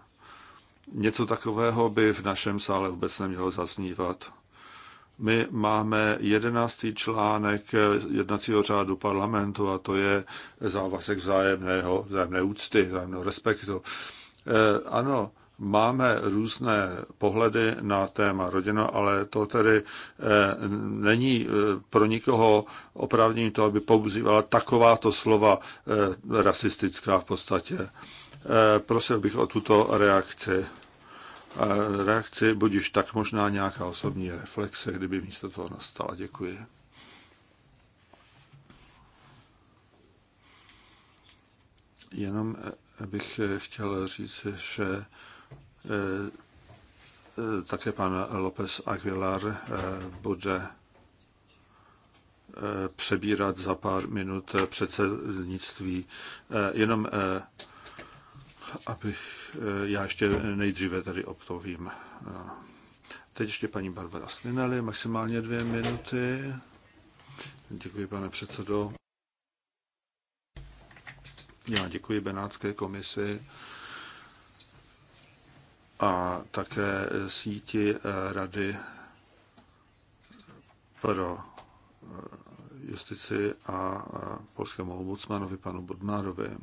Něco takového by v našem sále vůbec nemělo zaznívat. My máme jedenáctý článek jednacího řádu parlamentu a to je závazek vzájemného, vzájemné úcty, vzájemného respektu. Eh, ano, máme různé pohledy na téma rodina, ale to tedy eh, není eh, pro nikoho oprávnění to, aby používala takováto slova rasistická v podstatě. Prosil bych o tuto reakci reakci, budiž tak možná nějaká osobní reflexe, kdyby místo toho nastala. Děkuji. Jenom eh, bych eh, chtěl říct, že eh, také pan López Aguilar bude přebírat za pár minut předsednictví. Jenom abych já ještě nejdříve tady obtovím. Teď ještě paní Barbara Slinelli, maximálně dvě minuty. Děkuji, pane předsedo. Já děkuji Benátské komisi a také síti Rady pro justici a polskému ombudsmanovi panu Bodnárovi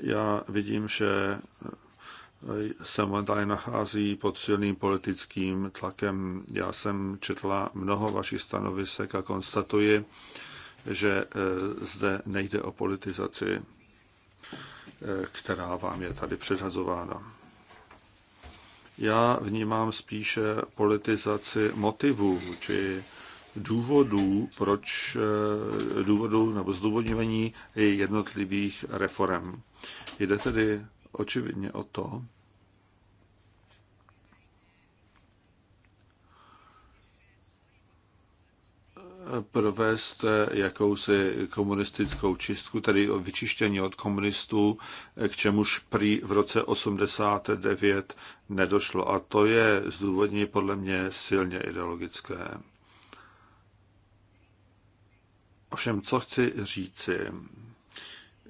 já vidím, že eh, se momentálně nachází pod silným politickým tlakem. Já jsem četla mnoho vašich stanovisek a konstatuji, že eh, zde nejde o politizaci, eh, která vám je tady předhazována. Já vnímám spíše politizaci motivů či důvodů, proč důvodů nebo zdůvodňování jednotlivých reform. Jde tedy očividně o to, provést jakousi komunistickou čistku, tedy vyčištění od komunistů, k čemuž prý v roce 89 nedošlo. A to je zdůvodně podle mě silně ideologické. Ovšem, co chci říci,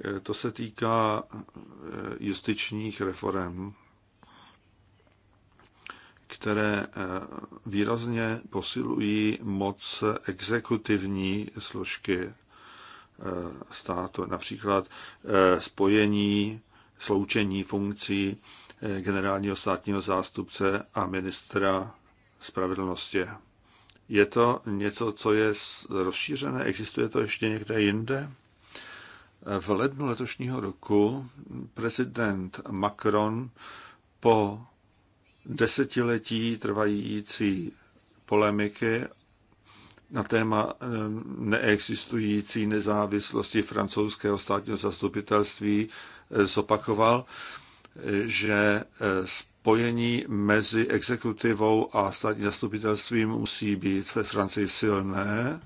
Eh, to se týká eh, justičních reform, které eh, výrazně posilují moc exekutivní složky státu, například spojení, sloučení funkcí generálního státního zástupce a ministra spravedlnosti. Je to něco, co je rozšířené? Existuje to ještě někde jinde? V lednu letošního roku prezident Macron po desetiletí trvající polemiky na téma eh, neexistující nezávislosti francouzského státního zastupitelství eh, zopakoval, eh, že spojení mezi exekutivou a státním zastupitelstvím musí být ve Francii silné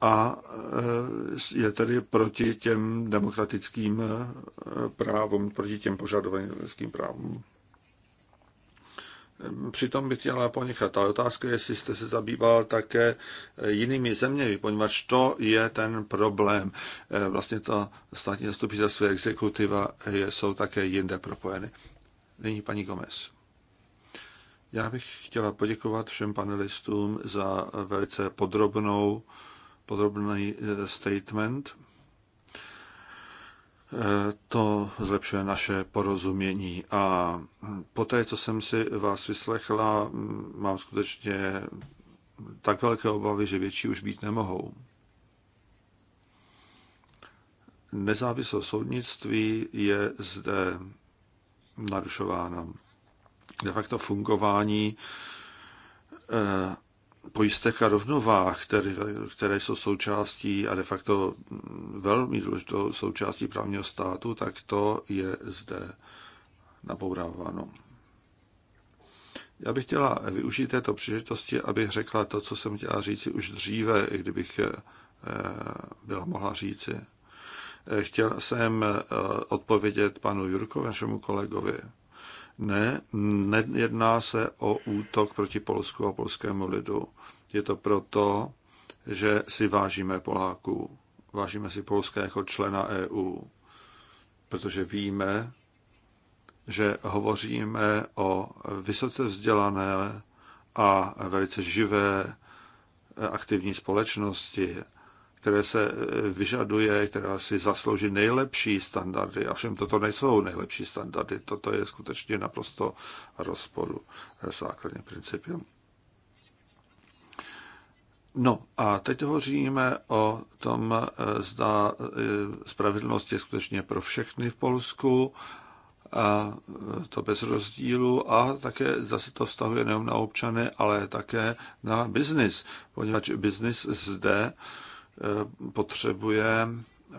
a eh, je tedy proti těm demokratickým eh, právům, proti těm požadovaným právům. Přitom bych chtěla ponechat, ale otázka je, jestli jste se zabýval také eh, jinými zeměmi, poněvadž to je ten problém. Vlastně to státní zastupitelství exekutiva jsou také jinde propojeny. Nyní paní Gomez. Já bych chtěla poděkovat všem panelistům za velice podrobnou podrobný eh, statement. Eh, to zlepšuje naše porozumění. A hm, po té, co jsem si vás vyslechla, hm, mám skutečně tak velké obavy, že větší už být nemohou. Nezávislost soudnictví je zde narušována. De facto fungování eh, pojistek a rovnovách, které, které jsou součástí a de facto velmi důležitou součástí právního státu, tak to je zde nabouráváno. Já bych chtěla využít této příležitosti, abych řekla to, co jsem chtěla říci už dříve, i kdybych eh, byla mohla říci. Eh, chtěl jsem eh, odpovědět panu Jurkovi, našemu kolegovi. Ne, nejedná se o útok proti Polsku a polskému lidu. Je to proto, že si vážíme Poláků. Vážíme si Polska jako člena EU, protože víme, že hovoříme o vysoce vzdělané a velice živé aktivní společnosti, které se e, vyžaduje, která si zaslouží nejlepší standardy. A všem toto nejsou nejlepší standardy. Toto je skutečně naprosto rozporu s základním principem. No a teď hovoříme o tom, e, zda e, spravedlnost je skutečně pro všechny v Polsku, a to bez rozdílu a také zase to vztahuje nejen na občany, ale také na biznis, poněvadž biznis zde Eh, potřebuje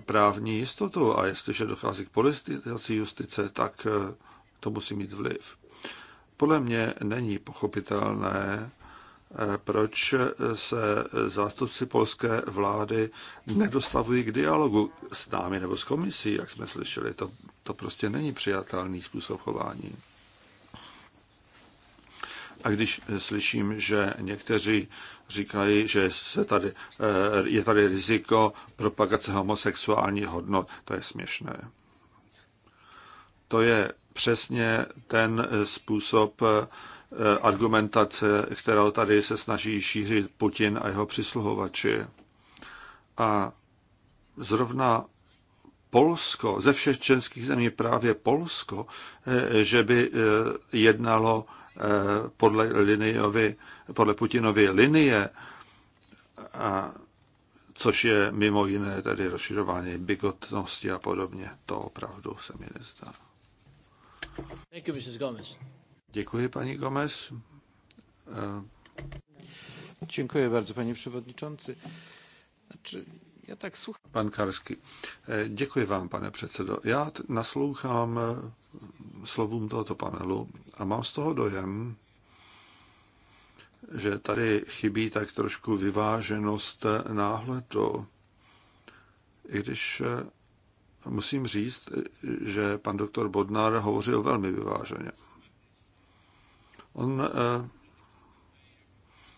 právní jistotu a jestliže dochází k politizaci justice, tak eh, to musí mít vliv. Podle mě není pochopitelné, eh, proč se zástupci polské vlády nedostavují k dialogu s námi nebo s komisí, jak jsme slyšeli. To, to prostě není přijatelný způsob chování. A když eh, slyším, že někteří říkají, že se tady, eh, je tady riziko propagace homosexuálních hodnot, to je směšné. To je přesně ten eh, způsob argumentace, kterou tady se snaží šířit Putin a jeho přisluhovači. A zrovna Polsko, ze všech členských zemí právě Polsko, že by jednalo Eh, podle, Liniovi, podle Putinovy linie, a což je mimo jiné tedy rozšiřování bigotnosti a podobně. To opravdu se mi nezdá. Děkuji, paní Gomez. Eh, Děkuji bardzo, panie przewodniczący. Znaczy, já tak Pan Karsky, eh, děkuji vám, pane předsedo. Já naslouchám eh, slovům tohoto panelu a mám z toho dojem, že tady chybí tak trošku vyváženost eh, náhledu. I když musím říct, že pan doktor Bodnar hovořil velmi vyváženě. On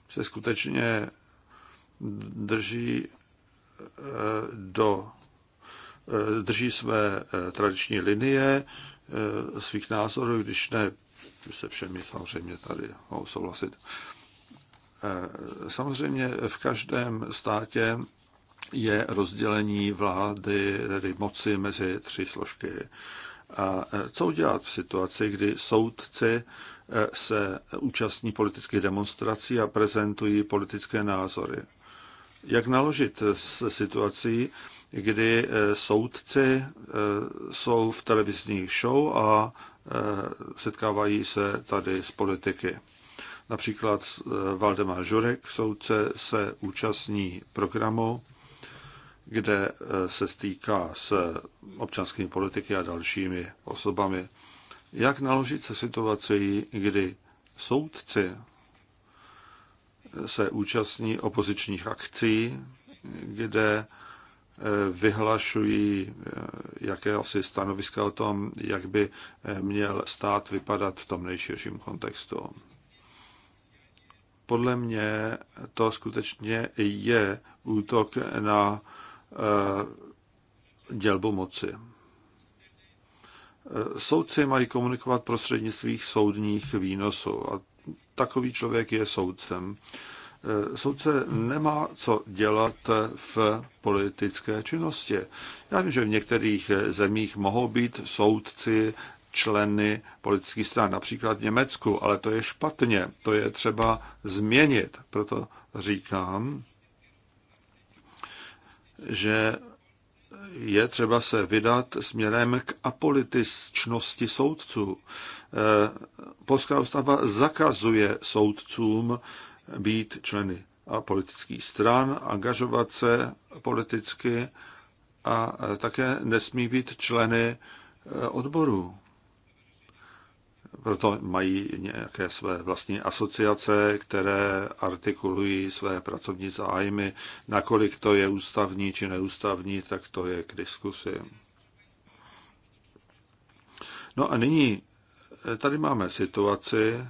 se skutečně drží do, eh, drží své eh, tradiční linie, eh, svých názorů, když ne, se všemi samozřejmě tady mohou souhlasit. Samozřejmě v každém státě je rozdělení vlády, tedy moci mezi tři složky. A co udělat v situaci, kdy soudci se účastní politických demonstrací a prezentují politické názory? Jak naložit s situací, kdy eh, soudci eh, jsou v televizních show a eh, setkávají se tady s politiky. Například Valdemar Žurek, soudce, se účastní programu, kde se stýká s občanskými politiky a dalšími osobami. Jak naložit se situací, kdy soudci se účastní opozičních akcí, kde eh, vyhlašují eh, jaké asi stanoviska o tom, jak by eh, měl stát vypadat v tom nejširším kontextu. Podle mě to skutečně je útok na dělbu moci. Soudci mají komunikovat prostřednictvím soudních výnosů a takový člověk je soudcem. Eh, soudce nemá co dělat v politické činnosti. Já vím, že v některých eh, zemích mohou být soudci členy politických stran, například v Německu, ale to je špatně, to je třeba změnit. Proto říkám, že je třeba se vydat směrem k apolitičnosti soudců. Eh, polská ústava zakazuje soudcům být členy a politických stran, angažovat se politicky a také nesmí být členy eh, odborů proto mají nějaké své vlastní asociace, které artikulují své pracovní zájmy. Nakolik to je ústavní či neústavní, tak to je k diskusi. No a nyní eh, tady máme situaci,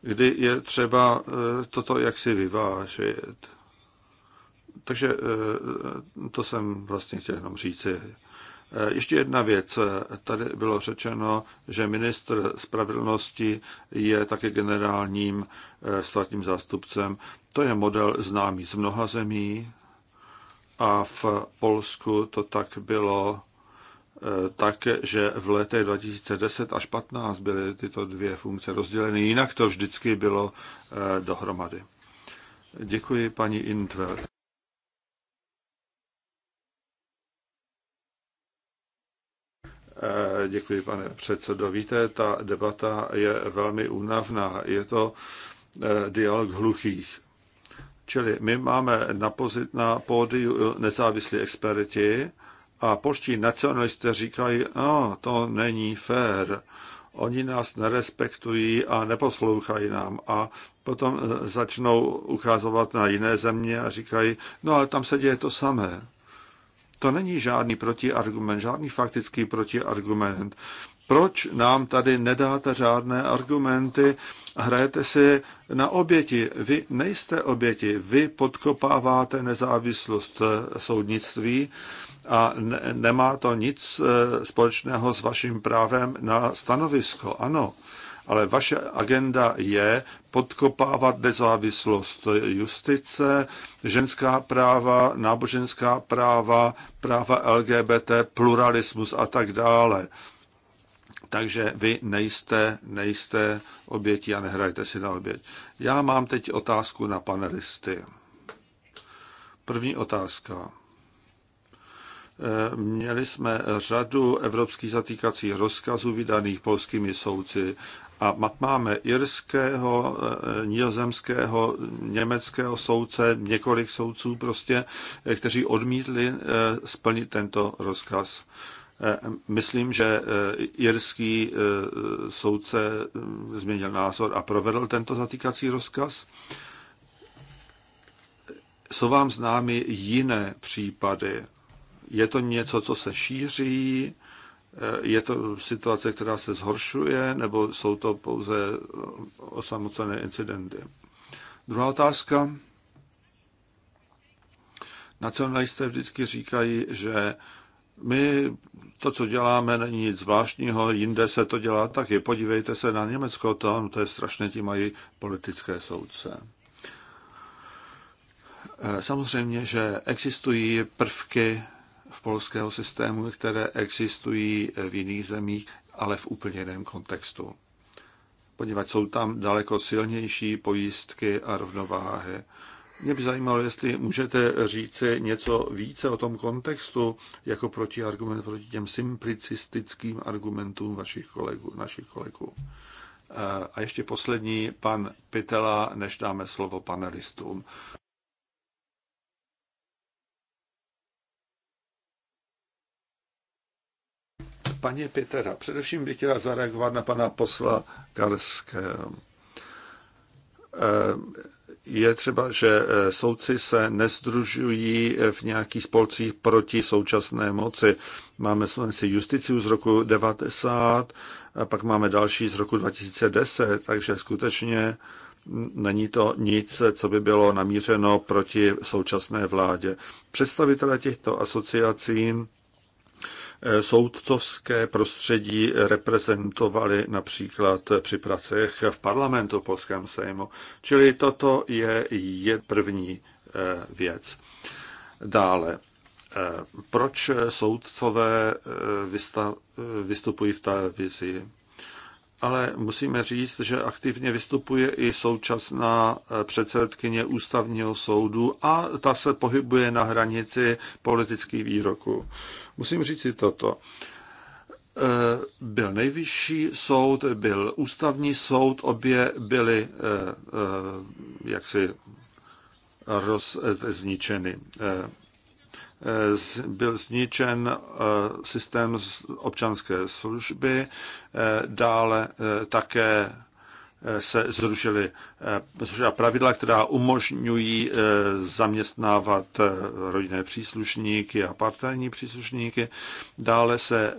kdy je třeba eh, toto jaksi vyvážit. Takže eh, to jsem vlastně chtěl jenom říci. Eh, ještě jedna věc. Tady bylo řečeno, že ministr spravedlnosti je také generálním eh, státním zástupcem. To je model známý z mnoha zemí a v Polsku to tak bylo eh, tak, že v letech 2010 až 15 byly tyto dvě funkce rozděleny. Jinak to vždycky bylo dohromady. Děkuji paní Intveld. Eh, děkuji, pane předsedo. Víte, ta debata je velmi únavná. Je to eh, dialog hluchých. Čili my máme na, pozit, na pódiu nezávislí experti a poští nacionalisté říkají, no, to není fér. Oni nás nerespektují a neposlouchají nám. A potom eh, začnou ukázovat na jiné země a říkají, no ale tam se děje to samé. To není žádný protiargument, žádný faktický protiargument. Proč nám tady nedáte žádné argumenty? Hrajete si na oběti. Vy nejste oběti. Vy podkopáváte nezávislost eh, soudnictví a ne- nemá to nic eh, společného s vaším právem na stanovisko. Ano, ale vaše agenda je podkopávat nezávislost justice, ženská práva, náboženská práva, práva LGBT, pluralismus a tak dále. Takže vy nejste, nejste oběti a nehrajte si na oběť. Já mám teď otázku na panelisty. První otázka. Eh, měli jsme řadu evropských zatýkacích rozkazů vydaných polskými soudci. A máme irského, eh, nizozemského, německého soudce, několik soudců prostě, eh, kteří odmítli eh, splnit tento rozkaz. Myslím, že jirský soudce hm, změnil názor a provedl tento zatýkací rozkaz. Jsou vám známy jiné případy? Je to něco, co se šíří? Eh, je to situace, která se zhoršuje, nebo jsou to pouze eh, osamocené incidenty? Druhá otázka. Nacionalisté vždycky říkají, že my to, co děláme, není nic zvláštního, jinde se to dělá taky. Podívejte se na Německo, to, no to je strašné, ti mají politické soudce. Eh, samozřejmě, že existují prvky v polského systému, které existují v jiných zemích, ale v úplně jiném kontextu. Poněvadž jsou tam daleko silnější pojistky a rovnováhy. Mě by zajímalo, jestli můžete říci něco více o tom kontextu jako protiargument proti těm simplicistickým argumentům vašich kolegů, našich kolegů. A ještě poslední, pan Pitela, než dáme slovo panelistům. paní Pětera. Především bych chtěla zareagovat na pana posla Karského. Eh, je třeba, že eh, soudci se nezdružují eh, v nějakých spolcích proti současné moci. Máme si justiciu z roku 90, a pak máme další z roku 2010, takže skutečně není to nic, co by bylo namířeno proti současné vládě. Představitelé těchto asociací soudcovské prostředí reprezentovali například při pracech v parlamentu Polském sejmu. Čili toto je, je první eh, věc. Dále, eh, proč soudcové eh, vystupují v televizi? ale musíme říct, že aktivně vystupuje i současná eh, předsedkyně ústavního soudu a ta se pohybuje na hranici politických výroků. Musím říct i toto. Eh, byl nejvyšší soud, byl ústavní soud, obě byly eh, jaksi roz, zničeny byl zničen eh, systém občanské služby, eh, dále eh, také se zrušily, zrušila pravidla, která umožňují zaměstnávat rodinné příslušníky a partajní příslušníky. Dále se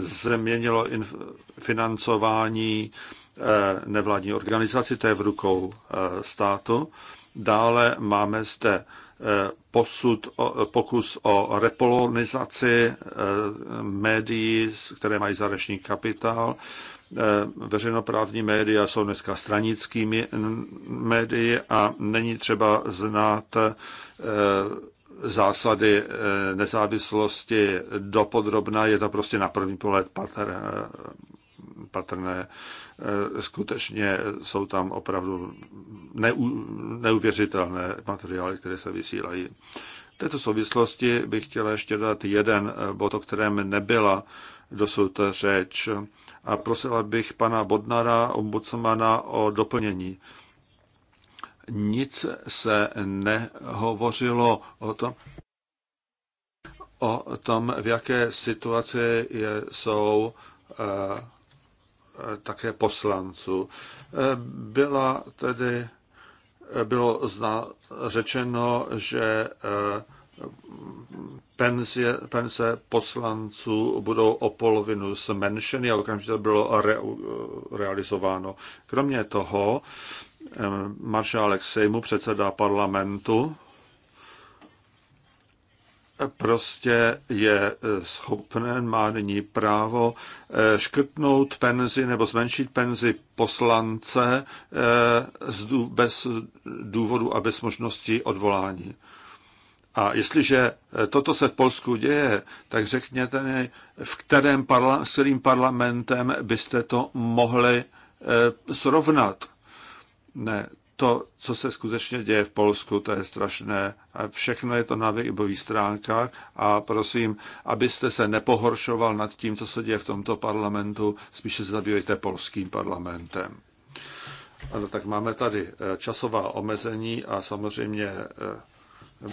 změnilo financování nevládní organizaci, to je v rukou státu. Dále máme zde posud, pokus o repolonizaci eh, médií, které mají zareční kapitál. Eh, veřejnoprávní média jsou dneska stranickými médii a není třeba znát eh, zásady nezávislosti dopodrobna, je to prostě na první pohled patrné. E, skutečně jsou tam opravdu neuvěřitelné materiály, které se vysílají. V této souvislosti bych chtěl ještě dát jeden e, bod, o kterém nebyla dosud řeč. A prosila bych pana Bodnara, ombudsmana, o doplnění nic se nehovořilo o tom, o tom v jaké situaci jsou e, také poslanců. Byla tedy, bylo zna, řečeno, že eh, penzie, penze poslanců budou o polovinu zmenšeny a okamžitě bylo re, realizováno. Kromě toho, eh, maršálek Sejmu, předseda parlamentu, prostě je eh, schopen, má nyní právo eh, škrtnout penzi nebo zmenšit penzi poslance eh, bez důvodu a bez možnosti odvolání. A jestliže toto se v Polsku děje, tak řekněte mi, v kterém parla- s kterým parlamentem byste to mohli srovnat. Ne, to, co se skutečně děje v Polsku, to je strašné. všechno je to na webových stránkách a prosím, abyste se nepohoršoval nad tím, co se děje v tomto parlamentu, spíše se zabývejte polským parlamentem. Ano, tak máme tady eh, časová omezení a samozřejmě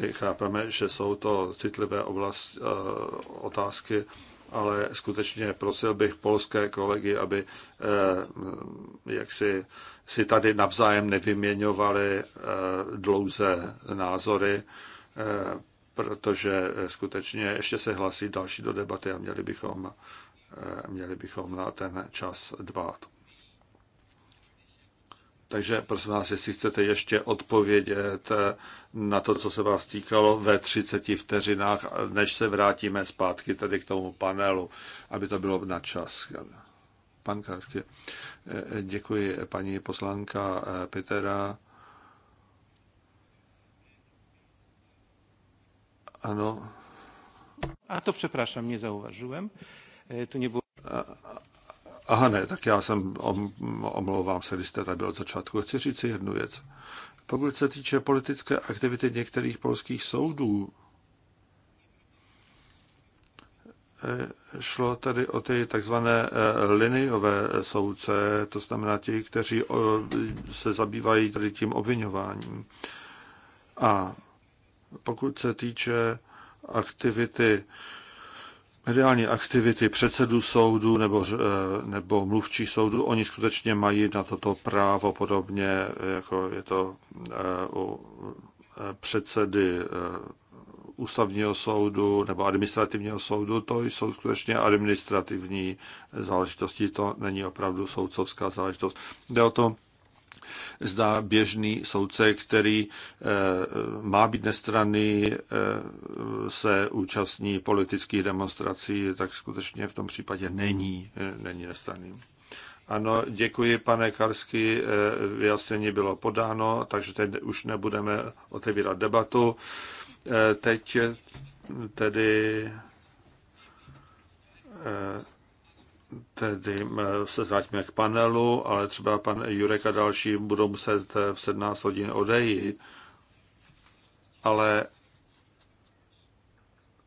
my eh, chápeme, že jsou to citlivé oblasti, eh, otázky ale skutečně prosil bych polské kolegy, aby eh, jak si, si tady navzájem nevyměňovali eh, dlouze názory, eh, protože skutečně ještě se hlasí další do debaty a měli bychom, měli bychom na ten čas dbát. Takže prosím vás, jestli chcete ještě odpovědět eh, na to, co se vás týkalo ve 30 vteřinách, než se vrátíme zpátky tady k tomu panelu, aby to bylo na čas. Pan Karský, eh, děkuji paní poslanka eh, Petera. Ano. A to przepraszam, nie zauważyłem. To nie było... Aha, ne, tak já jsem, omlouvám se, když jste tady byl od začátku. Chci říct si jednu věc. Pokud se týče politické aktivity některých polských soudů, eh, šlo tady o ty takzvané eh, liniové eh, soudce, to znamená ti, kteří se zabývají tady tím obvinováním. A pokud se týče aktivity mediální aktivity předsedů soudu nebo, eh, nebo mluvčí soudu, oni skutečně mají na toto právo podobně, jako je to eh, u eh, předsedy ústavního soudu nebo administrativního soudu, to jsou skutečně administrativní záležitosti, to není opravdu soudcovská záležitost. Jde o to, zda běžný soudce, který eh, má být nestranný, eh, se účastní politických demonstrací, tak skutečně v tom případě není, eh, není nestranný. Ano, děkuji, pane Karsky. Vyjasnění bylo podáno, takže teď už nebudeme otevírat debatu. Teď tedy tedy eh, se vrátíme k panelu, ale třeba pan Jurek a další budou muset eh, v 17 hodin odejít. Ale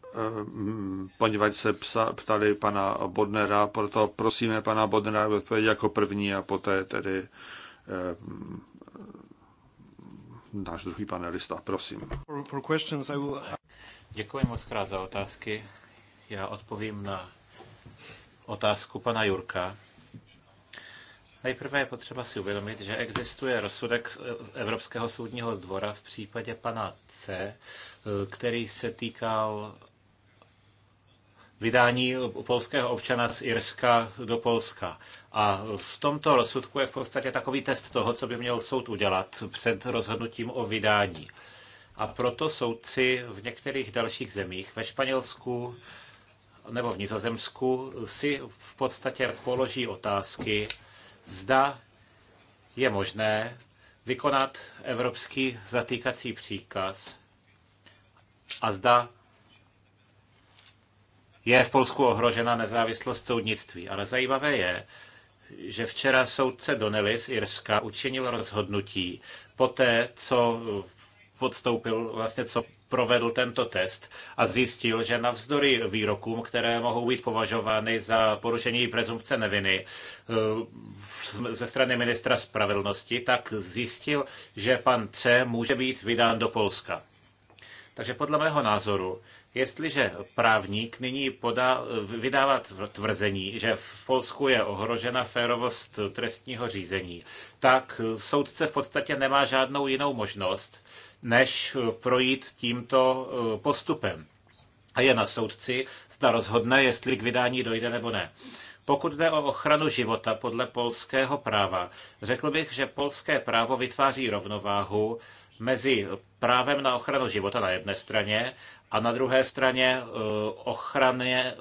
eh, poněvadž se psa, ptali pana Bodnera, proto prosíme pana Bodnera aby odpověděl jako první a poté tedy náš druhý panelista. Prosím. Děkuji moc krát za otázky. Já odpovím na otázku pana Jurka. Nejprve je potřeba si uvědomit, že existuje rozsudek eh, Evropského soudního dvora v případě pana C, eh, který se týkal vydání polského občana z Irska do Polska. A v tomto rozsudku je v podstatě takový test toho, co by měl soud udělat před rozhodnutím o vydání. A proto soudci v některých dalších zemích, ve Španělsku, nebo v Nizozemsku si v podstatě položí otázky, zda je možné vykonat evropský zatýkací příkaz a zda je v Polsku ohrožena nezávislost soudnictví. Ale zajímavé je, že včera soudce Donnelly z Irska učinil rozhodnutí po té, co podstoupil, vlastně co provedl tento test a zjistil, že navzdory výrokům, které mohou být považovány za porušení prezumpce neviny eh, ze strany ministra spravedlnosti, tak zjistil, že pan C může být vydán do Polska. Takže podle mého názoru Jestliže právník nyní podá, vydává tvrzení, že v Polsku je ohrožena férovost trestního řízení, tak soudce v podstatě nemá žádnou jinou možnost, než eh, projít tímto eh, postupem. A je na soudci, zda rozhodne, jestli k vydání dojde nebo ne. Pokud jde o ochranu života podle polského práva, řekl bych, že polské právo vytváří rovnováhu mezi právem na ochranu života na jedné straně a na druhé straně eh, ochraně,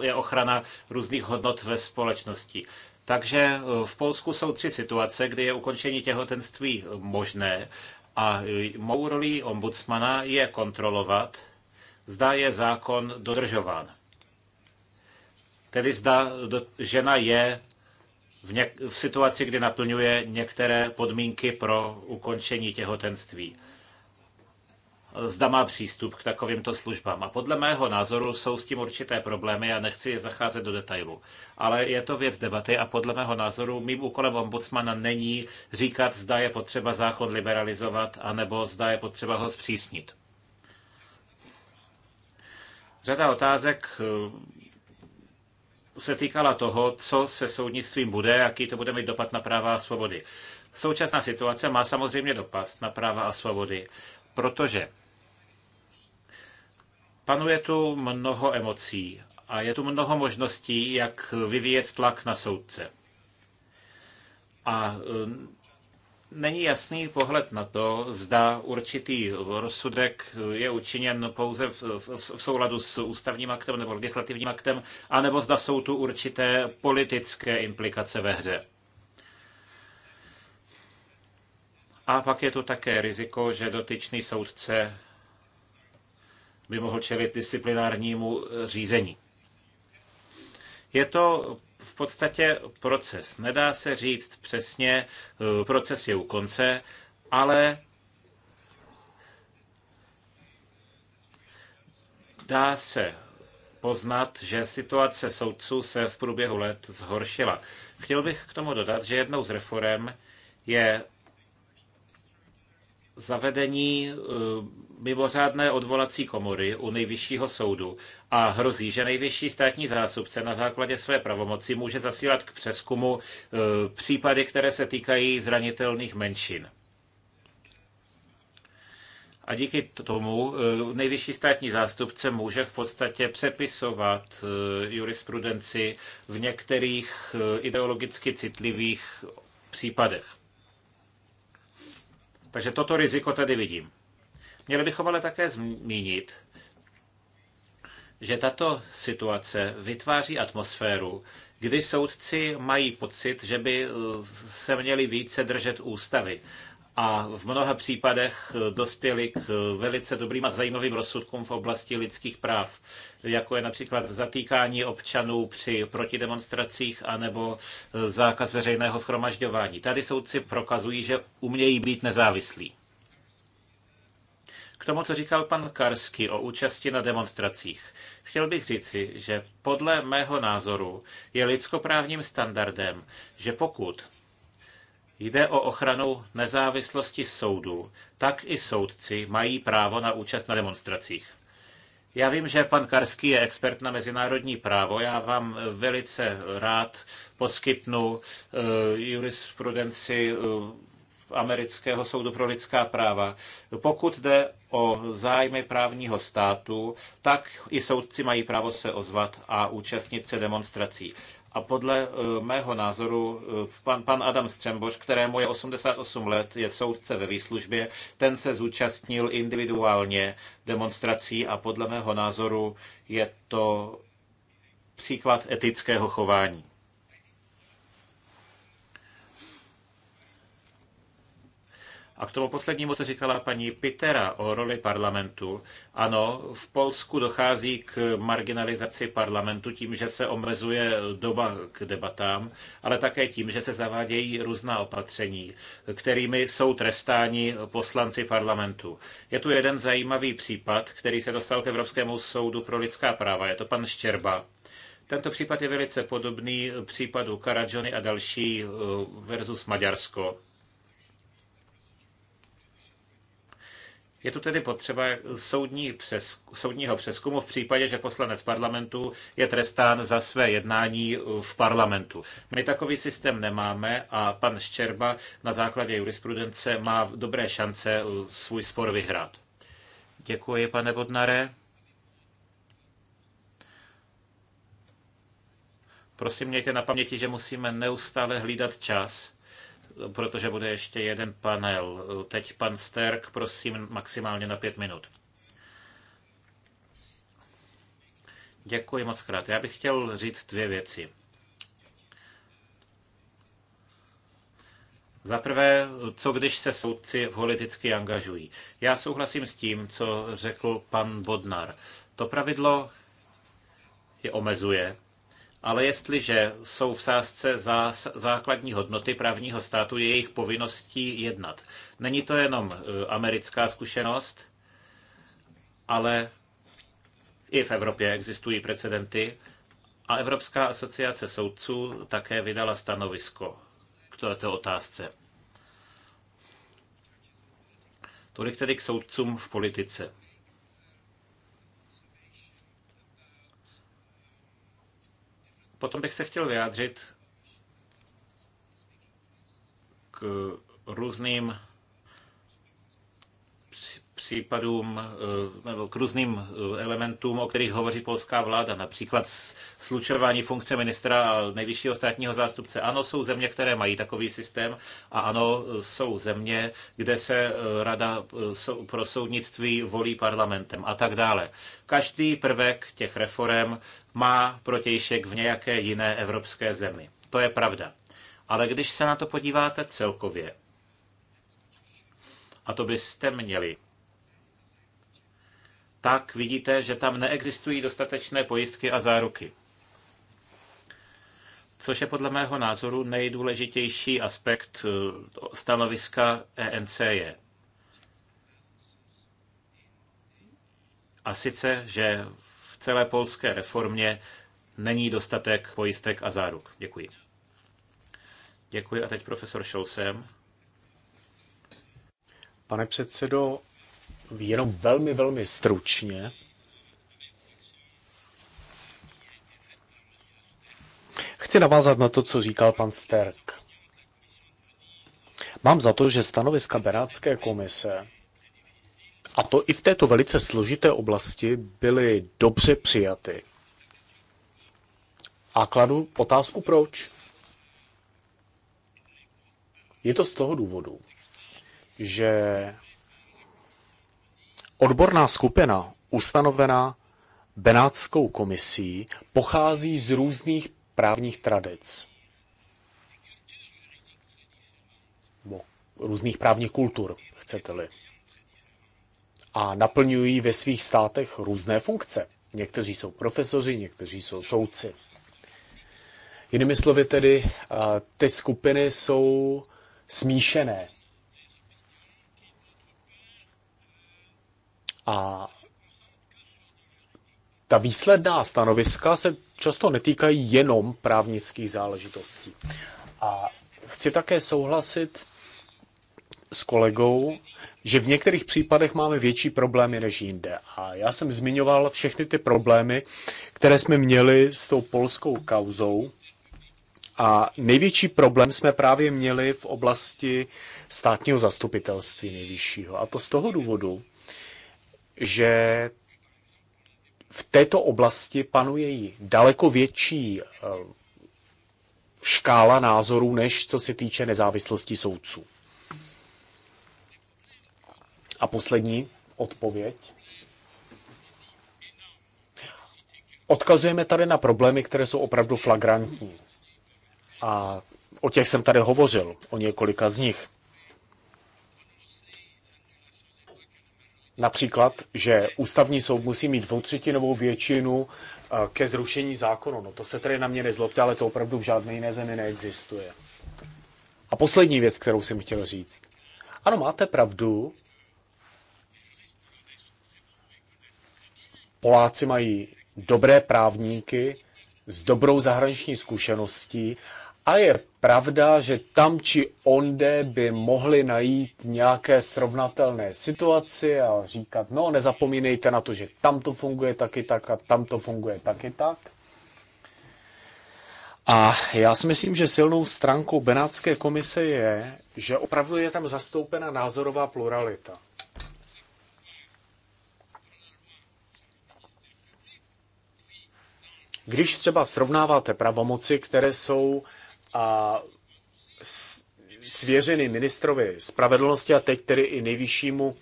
je ochrana různých hodnot ve společnosti. Takže v Polsku jsou tři situace, kdy je ukončení těhotenství možné a mou rolí ombudsmana je kontrolovat, zda je zákon dodržován. Tedy zda žena je v, něk- v situaci, kdy naplňuje některé podmínky pro ukončení těhotenství zda má přístup k takovýmto službám. A podle mého názoru jsou s tím určité problémy, já nechci je zacházet do detailu. Ale je to věc debaty a podle mého názoru mým úkolem ombudsmana není říkat, zda je potřeba zákon liberalizovat, anebo zda je potřeba ho zpřísnit. Řada otázek eh, se týkala toho, co se soudnictvím bude, jaký to bude mít dopad na práva a svobody. Současná situace má samozřejmě dopad na práva a svobody, protože Panuje tu mnoho emocí a je tu mnoho možností, jak vyvíjet tlak na soudce. A e, není jasný pohled na to, zda určitý rozsudek je učiněn pouze v, v, v souladu s ústavním aktem nebo legislativním aktem, anebo zda jsou tu určité politické implikace ve hře. A pak je tu také riziko, že dotyčný soudce by mohl čelit disciplinárnímu eh, řízení. Je to v podstatě proces. Nedá se říct přesně, eh, proces je u konce, ale dá se poznat, že situace soudců se v průběhu let zhoršila. Chtěl bych k tomu dodat, že jednou z reform je zavedení eh, mimořádné odvolací komory u nejvyššího soudu a hrozí, že nejvyšší státní zástupce na základě své pravomoci může zasílat k přeskumu eh, případy, které se týkají zranitelných menšin. A díky tomu eh, nejvyšší státní zástupce může v podstatě přepisovat jurisprudenci v některých ideologicky citlivých případech. Takže toto riziko tady vidím. Měli bychom ale také zmínit, že tato situace vytváří atmosféru, kdy soudci mají pocit, že by eh, se měli více držet ústavy. A v mnoha případech eh, dospěli k eh, velice dobrým a zajímavým rozsudkům v oblasti lidských práv jako je například zatýkání občanů při protidemonstracích anebo e, zákaz veřejného schromažďování. Tady soudci prokazují, že umějí být nezávislí. K tomu, co říkal pan Karsky o účasti na demonstracích, chtěl bych říci, že podle mého názoru je lidskoprávním standardem, že pokud jde o ochranu nezávislosti soudu, tak i soudci mají právo na účast na demonstracích. Já vím, že pan Karský je expert na mezinárodní právo. Já vám velice rád poskytnu uh, jurisprudenci uh, amerického soudu pro lidská práva. Pokud jde o zájmy právního státu, tak i soudci mají právo se ozvat a účastnit se demonstrací. A podle eh, mého názoru eh, pan, pan Adam Střemboř, kterému je 88 let, je soudce ve výslužbě, ten se zúčastnil individuálně demonstrací a podle mého názoru je to příklad etického chování. A k tomu poslednímu, co říkala paní Pitera o roli parlamentu. Ano, v Polsku dochází k marginalizaci parlamentu tím, že se omezuje doba k debatám, ale také tím, že se zavádějí různá opatření, kterými jsou trestáni poslanci parlamentu. Je tu jeden zajímavý případ, který se dostal k Evropskému soudu pro lidská práva. Je to pan Štěrba, tento případ je velice podobný případu Karadžony a další eh, versus Maďarsko. Je tu tedy potřeba soudní přes, soudního přeskumu v případě, že poslanec parlamentu je trestán za své jednání v parlamentu. My takový systém nemáme a pan Ščerba na základě jurisprudence má dobré šance uh, svůj spor vyhrát. Děkuji, pane Bodnare. Prosím, mějte na paměti, že musíme neustále hlídat čas protože bude ještě jeden panel. Teď pan Sterk, prosím, maximálně na pět minut. Děkuji moc krát. Já bych chtěl říct dvě věci. Za prvé, co když se soudci politicky angažují? Já souhlasím s tím, co řekl pan Bodnar. To pravidlo je omezuje, ale jestliže jsou v sázce za základní hodnoty právního státu, je jejich povinností jednat. Není to jenom e, americká zkušenost, ale i v Evropě existují precedenty a Evropská asociace soudců také vydala stanovisko k této otázce. Tolik tedy k soudcům v politice. Potom bych se chtěl vyjádřit k různým případům eh, nebo k různým eh, elementům, o kterých hovoří polská vláda, například slučování funkce ministra a nejvyššího státního zástupce. Ano, jsou země, které mají takový systém a ano, eh, jsou země, kde se rada pro soudnictví volí parlamentem a tak dále. Každý prvek těch reform má protějšek v nějaké jiné evropské zemi. To je pravda. Ale když se na to podíváte celkově, a to byste měli tak vidíte, že tam neexistují dostatečné pojistky a záruky. Což je podle mého názoru nejdůležitější aspekt eh, stanoviska ENCE. A sice, že v celé polské reformě není dostatek pojistek a záruk. Děkuji. Děkuji a teď profesor Šolsem. Pane předsedo, jenom velmi, velmi stručně. Chci navázat na to, co říkal pan Sterk. Mám za to, že stanoviska Berátské komise, a to i v této velice složité oblasti, byly dobře přijaty. A kladu otázku proč. Je to z toho důvodu, že Odborná skupina ustanovená Benátskou komisí pochází z různých právních tradic. různých právních kultur, chcete-li. A naplňují ve svých státech různé funkce. Někteří jsou profesoři, někteří jsou soudci. Jinými slovy tedy, ty skupiny jsou smíšené. A ta výsledná stanoviska se často netýkají jenom právnických záležitostí. A chci také souhlasit s kolegou, že v některých případech máme větší problémy než jinde. A já jsem zmiňoval všechny ty problémy, které jsme měli s tou polskou kauzou. A největší problém jsme právě měli v oblasti státního zastupitelství nejvyššího. A to z toho důvodu, že v této oblasti panuje daleko větší eh, škála názorů, než co se týče nezávislosti soudců. A poslední odpověď. Odkazujeme tady na problémy, které jsou opravdu flagrantní. A o těch jsem tady hovořil, o několika z nich. Například, že ústavní soud musí mít dvoutřetinovou většinu eh, ke zrušení zákonu. No to se tedy na mě nezlobte, ale to opravdu v žádné jiné zemi neexistuje. A poslední věc, kterou jsem chtěl říct. Ano, máte pravdu. Poláci mají dobré právníky s dobrou zahraniční zkušeností a je pravda, že tam či onde by mohli najít nějaké srovnatelné situaci a říkat, no nezapomínejte na to, že tam to funguje taky tak a tam to funguje taky tak. A já si myslím, že silnou stránkou Benátské komise je, že opravdu je tam zastoupena názorová pluralita. Když třeba srovnáváte pravomoci, které jsou a svěřeny ministrovi spravedlnosti a teď tedy i nejvyššímu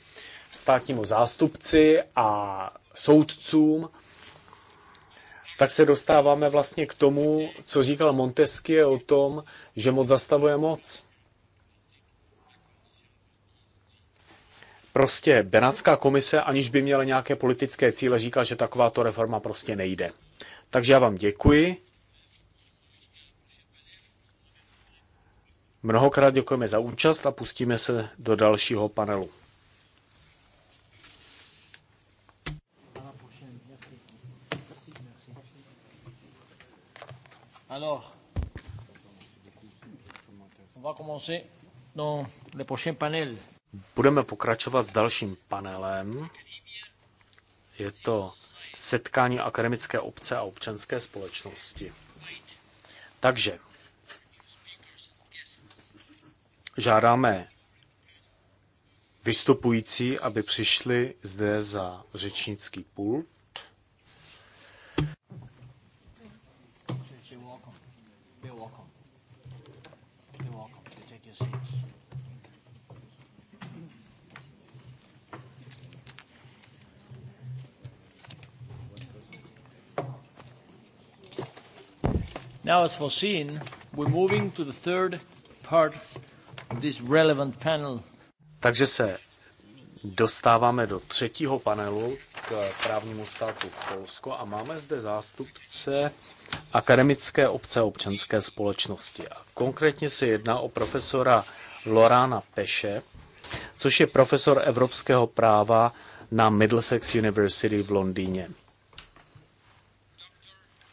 státnímu zástupci a soudcům, tak se dostáváme vlastně k tomu, co říkal Montesquieu o tom, že moc zastavuje moc. Prostě Benátská komise, aniž by měla nějaké politické cíle, říká, že takováto reforma prostě nejde. Takže já vám děkuji. Mnohokrát děkujeme za účast a pustíme se do dalšího panelu. Alors, on va commencer dans le prochain panel. Budeme pokračovat s dalším panelem. Je to setkání akademické obce a občanské společnosti. Takže Žádáme vystupující, aby přišli zde za řečnický pult. Now, as foreseen, we're moving to the third part takže se dostáváme do třetího panelu k právnímu státu v Polsku a máme zde zástupce akademické obce občanské společnosti. A konkrétně se jedná o profesora Lorana Peše, což je profesor evropského práva na Middlesex University v Londýně.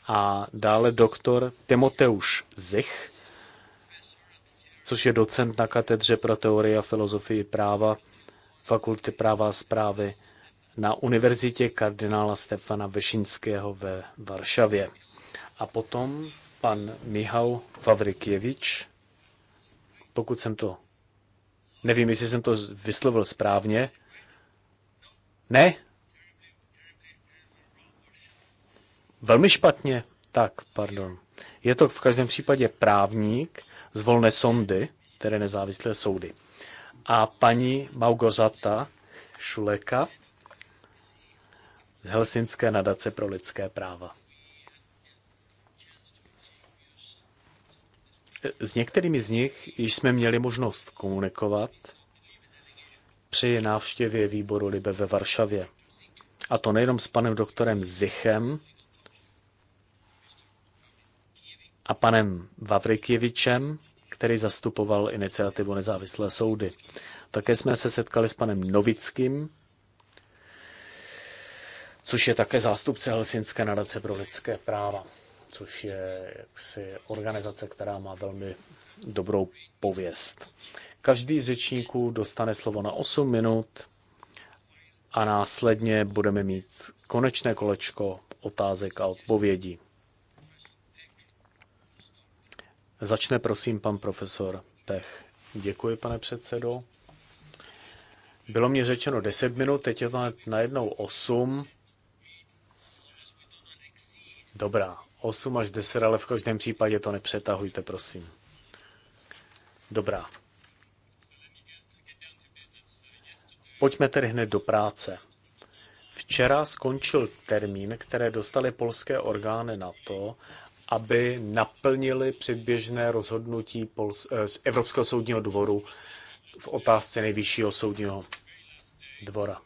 A dále doktor Timoteusz Zich, což je docent na katedře pro teorii a filozofii práva Fakulty práva a zprávy na Univerzitě kardinála Stefana Vešinského ve Varšavě. A potom pan Mihal Favrikjevič, pokud jsem to, nevím, jestli jsem to vyslovil správně, ne? Velmi špatně? Tak, pardon. Je to v každém případě právník, z volné sondy, tedy nezávislé soudy. A paní Maugozata Šuleka z Helsinské nadace pro lidské práva. S některými z nich již jsme měli možnost komunikovat při návštěvě výboru Libe ve Varšavě. A to nejenom s panem doktorem Zichem, a panem Vavrikjevičem, který zastupoval iniciativu Nezávislé soudy. Také jsme se setkali s panem Novickým, což je také zástupce Helsinské nadace pro lidské práva, což je jaksi organizace, která má velmi dobrou pověst. Každý z řečníků dostane slovo na 8 minut a následně budeme mít konečné kolečko otázek a odpovědí. Začne prosím pan profesor Pech. Děkuji, pane předsedo. Bylo mě řečeno 10 minut, teď je to najednou 8. Dobrá, 8 až 10, ale v každém případě to nepřetahujte, prosím. Dobrá. Pojďme tedy hned do práce. Včera skončil termín, které dostali polské orgány na to, aby naplnili předběžné rozhodnutí Pols- eh, Evropského soudního dvoru v otázce nejvyššího soudního dvora.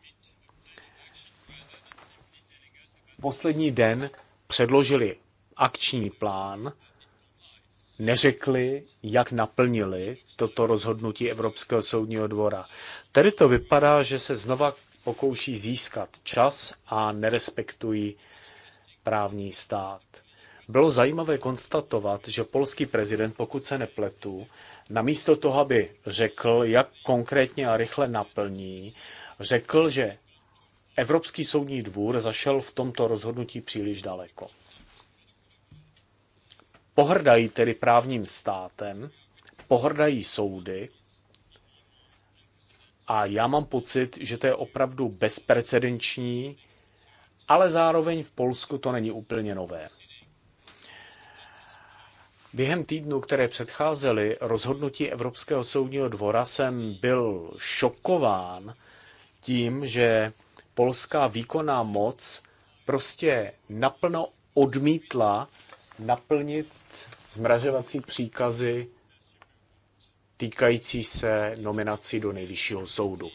Poslední den předložili akční plán, neřekli, jak naplnili toto rozhodnutí Evropského soudního dvora. Tedy to vypadá, že se znova pokouší získat čas a nerespektují právní stát. Bylo zajímavé konstatovat, že polský prezident, pokud se nepletu, namísto toho, aby řekl, jak konkrétně a rychle naplní, řekl, že Evropský soudní dvůr zašel v tomto rozhodnutí příliš daleko. Pohrdají tedy právním státem, pohrdají soudy a já mám pocit, že to je opravdu bezprecedenční, ale zároveň v Polsku to není úplně nové. Během týdnu, které předcházely rozhodnutí Evropského soudního dvora, jsem byl šokován tím, že polská výkonná moc prostě naplno odmítla naplnit zmražovací příkazy týkající se nominací do nejvyššího soudu.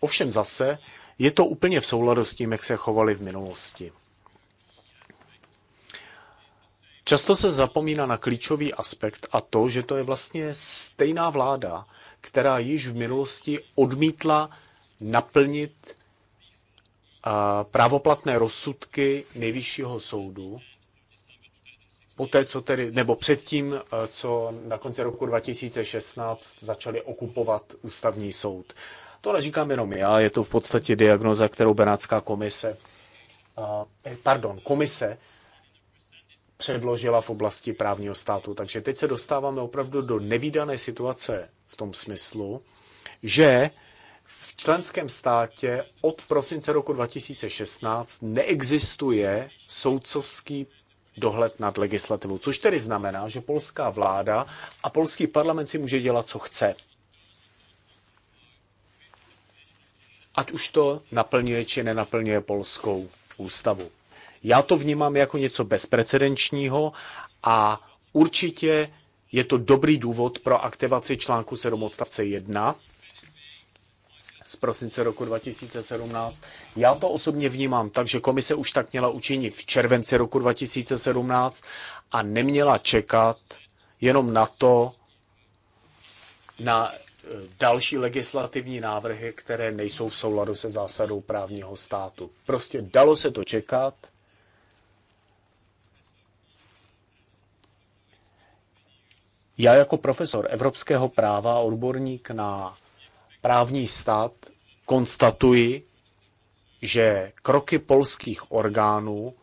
Ovšem zase je to úplně v souladu s tím, jak se chovali v minulosti. Často se zapomíná na klíčový aspekt a to, že to je vlastně stejná vláda, která již v minulosti odmítla naplnit právoplatné rozsudky nejvyššího soudu, poté, co tedy, nebo předtím, co na konci roku 2016 začali okupovat ústavní soud. To neříkám jenom já, je to v podstatě diagnoza, kterou Benátská komise, pardon, komise předložila v oblasti právního státu. Takže teď se dostáváme opravdu do nevýdané situace v tom smyslu, že v členském státě od prosince roku 2016 neexistuje soudcovský dohled nad legislativou, což tedy znamená, že polská vláda a polský parlament si může dělat, co chce. Ať už to naplňuje či nenaplňuje polskou ústavu. Já to vnímám jako něco bezprecedenčního a určitě je to dobrý důvod pro aktivaci článku 7 odstavce 1 z prosince roku 2017. Já to osobně vnímám tak, že komise už tak měla učinit v červenci roku 2017 a neměla čekat jenom na to, na eh, další legislativní návrhy, které nejsou v souladu se zásadou právního státu. Prostě dalo se to čekat Já jako profesor evropského práva, odborník na právní stát, konstatuji, že kroky polských orgánů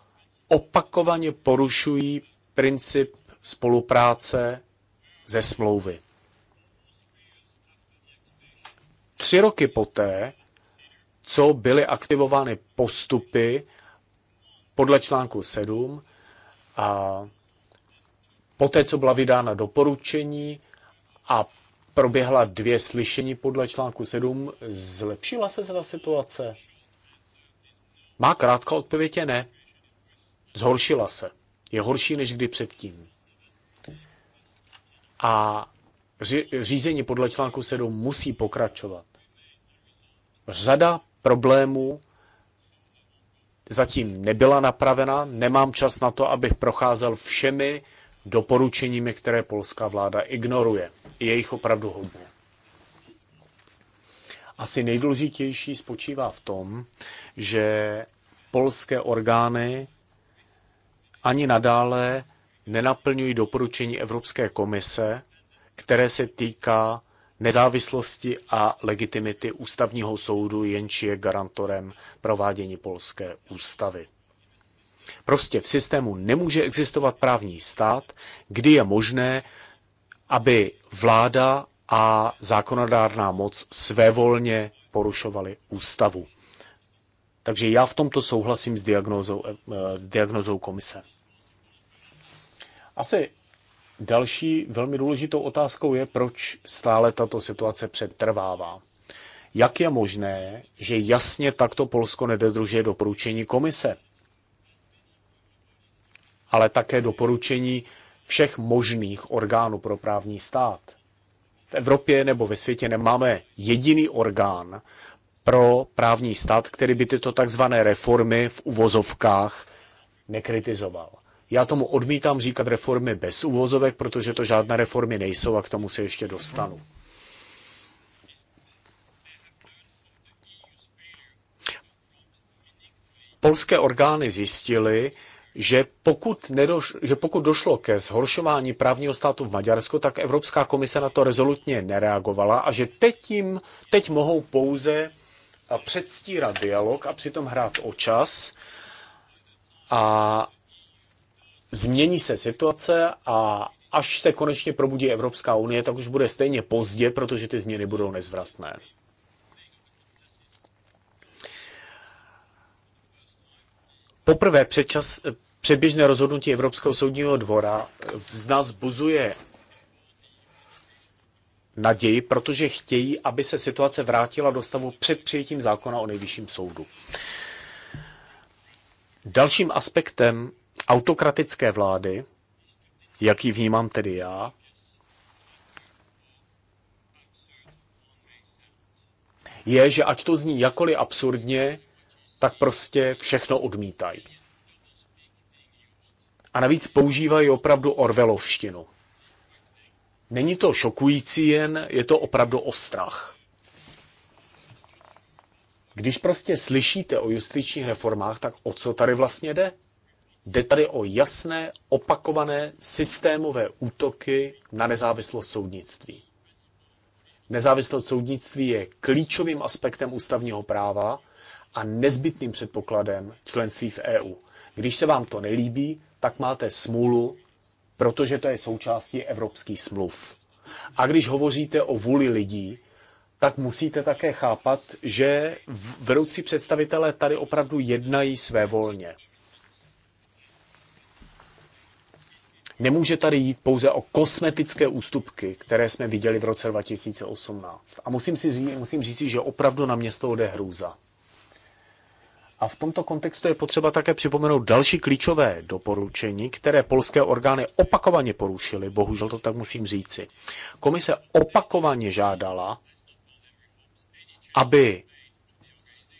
opakovaně porušují princip spolupráce ze smlouvy. Tři roky poté, co byly aktivovány postupy podle článku 7, a Poté, co byla vydána doporučení a proběhla dvě slyšení podle článku 7, zlepšila se ta situace? Má krátká odpověď je ne. Zhoršila se. Je horší než kdy předtím. A řízení podle článku 7 musí pokračovat. Řada problémů zatím nebyla napravena. Nemám čas na to, abych procházel všemi doporučeními, které polská vláda ignoruje. Je jich opravdu hodně. Asi nejdůležitější spočívá v tom, že polské orgány ani nadále nenaplňují doporučení Evropské komise, které se týká nezávislosti a legitimity ústavního soudu, jenž je garantorem provádění polské ústavy. Prostě v systému nemůže existovat právní stát, kdy je možné, aby vláda a zákonodárná moc svévolně porušovaly ústavu. Takže já v tomto souhlasím s diagnózou, eh, s diagnózou komise. Asi další velmi důležitou otázkou je, proč stále tato situace přetrvává. Jak je možné, že jasně takto Polsko nedodržuje doporučení komise? ale také doporučení všech možných orgánů pro právní stát. V Evropě nebo ve světě nemáme jediný orgán pro právní stát, který by tyto takzvané reformy v uvozovkách nekritizoval. Já tomu odmítám říkat reformy bez uvozovek, protože to žádné reformy nejsou a k tomu se ještě dostanu. Polské orgány zjistily, že pokud, nedoš, že pokud došlo ke zhoršování právního státu v Maďarsku, tak Evropská komise na to rezolutně nereagovala a že teď, jim, teď mohou pouze předstírat dialog a přitom hrát o čas a změní se situace a až se konečně probudí Evropská unie, tak už bude stejně pozdě, protože ty změny budou nezvratné. Poprvé předčas, předběžné rozhodnutí Evropského soudního dvora z nás buzuje naději, protože chtějí, aby se situace vrátila do stavu před přijetím zákona o nejvyšším soudu. Dalším aspektem autokratické vlády, jaký vnímám tedy já, je, že ať to zní jakoli absurdně, tak prostě všechno odmítají. A navíc používají opravdu orvelovštinu. Není to šokující jen, je to opravdu strach. Když prostě slyšíte o justičních reformách, tak o co tady vlastně jde? Jde tady o jasné, opakované, systémové útoky na nezávislost soudnictví. Nezávislost soudnictví je klíčovým aspektem ústavního práva a nezbytným předpokladem členství v EU. Když se vám to nelíbí, tak máte smůlu, protože to je součástí evropských smluv. A když hovoříte o vůli lidí, tak musíte také chápat, že vedoucí představitelé tady opravdu jednají své volně. Nemůže tady jít pouze o kosmetické ústupky, které jsme viděli v roce 2018. A musím, si říct, musím říct, že opravdu na mě jde hrůza. A v tomto kontextu je potřeba také připomenout další klíčové doporučení, které polské orgány opakovaně porušily, bohužel to tak musím říci. Komise opakovaně žádala, aby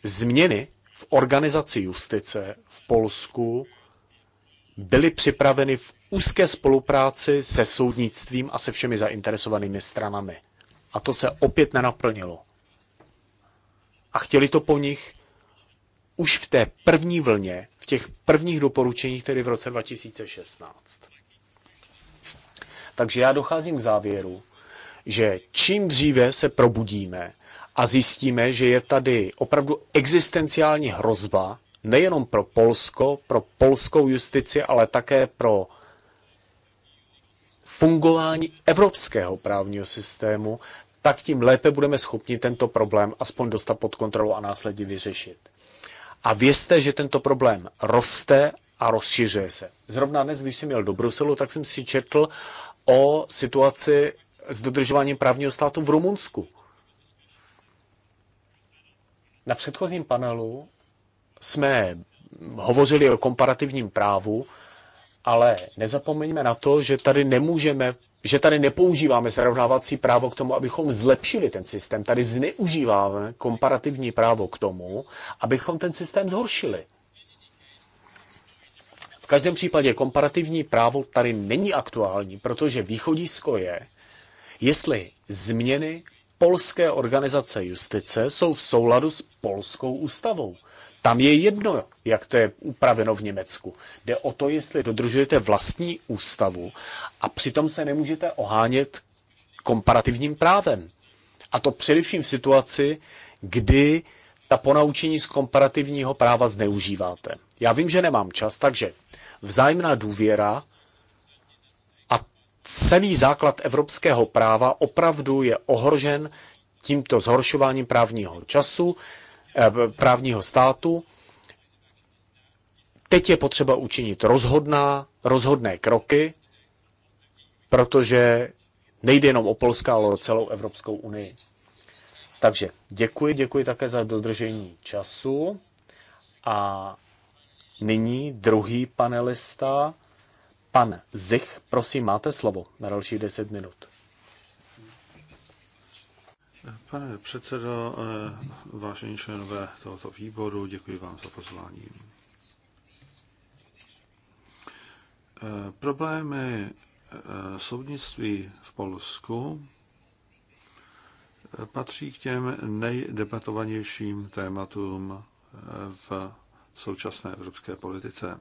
změny v organizaci justice v Polsku byly připraveny v úzké spolupráci se soudnictvím a se všemi zainteresovanými stranami. A to se opět nenaplnilo. A chtěli to po nich už v té první vlně, v těch prvních doporučeních, tedy v roce 2016. Takže já docházím k závěru, že čím dříve se probudíme a zjistíme, že je tady opravdu existenciální hrozba, nejenom pro Polsko, pro polskou justici, ale také pro fungování evropského právního systému, tak tím lépe budeme schopni tento problém aspoň dostat pod kontrolu a následně vyřešit. A vězte, že tento problém roste a rozšiřuje se. Zrovna dnes, když jsem měl do Bruselu, tak jsem si četl o situaci s dodržováním právního státu v Rumunsku. Na předchozím panelu jsme hovořili o komparativním právu, ale nezapomeňme na to, že tady nemůžeme že tady nepoužíváme srovnávací právo k tomu, abychom zlepšili ten systém. Tady zneužíváme komparativní právo k tomu, abychom ten systém zhoršili. V každém případě komparativní právo tady není aktuální, protože východisko je, jestli změny polské organizace justice jsou v souladu s polskou ústavou. Tam je jedno, jak to je upraveno v Německu. Jde o to, jestli dodržujete vlastní ústavu a přitom se nemůžete ohánět komparativním právem. A to především v situaci, kdy ta ponaučení z komparativního práva zneužíváte. Já vím, že nemám čas, takže vzájemná důvěra a celý základ evropského práva opravdu je ohrožen tímto zhoršováním právního času, Eh, právního státu. Teď je potřeba učinit rozhodná, rozhodné kroky, protože nejde jenom o Polska, ale o celou Evropskou unii. Takže děkuji, děkuji také za dodržení času. A nyní druhý panelista, pan Zich, prosím, máte slovo na dalších 10 minut. Pane předsedo, eh, vážení členové tohoto výboru, děkuji vám za pozvání. Eh, problémy eh, soudnictví v Polsku patří k těm nejdebatovanějším tématům v současné evropské politice.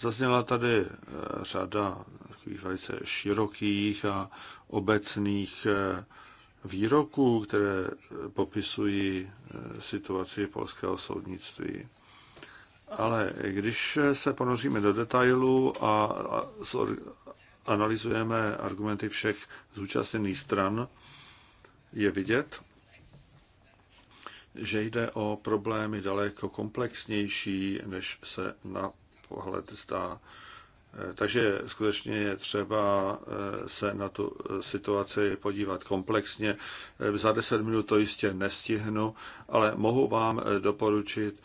Zazněla tady eh, řada takových velice širokých a obecných eh, výroků, které eh, popisují situaci polského soudnictví. Ale když se ponoříme do detailu a analyzujeme argumenty všech zúčastněných stran, je vidět, že jde o problémy daleko komplexnější, než se na pohled zdá. Eh, takže skutečně je třeba eh, se na tu eh, situaci podívat komplexně. Za 10 minut to jistě nestihnu, ale mohu vám doporučit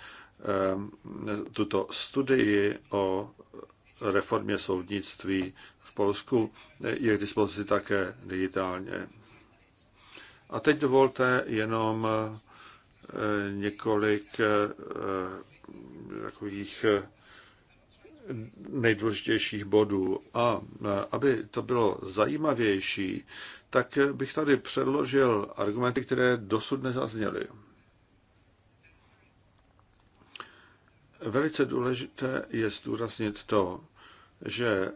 tuto studii o reformě soudnictví v Polsku. Je k dispozici také digitálně. A teď dovolte jenom několik takových nejdůležitějších bodů. A e, aby to bylo zajímavější, tak bych tady předložil argumenty, které dosud nezazněly. Velice důležité je zdůraznit to, že e,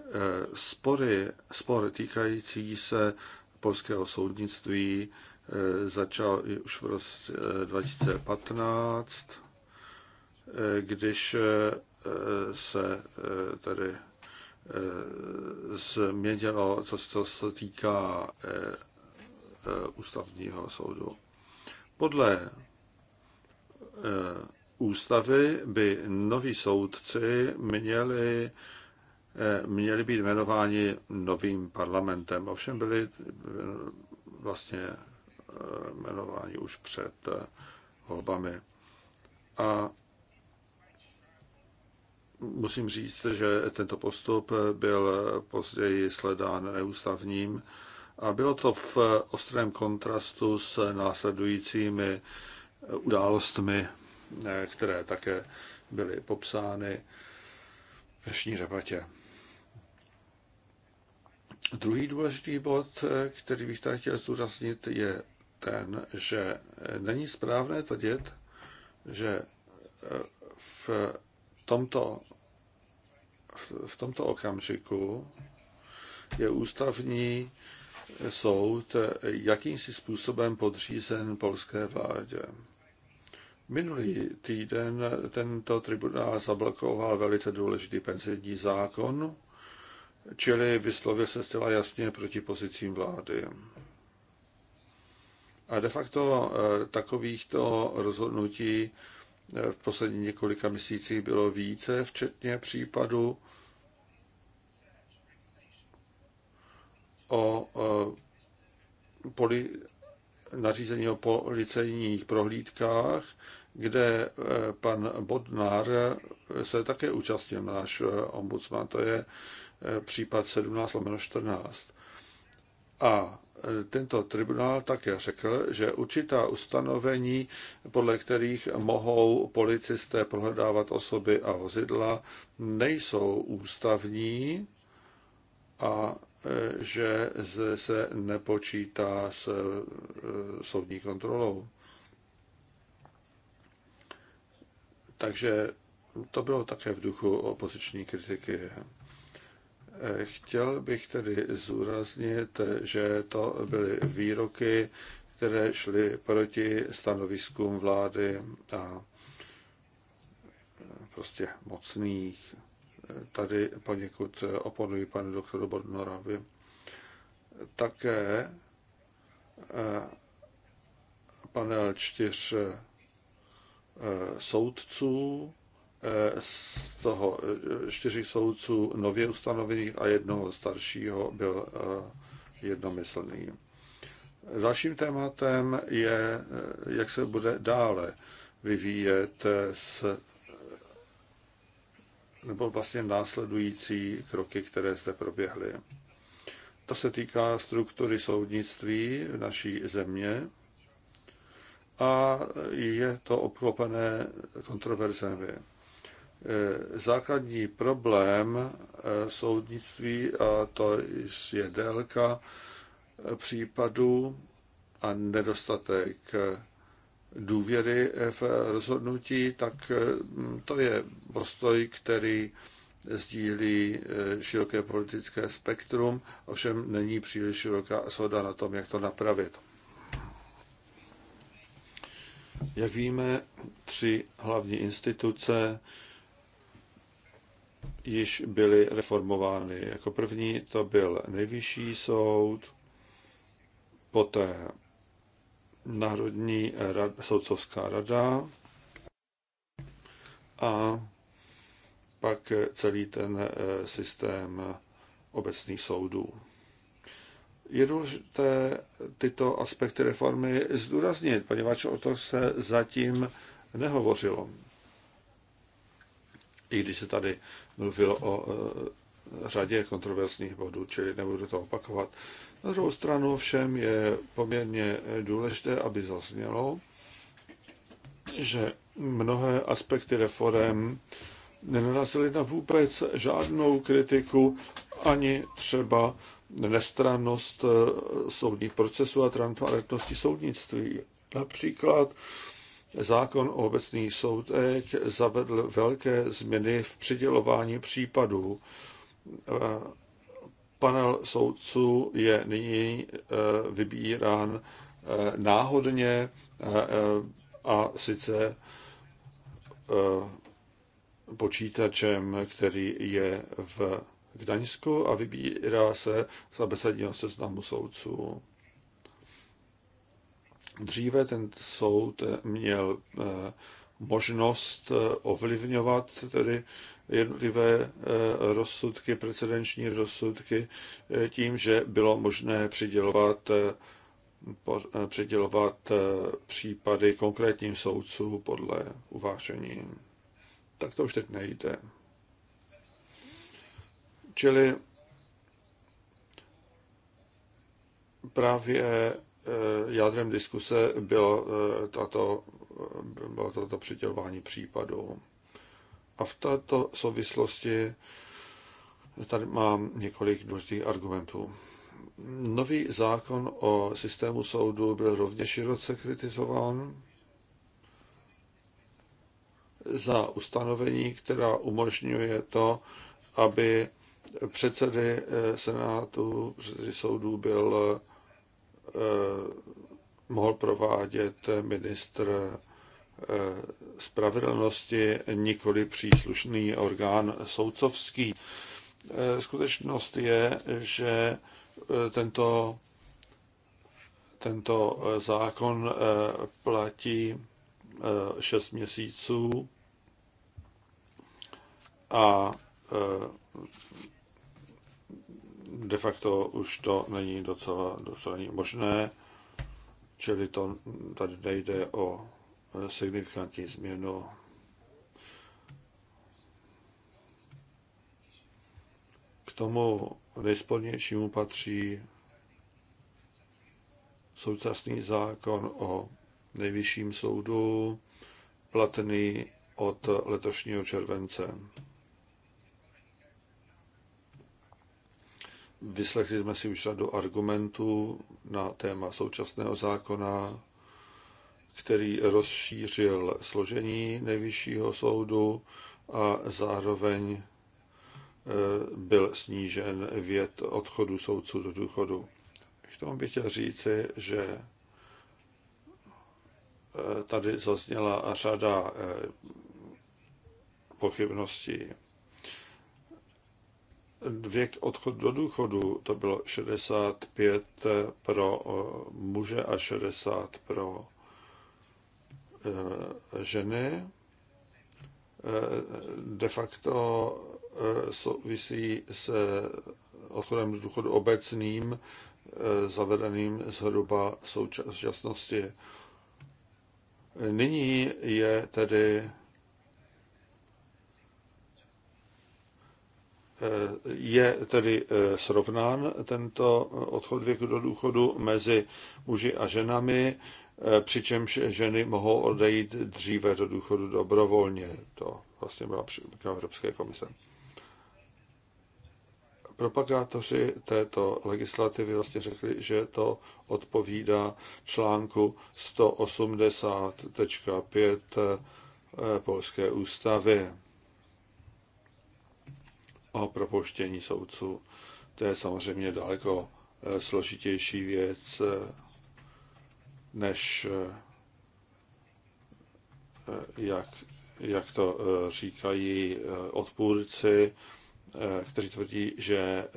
spory, spor týkající se polského soudnictví e, začal už v roce 2015, když Eh, se eh, tedy eh, změnilo, co, se týká ústavního soudu. Podle ústavy by noví soudci měli, měli být jmenováni novým parlamentem. Ovšem byli vlastně jmenováni už před volbami. A Musím říct, že tento postup byl později sledán neústavním a bylo to v ostrém kontrastu s následujícími událostmi, které také byly popsány v dnešní debatě. Druhý důležitý bod, který bych tady chtěl zdůraznit, je ten, že není správné tvrdit, že v tomto, v tomto okamžiku je ústavní soud jakýmsi způsobem podřízen polské vládě. Minulý týden tento tribunál zablokoval velice důležitý penzijní zákon, čili vyslovil se zcela jasně proti pozicím vlády. A de facto eh, takovýchto rozhodnutí v posledních několika měsících bylo více, včetně případů o eh, poli, nařízení o policejních prohlídkách, kde eh, pan Bodnar se také účastnil náš eh, ombudsman. To je případ 17 14. A e, tento tribunál také řekl, že určitá ustanovení, podle kterých mohou policisté prohledávat osoby a vozidla, nejsou ústavní a e, že se nepočítá s e, soudní kontrolou. Takže to bylo také v duchu opoziční kritiky. Chtěl bych tedy zúraznit, že to byly výroky, které šly proti stanoviskům vlády a prostě mocných. Tady poněkud oponuji panu doktoru Bodnorovi. Také eh, panel čtyř eh, soudců Eh, z toho eh, čtyři soudců nově ustanovených a jednoho staršího byl eh, jednomyslný. Dalším tématem je, jak se bude dále vyvíjet s nebo vlastně následující kroky, které zde proběhly. To se týká struktury soudnictví v naší země a je to obklopené kontroverzemi. Eh, základní problém eh, soudnictví, a to je délka eh, případů a nedostatek důvěry v rozhodnutí, tak to je postoj, který sdílí široké politické spektrum, ovšem není příliš široká shoda na tom, jak to napravit. Jak víme, tři hlavní instituce již byly reformovány. Jako první to byl nejvyšší soud, poté Národní rad, soudcovská rada a pak celý ten eh, systém obecných soudů. Je důležité tyto aspekty reformy zdůraznit, poněvadž o to se zatím nehovořilo i když se tady mluvilo o e, řadě kontroverzních bodů, čili nebudu to opakovat. Na druhou stranu všem je poměrně důležité, aby zaznělo, že mnohé aspekty reform nenarazily na vůbec žádnou kritiku, ani třeba nestrannost e, soudních procesů a transparentnosti soudnictví. Například Zákon o obecných soudech zavedl velké změny v přidělování případů. Panel soudců je nyní eh, vybírán eh, náhodně eh, a sice počítačem, který je v Gdaňsku a vybírá se z abecedního seznamu soudců. Dříve ten soud měl eh, možnost eh, ovlivňovat tedy jednotlivé eh, rozsudky, precedenční rozsudky, tím, že bylo možné přidělovat, přidělovat případy konkrétním soudcům podle uvážení. Tak to už teď nejde. Čili právě Eh, jádrem diskuse bylo eh, tato, eh, bylo toto přidělování případů. A v této souvislosti tady mám několik důležitých argumentů. Nový zákon o systému soudu byl rovněž široce kritizován za ustanovení, která umožňuje to, aby předsedy senátu, předsedy soudů byl Eh, mohl provádět ministr eh, spravedlnosti, nikoli příslušný orgán soudcovský. Eh, skutečnost je, že tento, tento zákon platí 6 měsíců a de facto už to není docela, docela není možné, čili to tady nejde o eh, signifikantní změnu. K tomu nejspodnějšímu patří současný zákon o nejvyšším soudu, platný od letošního července. Vyslechli jsme si už řadu argumentů na téma současného zákona, který rozšířil složení nejvyššího soudu a zároveň e, byl snížen věd odchodu soudců do důchodu. K tomu bych chtěl říci, že e, tady zazněla řada e, pochybností věk odchod do důchodu, to bylo 65 pro eh, muže a 60 pro eh, ženy. Eh, de facto souvisí se odchodem do důchodu obecným, zavedeným zhruba současnosti. Nyní je tedy Eh, je tedy eh, srovnán tento eh, odchod věku do důchodu mezi muži a ženami, přičemž ženy mohou odejít dříve do důchodu dobrovolně. To vlastně byla příklad Evropské komise. Propagátoři této legislativy vlastně řekli, že to odpovídá článku 180.5 Polské ústavy o propuštění soudců. To je samozřejmě daleko eh, složitější věc eh, než eh, jak, jak to říkají odpůrci, kteří tvrdí, že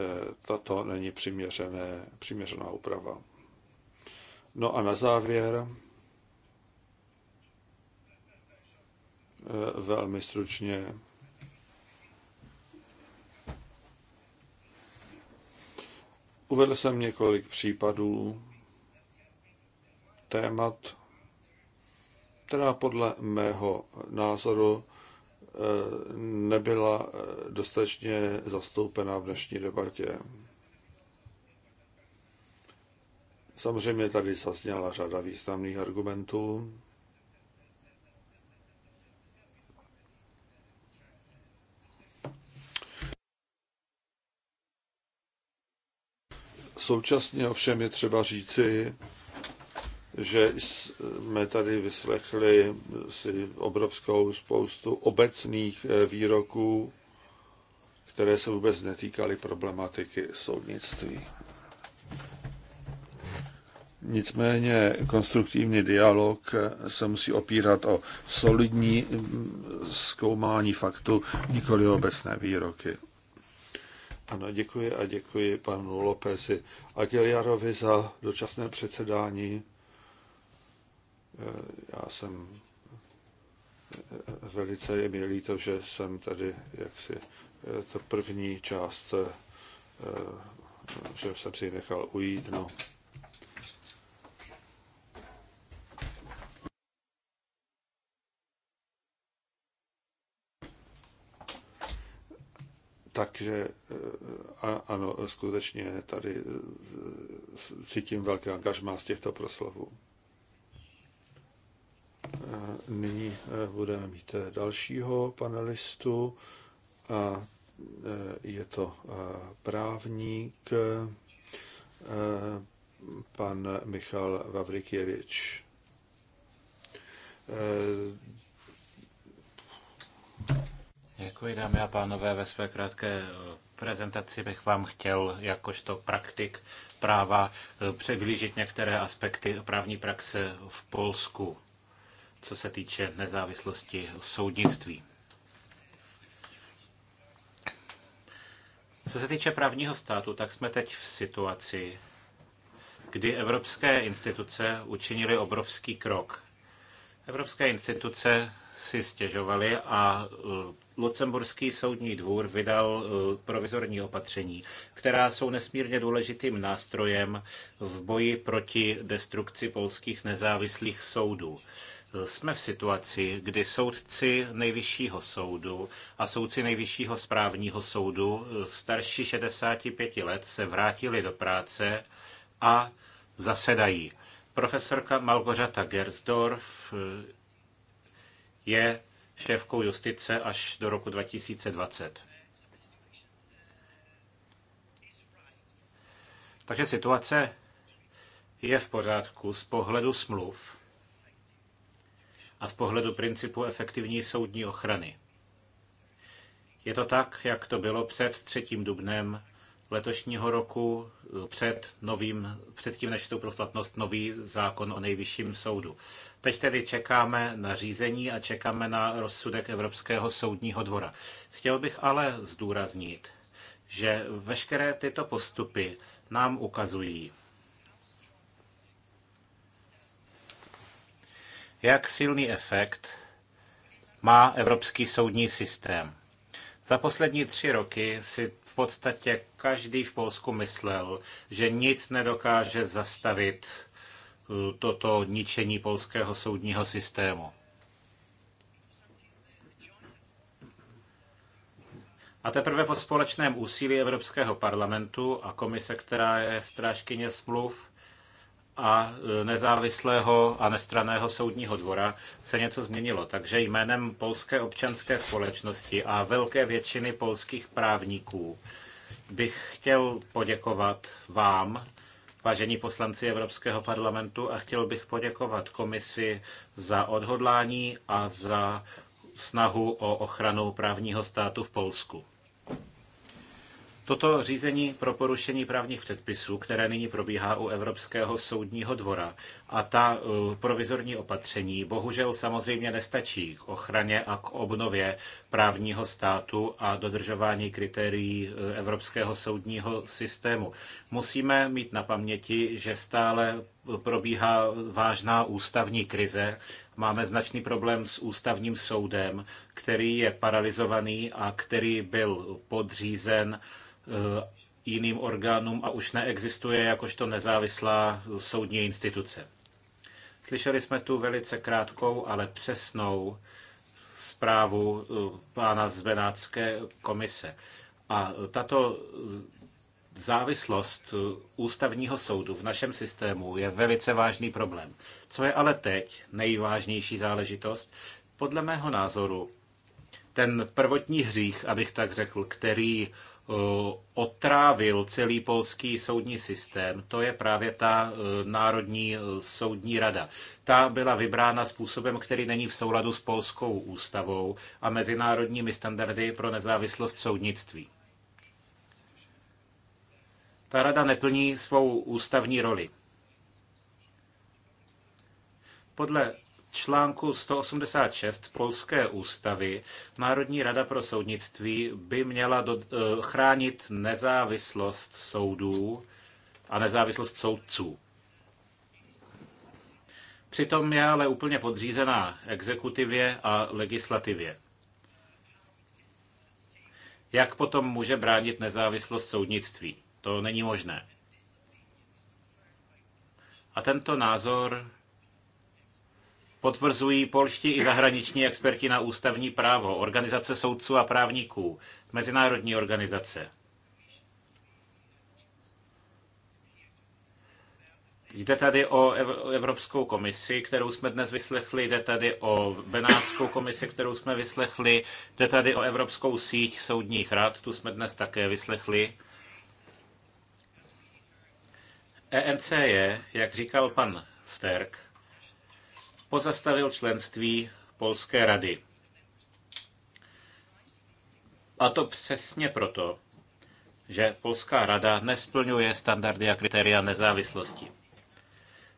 tato není přiměřené, přiměřená úprava. No a na závěr velmi stručně Uvedl jsem několik případů témat, která podle mého názoru eh, nebyla eh, dostatečně zastoupena v dnešní debatě. Samozřejmě tady zazněla řada významných argumentů. Současně ovšem je třeba říci, že jsme tady vyslechli si obrovskou spoustu obecných eh, výroků, které se vůbec netýkaly problematiky soudnictví. Nicméně konstruktivní dialog eh, se musí opírat o solidní mm, zkoumání faktu, nikoli obecné výroky. Ano, děkuji a děkuji panu Lopezi Aguiliarovi za dočasné předsedání. Já jsem velice je mi líto, že jsem tady jaksi eh, to první část, eh, eh, že jsem si nechal ujít. No. Takže eh, ano, skutečně tady eh, cítím velké angažmá z těchto proslovů. Eh, nyní budeme mít dalšího panelistu a je to právník pan Michal Vavrikjevič. Děkuji, dámy a pánové. Ve své krátké eh, prezentaci bych vám chtěl, jakožto praktik práva, eh, přiblížit některé aspekty právní praxe v Polsku, co se týče nezávislosti soudnictví. Co se týče právního státu, tak jsme teď v situaci, kdy evropské instituce učinily obrovský krok. Evropské instituce si stěžovali a eh, Lucemburský soudní dvůr vydal eh, provizorní opatření, která jsou nesmírně důležitým nástrojem v boji proti destrukci polských nezávislých soudů. Eh, jsme v situaci, kdy soudci nejvyššího soudu a soudci nejvyššího správního soudu eh, starší 65 let se vrátili do práce a zasedají. Profesorka Malgořata Gersdorf je šéfkou justice až do roku 2020. Takže situace je v pořádku z pohledu smluv a z pohledu principu efektivní soudní ochrany. Je to tak, jak to bylo před 3. dubnem letošního roku, před, novým, před tím, než vstoupil v platnost nový zákon o nejvyšším soudu. Teď tedy čekáme na řízení a čekáme na rozsudek Evropského soudního dvora. Chtěl bych ale zdůraznit, že veškeré tyto postupy nám ukazují, jak silný efekt má evropský soudní systém. Za poslední tři roky si v podstatě každý v Polsku myslel, že nic nedokáže zastavit toto ničení polského soudního systému. A teprve po společném úsilí Evropského parlamentu a komise, která je strážkyně smluv a e, nezávislého a nestraného soudního dvora, se něco změnilo. Takže jménem polské občanské společnosti a velké většiny polských právníků bych chtěl poděkovat vám vážení poslanci Evropského parlamentu a chtěl bych poděkovat komisi za odhodlání a za snahu o ochranu právního státu v Polsku. Toto řízení pro porušení právních předpisů, které nyní probíhá u Evropského soudního dvora a ta uh, provizorní opatření bohužel samozřejmě nestačí k ochraně a k obnově právního státu a dodržování kritérií eh, Evropského soudního systému. Musíme mít na paměti, že stále probíhá vážná ústavní krize. Máme značný problém s ústavním soudem, který je paralizovaný a který byl podřízen eh, jiným orgánům a už neexistuje jakožto nezávislá soudní instituce. Slyšeli jsme tu velice krátkou, ale přesnou zprávu eh, pána z Benátské komise. A tato závislost eh, ústavního soudu v našem systému je velice vážný problém. Co je ale teď nejvážnější záležitost? Podle mého názoru ten prvotní hřích, abych tak řekl, který Eh, otrávil celý polský soudní systém, to je právě ta eh, Národní eh, soudní rada. Ta byla vybrána způsobem, který není v souladu s polskou ústavou a mezinárodními standardy pro nezávislost soudnictví. Ta rada neplní svou ústavní roli. Podle článku 186 Polské ústavy Národní rada pro soudnictví by měla do, eh, chránit nezávislost soudů a nezávislost soudců. Přitom je ale úplně podřízená exekutivě a legislativě. Jak potom může bránit nezávislost soudnictví? To není možné. A tento názor Potvrzují polští i zahraniční experti na ústavní právo, organizace soudců a právníků, mezinárodní organizace. Jde tady o Evropskou komisi, kterou jsme dnes vyslechli, jde tady o Benátskou komisi, kterou jsme vyslechli, jde tady o Evropskou síť soudních rad, tu jsme dnes také vyslechli. ENC je, jak říkal pan Sterk, pozastavil členství Polské rady. A to přesně proto, že Polská rada nesplňuje standardy a kritéria nezávislosti.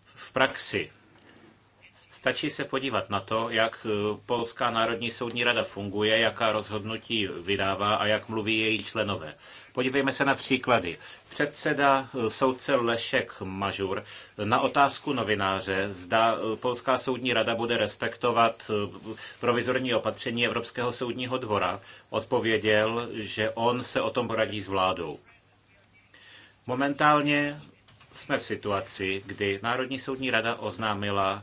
V praxi Stačí se podívat na to, jak eh, Polská národní soudní rada funguje, jaká rozhodnutí vydává a jak mluví její členové. Podívejme se na příklady. Předseda eh, soudce Lešek Mažur eh, na otázku novináře, zda Polská soudní rada bude respektovat provizorní opatření Evropského soudního dvora, odpověděl, že on se o tom poradí s vládou. Momentálně jsme v situaci, kdy Národní soudní rada oznámila,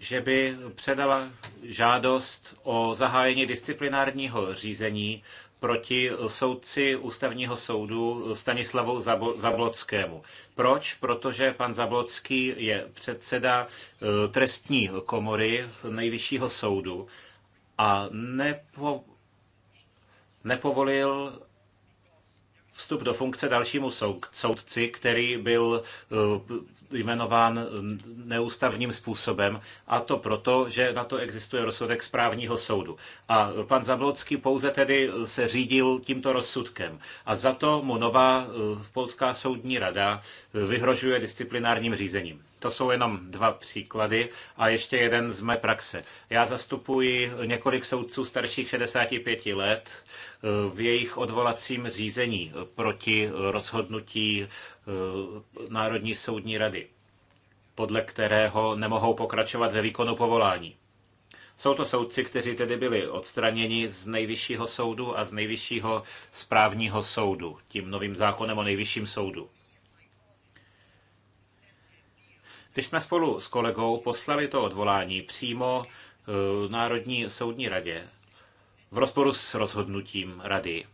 že by předala žádost o zahájení disciplinárního řízení proti soudci ústavního soudu Stanislavu Zablockému. Proč? Protože pan Zablocký je předseda eh, trestní komory nejvyššího soudu a nepo, nepovolil vstup do funkce dalšímu soudci, který byl eh, jmenován um, neústavním způsobem a to proto, že na to existuje rozsudek správního soudu. A pan Zablocký pouze tedy se řídil tímto rozsudkem a za to mu nová uh, polská soudní rada uh, vyhrožuje disciplinárním řízením. To jsou jenom dva příklady a ještě jeden z mé praxe. Já zastupuji několik soudců starších 65 let uh, v jejich odvolacím řízení proti rozhodnutí Eh, Národní soudní rady, podle kterého nemohou pokračovat ve výkonu povolání. Jsou to soudci, kteří tedy byli odstraněni z nejvyššího soudu a z nejvyššího správního soudu, tím novým zákonem o nejvyšším soudu. Když jsme spolu s kolegou poslali to odvolání přímo eh, Národní soudní radě v rozporu s rozhodnutím rady,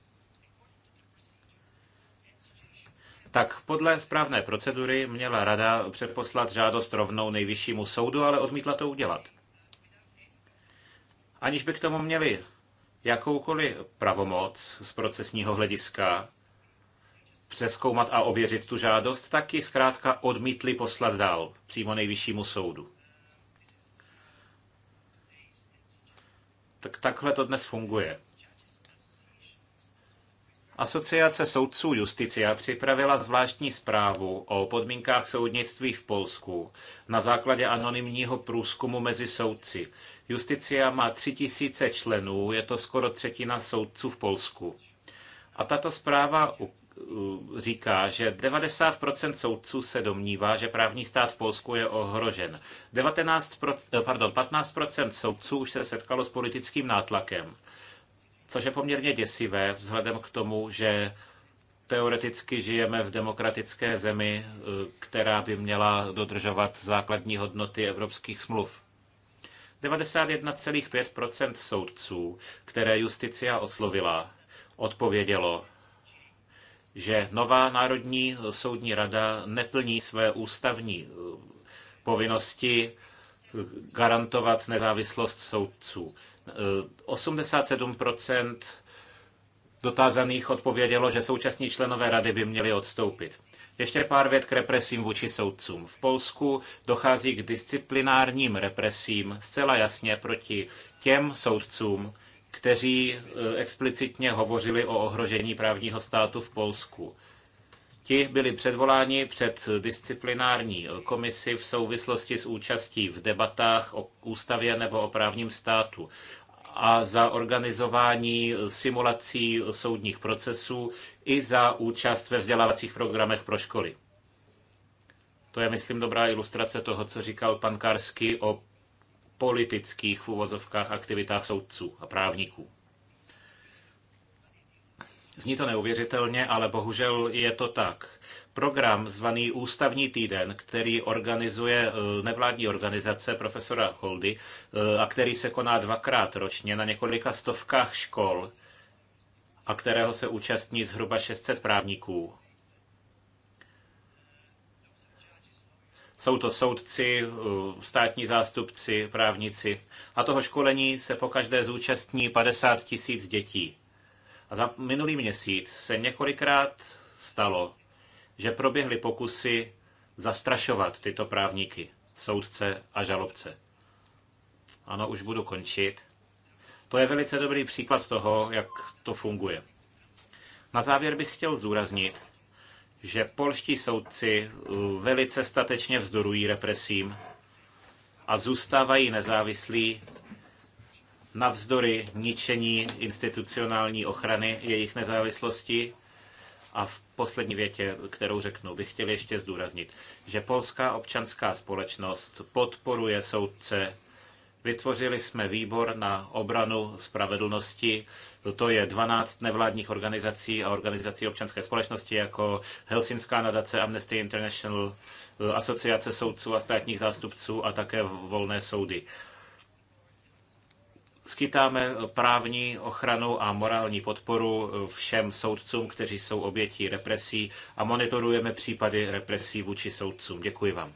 tak podle správné procedury měla rada přeposlat žádost rovnou nejvyššímu soudu, ale odmítla to udělat. Aniž by k tomu měli jakoukoliv pravomoc z procesního hlediska přeskoumat a ověřit tu žádost, tak ji zkrátka odmítli poslat dál přímo nejvyššímu soudu. Tak takhle to dnes funguje. Asociace soudců Justicia připravila zvláštní zprávu o podmínkách soudnictví v Polsku na základě anonymního průzkumu mezi soudci. Justicia má 3000 členů, je to skoro třetina soudců v Polsku. A tato zpráva říká, že 90% soudců se domnívá, že právní stát v Polsku je ohrožen. 19%, eh, pardon, 15% soudců už se setkalo s politickým nátlakem což je poměrně děsivé vzhledem k tomu, že teoreticky žijeme v demokratické zemi, e, která by měla dodržovat základní hodnoty evropských smluv. 91,5 soudců, které Justicia oslovila, odpovědělo, že nová Národní soudní rada neplní své ústavní e, povinnosti garantovat nezávislost soudců. 87% dotázaných odpovědělo, že současní členové rady by měli odstoupit. Ještě pár vět k represím vůči soudcům. V Polsku dochází k disciplinárním represím zcela jasně proti těm soudcům, kteří eh, explicitně hovořili o ohrožení právního státu v Polsku. Ti byli předvoláni před disciplinární komisi v souvislosti s účastí v debatách o ústavě nebo o právním státu a za organizování simulací soudních procesů i za účast ve vzdělávacích programech pro školy. To je, myslím, dobrá ilustrace toho, co říkal pan Karsky o politických v uvozovkách aktivitách soudců a právníků. Zní to neuvěřitelně, ale bohužel je to tak. Program zvaný Ústavní týden, který organizuje eh, nevládní organizace profesora Holdy eh, a který se koná dvakrát ročně na několika stovkách škol a kterého se účastní zhruba 600 právníků. Jsou to soudci, eh, státní zástupci, právníci. A toho školení se po každé zúčastní 50 tisíc dětí. A za minulý měsíc se několikrát stalo, že proběhly pokusy zastrašovat tyto právníky, soudce a žalobce. Ano, už budu končit. To je velice dobrý příklad toho, jak to funguje. Na závěr bych chtěl zdůraznit, že polští soudci uh, velice statečně vzdorují represím a zůstávají nezávislí navzdory ničení institucionální ochrany jejich nezávislosti. A v poslední větě, kterou řeknu, bych chtěl ještě zdůraznit, že polská občanská společnost podporuje soudce. Vytvořili jsme výbor na obranu spravedlnosti. To je 12 nevládních organizací a organizací občanské společnosti, jako Helsinská nadace Amnesty International, Asociace soudců a státních zástupců a také volné soudy. Skytáme právní ochranu a morální podporu eh, všem soudcům, kteří jsou obětí represí a monitorujeme případy represí vůči soudcům. Děkuji vám.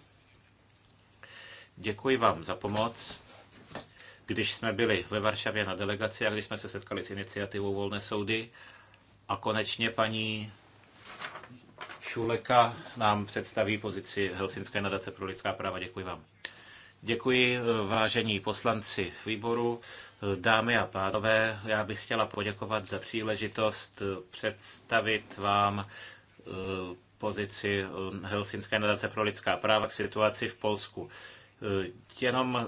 Děkuji vám za pomoc. Když jsme byli ve Varšavě na delegaci a když jsme se setkali s iniciativou Volné soudy a konečně paní Šuleka nám představí pozici Helsinské nadace pro lidská práva. Děkuji vám. Děkuji eh, vážení poslanci výboru. Eh, dámy a pánové, já bych chtěla poděkovat za příležitost eh, představit vám pozici Helsinské nadace pro lidská práva k situaci v Polsku. Jenom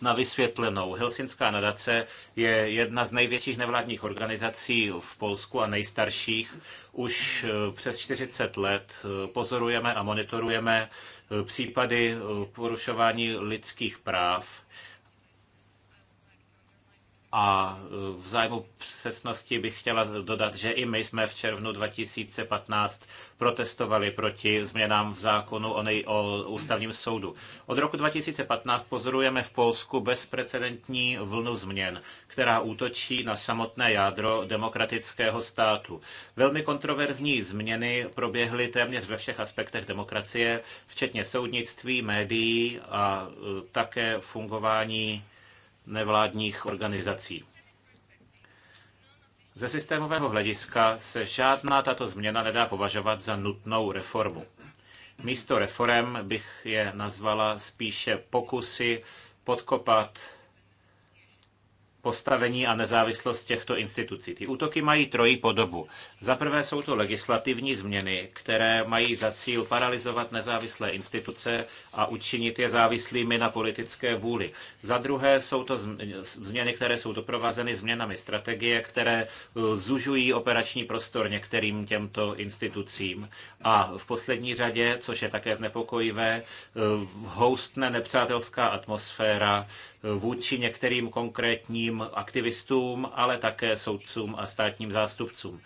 na vysvětlenou. Helsinská nadace je jedna z největších nevládních organizací v Polsku a nejstarších. Už přes 40 let pozorujeme a monitorujeme případy eh, porušování lidských práv a e, v zájmu přesnosti bych chtěla dodat, že i my jsme v červnu 2015 protestovali proti změnám v zákonu o, nej, o ústavním soudu. Od roku 2015 pozorujeme v Polsku bezprecedentní vlnu změn, která útočí na samotné jádro demokratického státu. Velmi kontroverzní změny proběhly téměř ve všech aspektech demokracie, včetně soudnictví, médií a e, také fungování nevládních organizací. Ze systémového hlediska se žádná tato změna nedá považovat za nutnou reformu. Místo reform bych je nazvala spíše pokusy podkopat postavení a nezávislost těchto institucí. Ty útoky mají trojí podobu. Za prvé jsou to legislativní změny, které mají za cíl paralizovat nezávislé instituce a učinit je závislými na politické vůli. Za druhé jsou to změny, které jsou doprovázeny změnami strategie, které eh, zužují operační prostor některým těmto institucím. A v poslední řadě, což je také znepokojivé, eh, houstne nepřátelská atmosféra, vůči některým konkrétním aktivistům, ale také soudcům a státním zástupcům.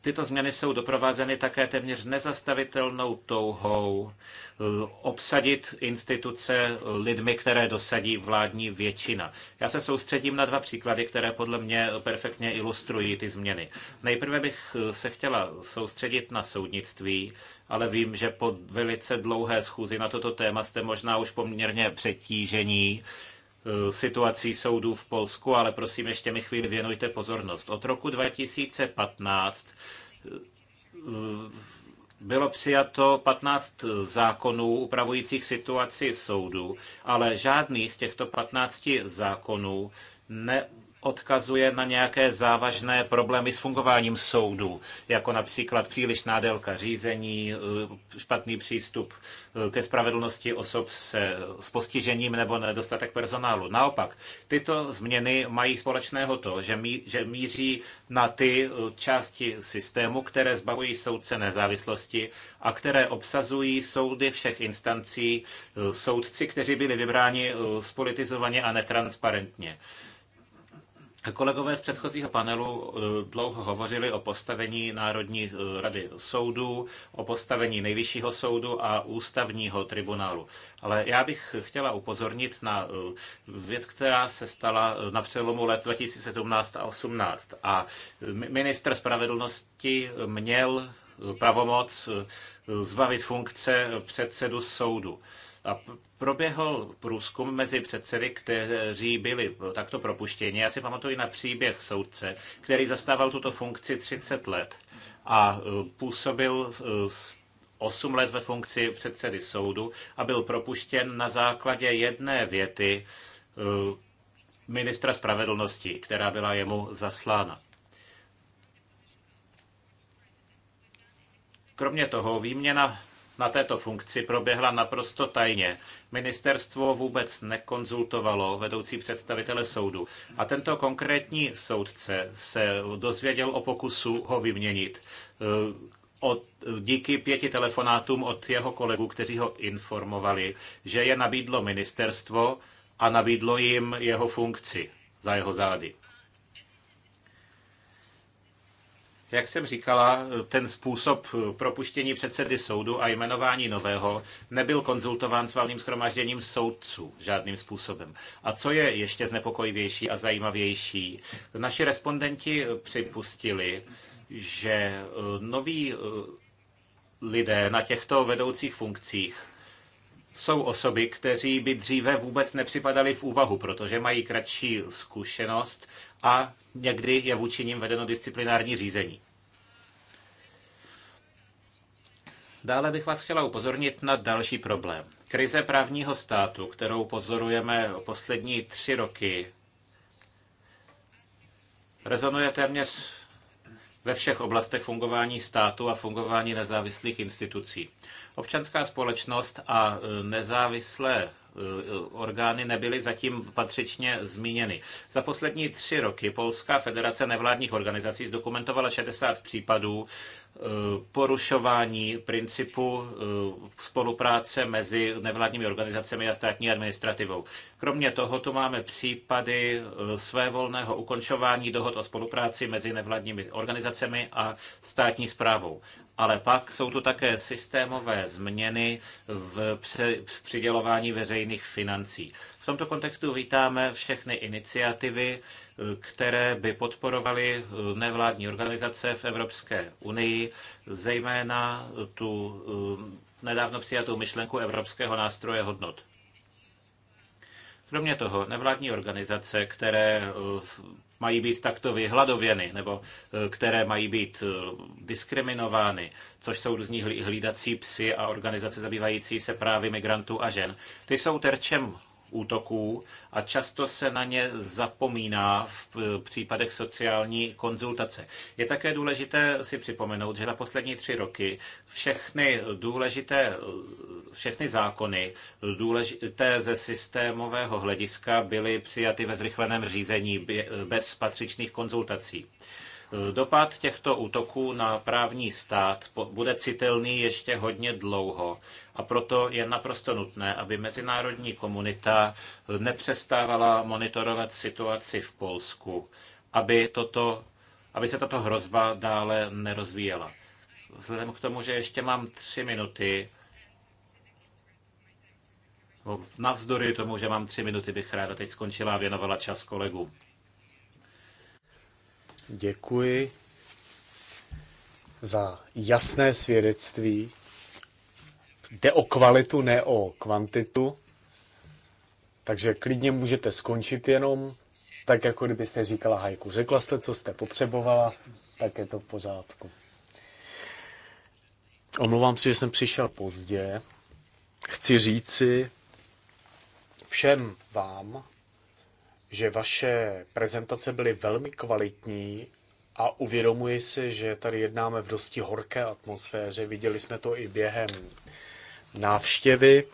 Tyto změny jsou doprovázeny také téměř nezastavitelnou touhou eh, obsadit instituce lidmi, které dosadí vládní většina. Já se soustředím na dva příklady, které podle mě perfektně ilustrují ty změny. Nejprve bych eh, se chtěla soustředit na soudnictví, ale vím, že po velice dlouhé schůzi na toto téma jste možná už poměrně přetížení eh, situací soudů v Polsku, ale prosím, ještě mi chvíli věnujte pozornost. Od roku 2015 eh, bylo přijato 15 zákonů upravujících situaci soudů, ale žádný z těchto 15 zákonů ne, odkazuje na nějaké závažné problémy s fungováním soudů, jako například přílišná délka řízení, eh, špatný přístup eh, ke spravedlnosti osob se, eh, s postižením nebo nedostatek personálu. Naopak, tyto změny mají společného to, že, mí, že míří na ty části systému, které zbavují soudce nezávislosti a které obsazují soudy všech instancí soudci, kteří byli vybráni spolitizovaně a netransparentně. Kolegové z předchozího panelu eh, dlouho hovořili o postavení Národní eh, rady soudů, o postavení Nejvyššího soudu a ústavního tribunálu. Ale já bych chtěla upozornit na eh, věc, která se stala na přelomu let 2017 a 2018. A minister spravedlnosti měl pravomoc zbavit funkce předsedu soudu. A proběhl průzkum mezi předsedy, kteří byli takto propuštěni. Já si pamatuju na příběh soudce, který zastával tuto funkci 30 let a e, působil 8 e, let ve funkci předsedy soudu a byl propuštěn na základě jedné věty e, ministra spravedlnosti, která byla jemu zaslána. Kromě toho výměna na této funkci proběhla naprosto tajně. Ministerstvo vůbec nekonzultovalo vedoucí představitele soudu a tento konkrétní soudce se dozvěděl o pokusu ho vyměnit e, od, díky pěti telefonátům od jeho kolegů, kteří ho informovali, že je nabídlo ministerstvo a nabídlo jim jeho funkci za jeho zády. Jak jsem říkala, ten způsob propuštění předsedy soudu a jmenování nového nebyl konzultován s valným schromažděním soudců žádným způsobem. A co je ještě znepokojivější a zajímavější, naši respondenti připustili, že eh, noví eh, lidé na těchto vedoucích funkcích jsou osoby, kteří by dříve vůbec nepřipadali v úvahu, protože mají kratší zkušenost a někdy je vůči nim vedeno disciplinární řízení. Dále bych vás chtěla upozornit na další problém. Krize právního státu, kterou pozorujeme poslední tři roky, rezonuje téměř ve všech oblastech fungování státu a fungování nezávislých institucí. Občanská společnost a e, nezávislé e, orgány nebyly zatím patřičně zmíněny. Za poslední tři roky Polská federace nevládních organizací zdokumentovala 60 případů Eh, porušování principu eh, spolupráce mezi nevládními organizacemi a státní administrativou. Kromě toho tu máme případy eh, svévolného ukončování dohod o spolupráci mezi nevládními organizacemi a státní zprávou ale pak jsou tu také systémové změny v, v přidělování veřejných financí. V tomto kontextu vítáme všechny iniciativy, které by podporovaly eh, nevládní organizace v Evropské unii, zejména tu eh, nedávno přijatou myšlenku Evropského nástroje hodnot. Kromě toho, nevládní organizace, které eh, mají být takto vyhladověny nebo e, které mají být e, diskriminovány, což jsou různí hlídací psy a organizace zabývající se právy migrantů a žen. Ty jsou terčem útoků a často se na ně zapomíná v eh, případech sociální konzultace. Je také důležité si připomenout, že za poslední tři roky všechny důležité, eh, všechny zákony eh, důležité ze systémového hlediska byly přijaty ve zrychleném řízení bez patřičných konzultací. Dopad těchto útoků na právní stát bude citelný ještě hodně dlouho a proto je naprosto nutné, aby mezinárodní komunita nepřestávala monitorovat situaci v Polsku, aby, toto, aby se tato hrozba dále nerozvíjela. Vzhledem k tomu, že ještě mám tři minuty, no, navzdory tomu, že mám tři minuty, bych ráda teď skončila a věnovala čas kolegům. Děkuji za jasné svědectví. Jde o kvalitu, ne o kvantitu. Takže klidně můžete skončit jenom tak, jako kdybyste říkala hajku. Řekla jste, co jste potřebovala, tak je to v pořádku. Omlouvám se, že jsem přišel pozdě. Chci říci všem vám, že vaše prezentace byly velmi kvalitní a uvědomuji si, že tady jednáme v dosti horké atmosféře. Viděli jsme to i během návštěvy.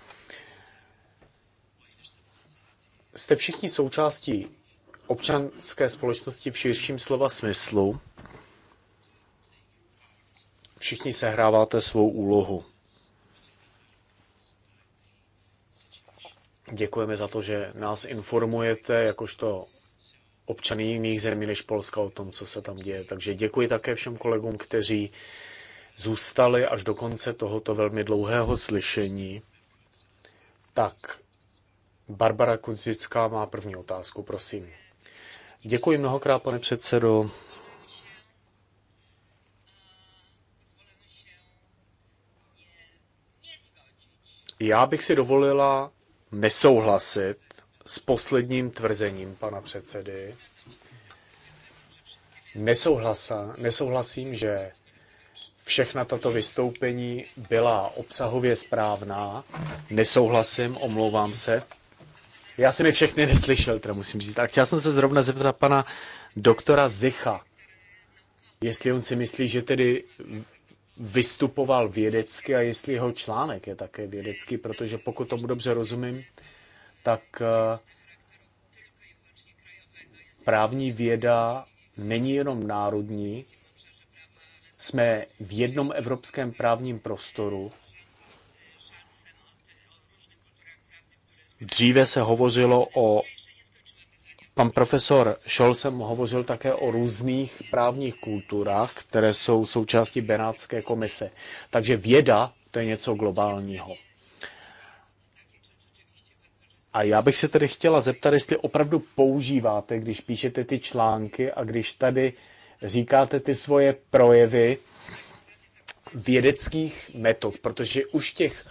Jste všichni součástí občanské společnosti v širším slova smyslu. Všichni sehráváte svou úlohu. Děkujeme za to, že nás informujete jakožto občany jiných zemí než Polska o tom, co se tam děje. Takže děkuji také všem kolegům, kteří zůstali až do konce tohoto velmi dlouhého slyšení. Tak, Barbara Kunzická má první otázku, prosím. Děkuji mnohokrát, pane předsedo. Já bych si dovolila nesouhlasit s posledním tvrzením pana předsedy. Nesouhlasa, nesouhlasím, že všechna tato vystoupení byla obsahově správná. Nesouhlasím, omlouvám se. Já jsem je všechny neslyšel, teda musím říct. A chtěl jsem se zrovna zeptat pana doktora Zicha, jestli on si myslí, že tedy vystupoval vědecky a jestli jeho článek je také vědecký, protože pokud tomu dobře rozumím, tak eh, právní věda není jenom národní, jsme v jednom evropském právním prostoru. Dříve se hovořilo o Pan profesor Šolsem hovořil také o různých právních kulturách, které jsou součástí Benátské komise. Takže věda to je něco globálního. A já bych se tedy chtěla zeptat, jestli opravdu používáte, když píšete ty články a když tady říkáte ty svoje projevy vědeckých metod, protože už těch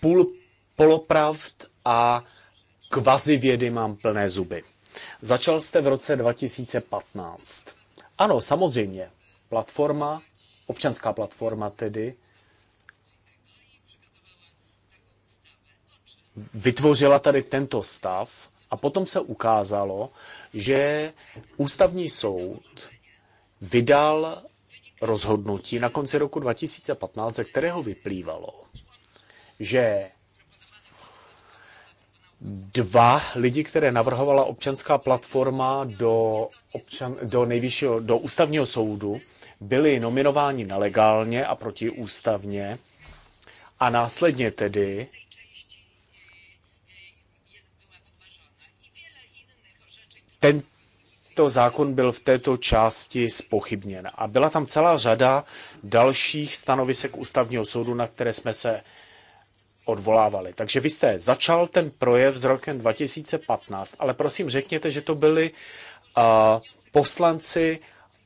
půl polopravd a kvazivědy mám plné zuby. Začal jste v roce 2015. Ano, samozřejmě. Platforma, občanská platforma tedy, vytvořila tady tento stav a potom se ukázalo, že ústavní soud vydal rozhodnutí na konci roku 2015, ze kterého vyplývalo, že dva lidi, které navrhovala občanská platforma do, občan, do, nejvyššího, do ústavního soudu, byli nominováni nelegálně a protiústavně a následně tedy tento zákon byl v této části spochybněn. A byla tam celá řada dalších stanovisek ústavního soudu, na které jsme se odvolávali. Takže vy jste začal ten projev s rokem 2015, ale prosím řekněte, že to byli uh, poslanci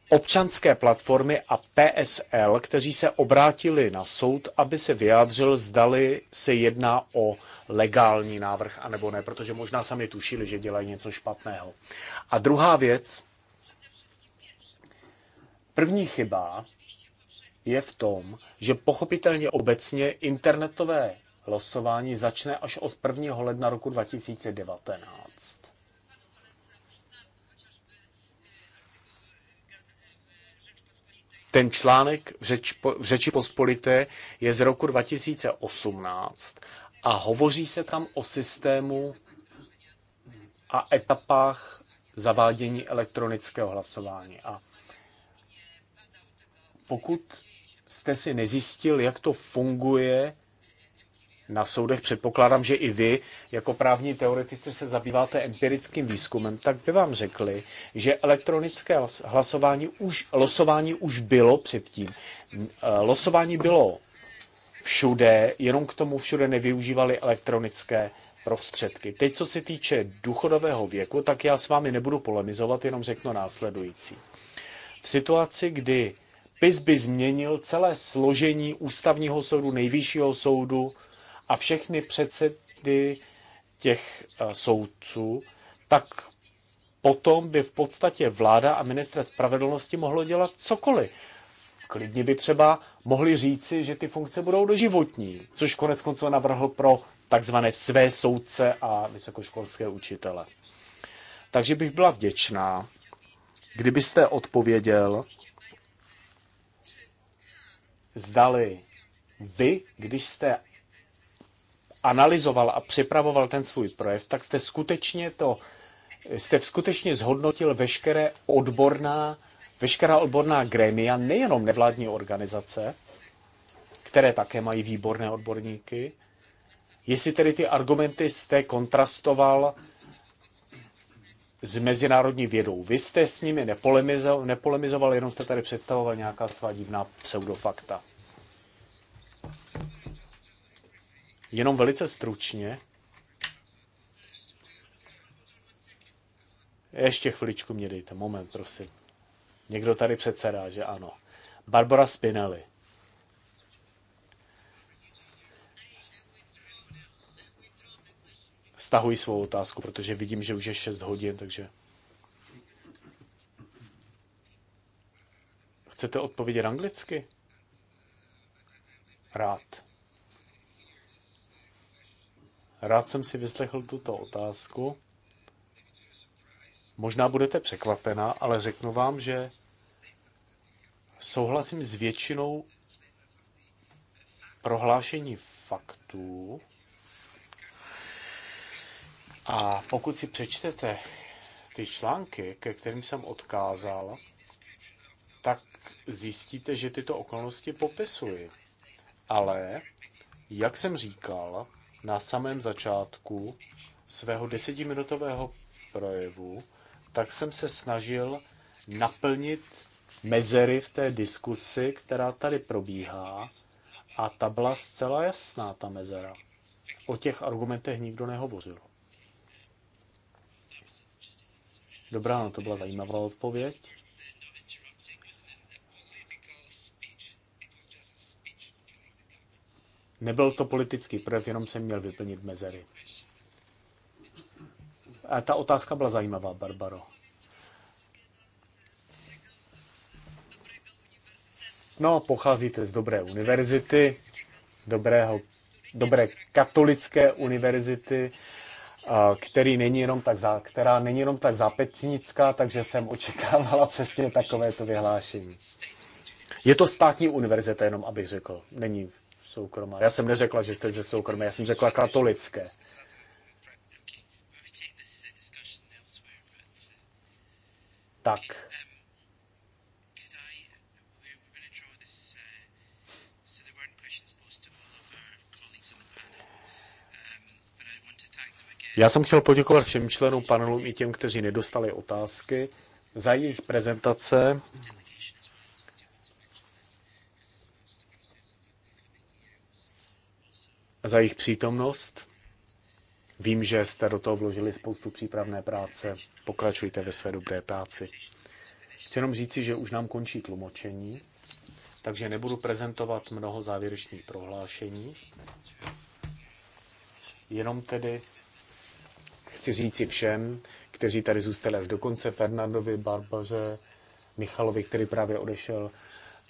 občanské platformy a PSL, kteří se obrátili na soud, aby se vyjádřil, zdali se jedná o legální návrh, anebo ne, protože možná sami tušili, že dělají něco špatného. A druhá věc, první chyba je v tom, že pochopitelně obecně internetové losování začne až od 1. ledna roku 2019. Ten článek v, Řeč, v Řeči Pospolité je z roku 2018 a hovoří se tam o systému a etapách zavádění elektronického hlasování. A pokud jste si nezjistil, jak to funguje, na soudech. Předpokládám, že i vy jako právní teoretici se zabýváte empirickým výzkumem, tak by vám řekli, že elektronické hlasování už, losování už bylo předtím. Eh, losování bylo všude, jenom k tomu všude nevyužívali elektronické prostředky. Teď, co se týče důchodového věku, tak já s vámi nebudu polemizovat, jenom řeknu následující. V situaci, kdy PIS by změnil celé složení ústavního soudu, nejvyššího soudu, a všechny předsedy těch eh, soudců, tak potom by v podstatě vláda a ministr spravedlnosti mohlo dělat cokoliv. Klidně by třeba mohli říci, že ty funkce budou doživotní, což konec konců navrhl pro takzvané své soudce a vysokoškolské učitele. Takže bych byla vděčná, kdybyste odpověděl, zdali vy, když jste analyzoval a připravoval ten svůj projev, tak jste skutečně to, jste skutečně zhodnotil veškeré odborná, veškerá odborná grémia, nejenom nevládní organizace, které také mají výborné odborníky. Jestli tedy ty argumenty jste kontrastoval s mezinárodní vědou. Vy jste s nimi nepolemizoval, nepolemizoval jenom jste tady představoval nějaká svá divná pseudofakta. Jenom velice stručně. Ještě chviličku mě dejte, moment, prosím. Někdo tady předsedá, že ano. Barbara Spinelli. Stahuji svou otázku, protože vidím, že už je 6 hodin, takže... Chcete odpovědět anglicky? Rád. Rád jsem si vyslechl tuto otázku. Možná budete překvapena, ale řeknu vám, že souhlasím s většinou prohlášení faktů. A pokud si přečtete ty články, ke kterým jsem odkázal, tak zjistíte, že tyto okolnosti popisuji. Ale, jak jsem říkal, na samém začátku svého desetiminutového projevu, tak jsem se snažil naplnit mezery v té diskusi, která tady probíhá a ta byla zcela jasná, ta mezera. O těch argumentech nikdo nehovořil. Dobrá, no to byla zajímavá odpověď. Nebyl to politický projev, jenom jsem měl vyplnit mezery. A ta otázka byla zajímavá, Barbaro. No, pocházíte z dobré univerzity, dobrého, dobré katolické univerzity, který není jenom tak, za, která není jenom tak zápecnická, takže jsem očekávala přesně takovéto vyhlášení. Je to státní univerzita, jenom abych řekl. Není soukromé. Já jsem neřekla, že jste ze soukromé, já jsem řekla katolické. Tak. Já jsem chtěl poděkovat všem členům panelům i těm, kteří nedostali otázky za jejich prezentace. za jejich přítomnost. Vím, že jste do toho vložili spoustu přípravné práce. Pokračujte ve své dobré práci. Chci jenom říci, že už nám končí tlumočení, takže nebudu prezentovat mnoho závěrečných prohlášení. Jenom tedy chci říci všem, kteří tady zůstali až do konce, Fernandovi, Barbaře, Michalovi, který právě odešel,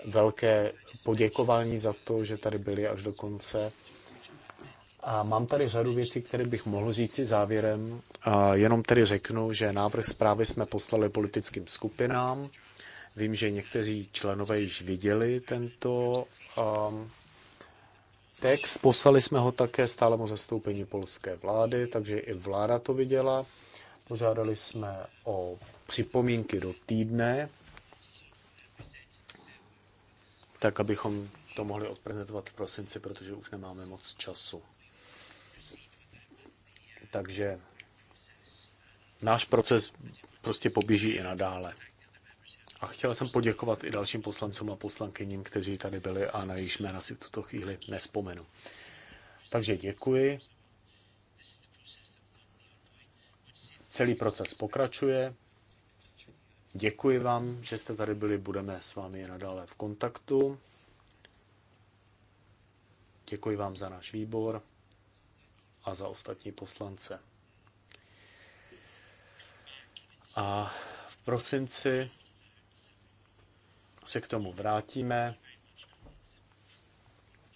velké poděkování za to, že tady byli až do konce. A mám tady řadu věcí, které bych mohl říci závěrem. A jenom tedy řeknu, že návrh zprávy jsme poslali politickým skupinám. Vím, že někteří členové již viděli tento um, text. Poslali jsme ho také stálemu zastoupení polské vlády, takže i vláda to viděla. Požádali jsme o připomínky do týdne, tak abychom to mohli odprezentovat v prosinci, protože už nemáme moc času. Takže náš proces prostě poběží i nadále. A chtěla jsem poděkovat i dalším poslancům a poslankyním, kteří tady byli a na jejich jména si v tuto chvíli nespomenu. Takže děkuji. Celý proces pokračuje. Děkuji vám, že jste tady byli, budeme s vámi nadále v kontaktu. Děkuji vám za náš výbor a za ostatní poslance. A v prosinci se k tomu vrátíme.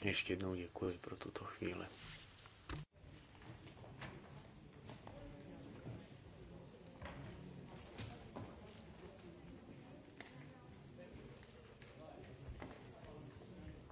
Ještě jednou děkuji pro tuto chvíli.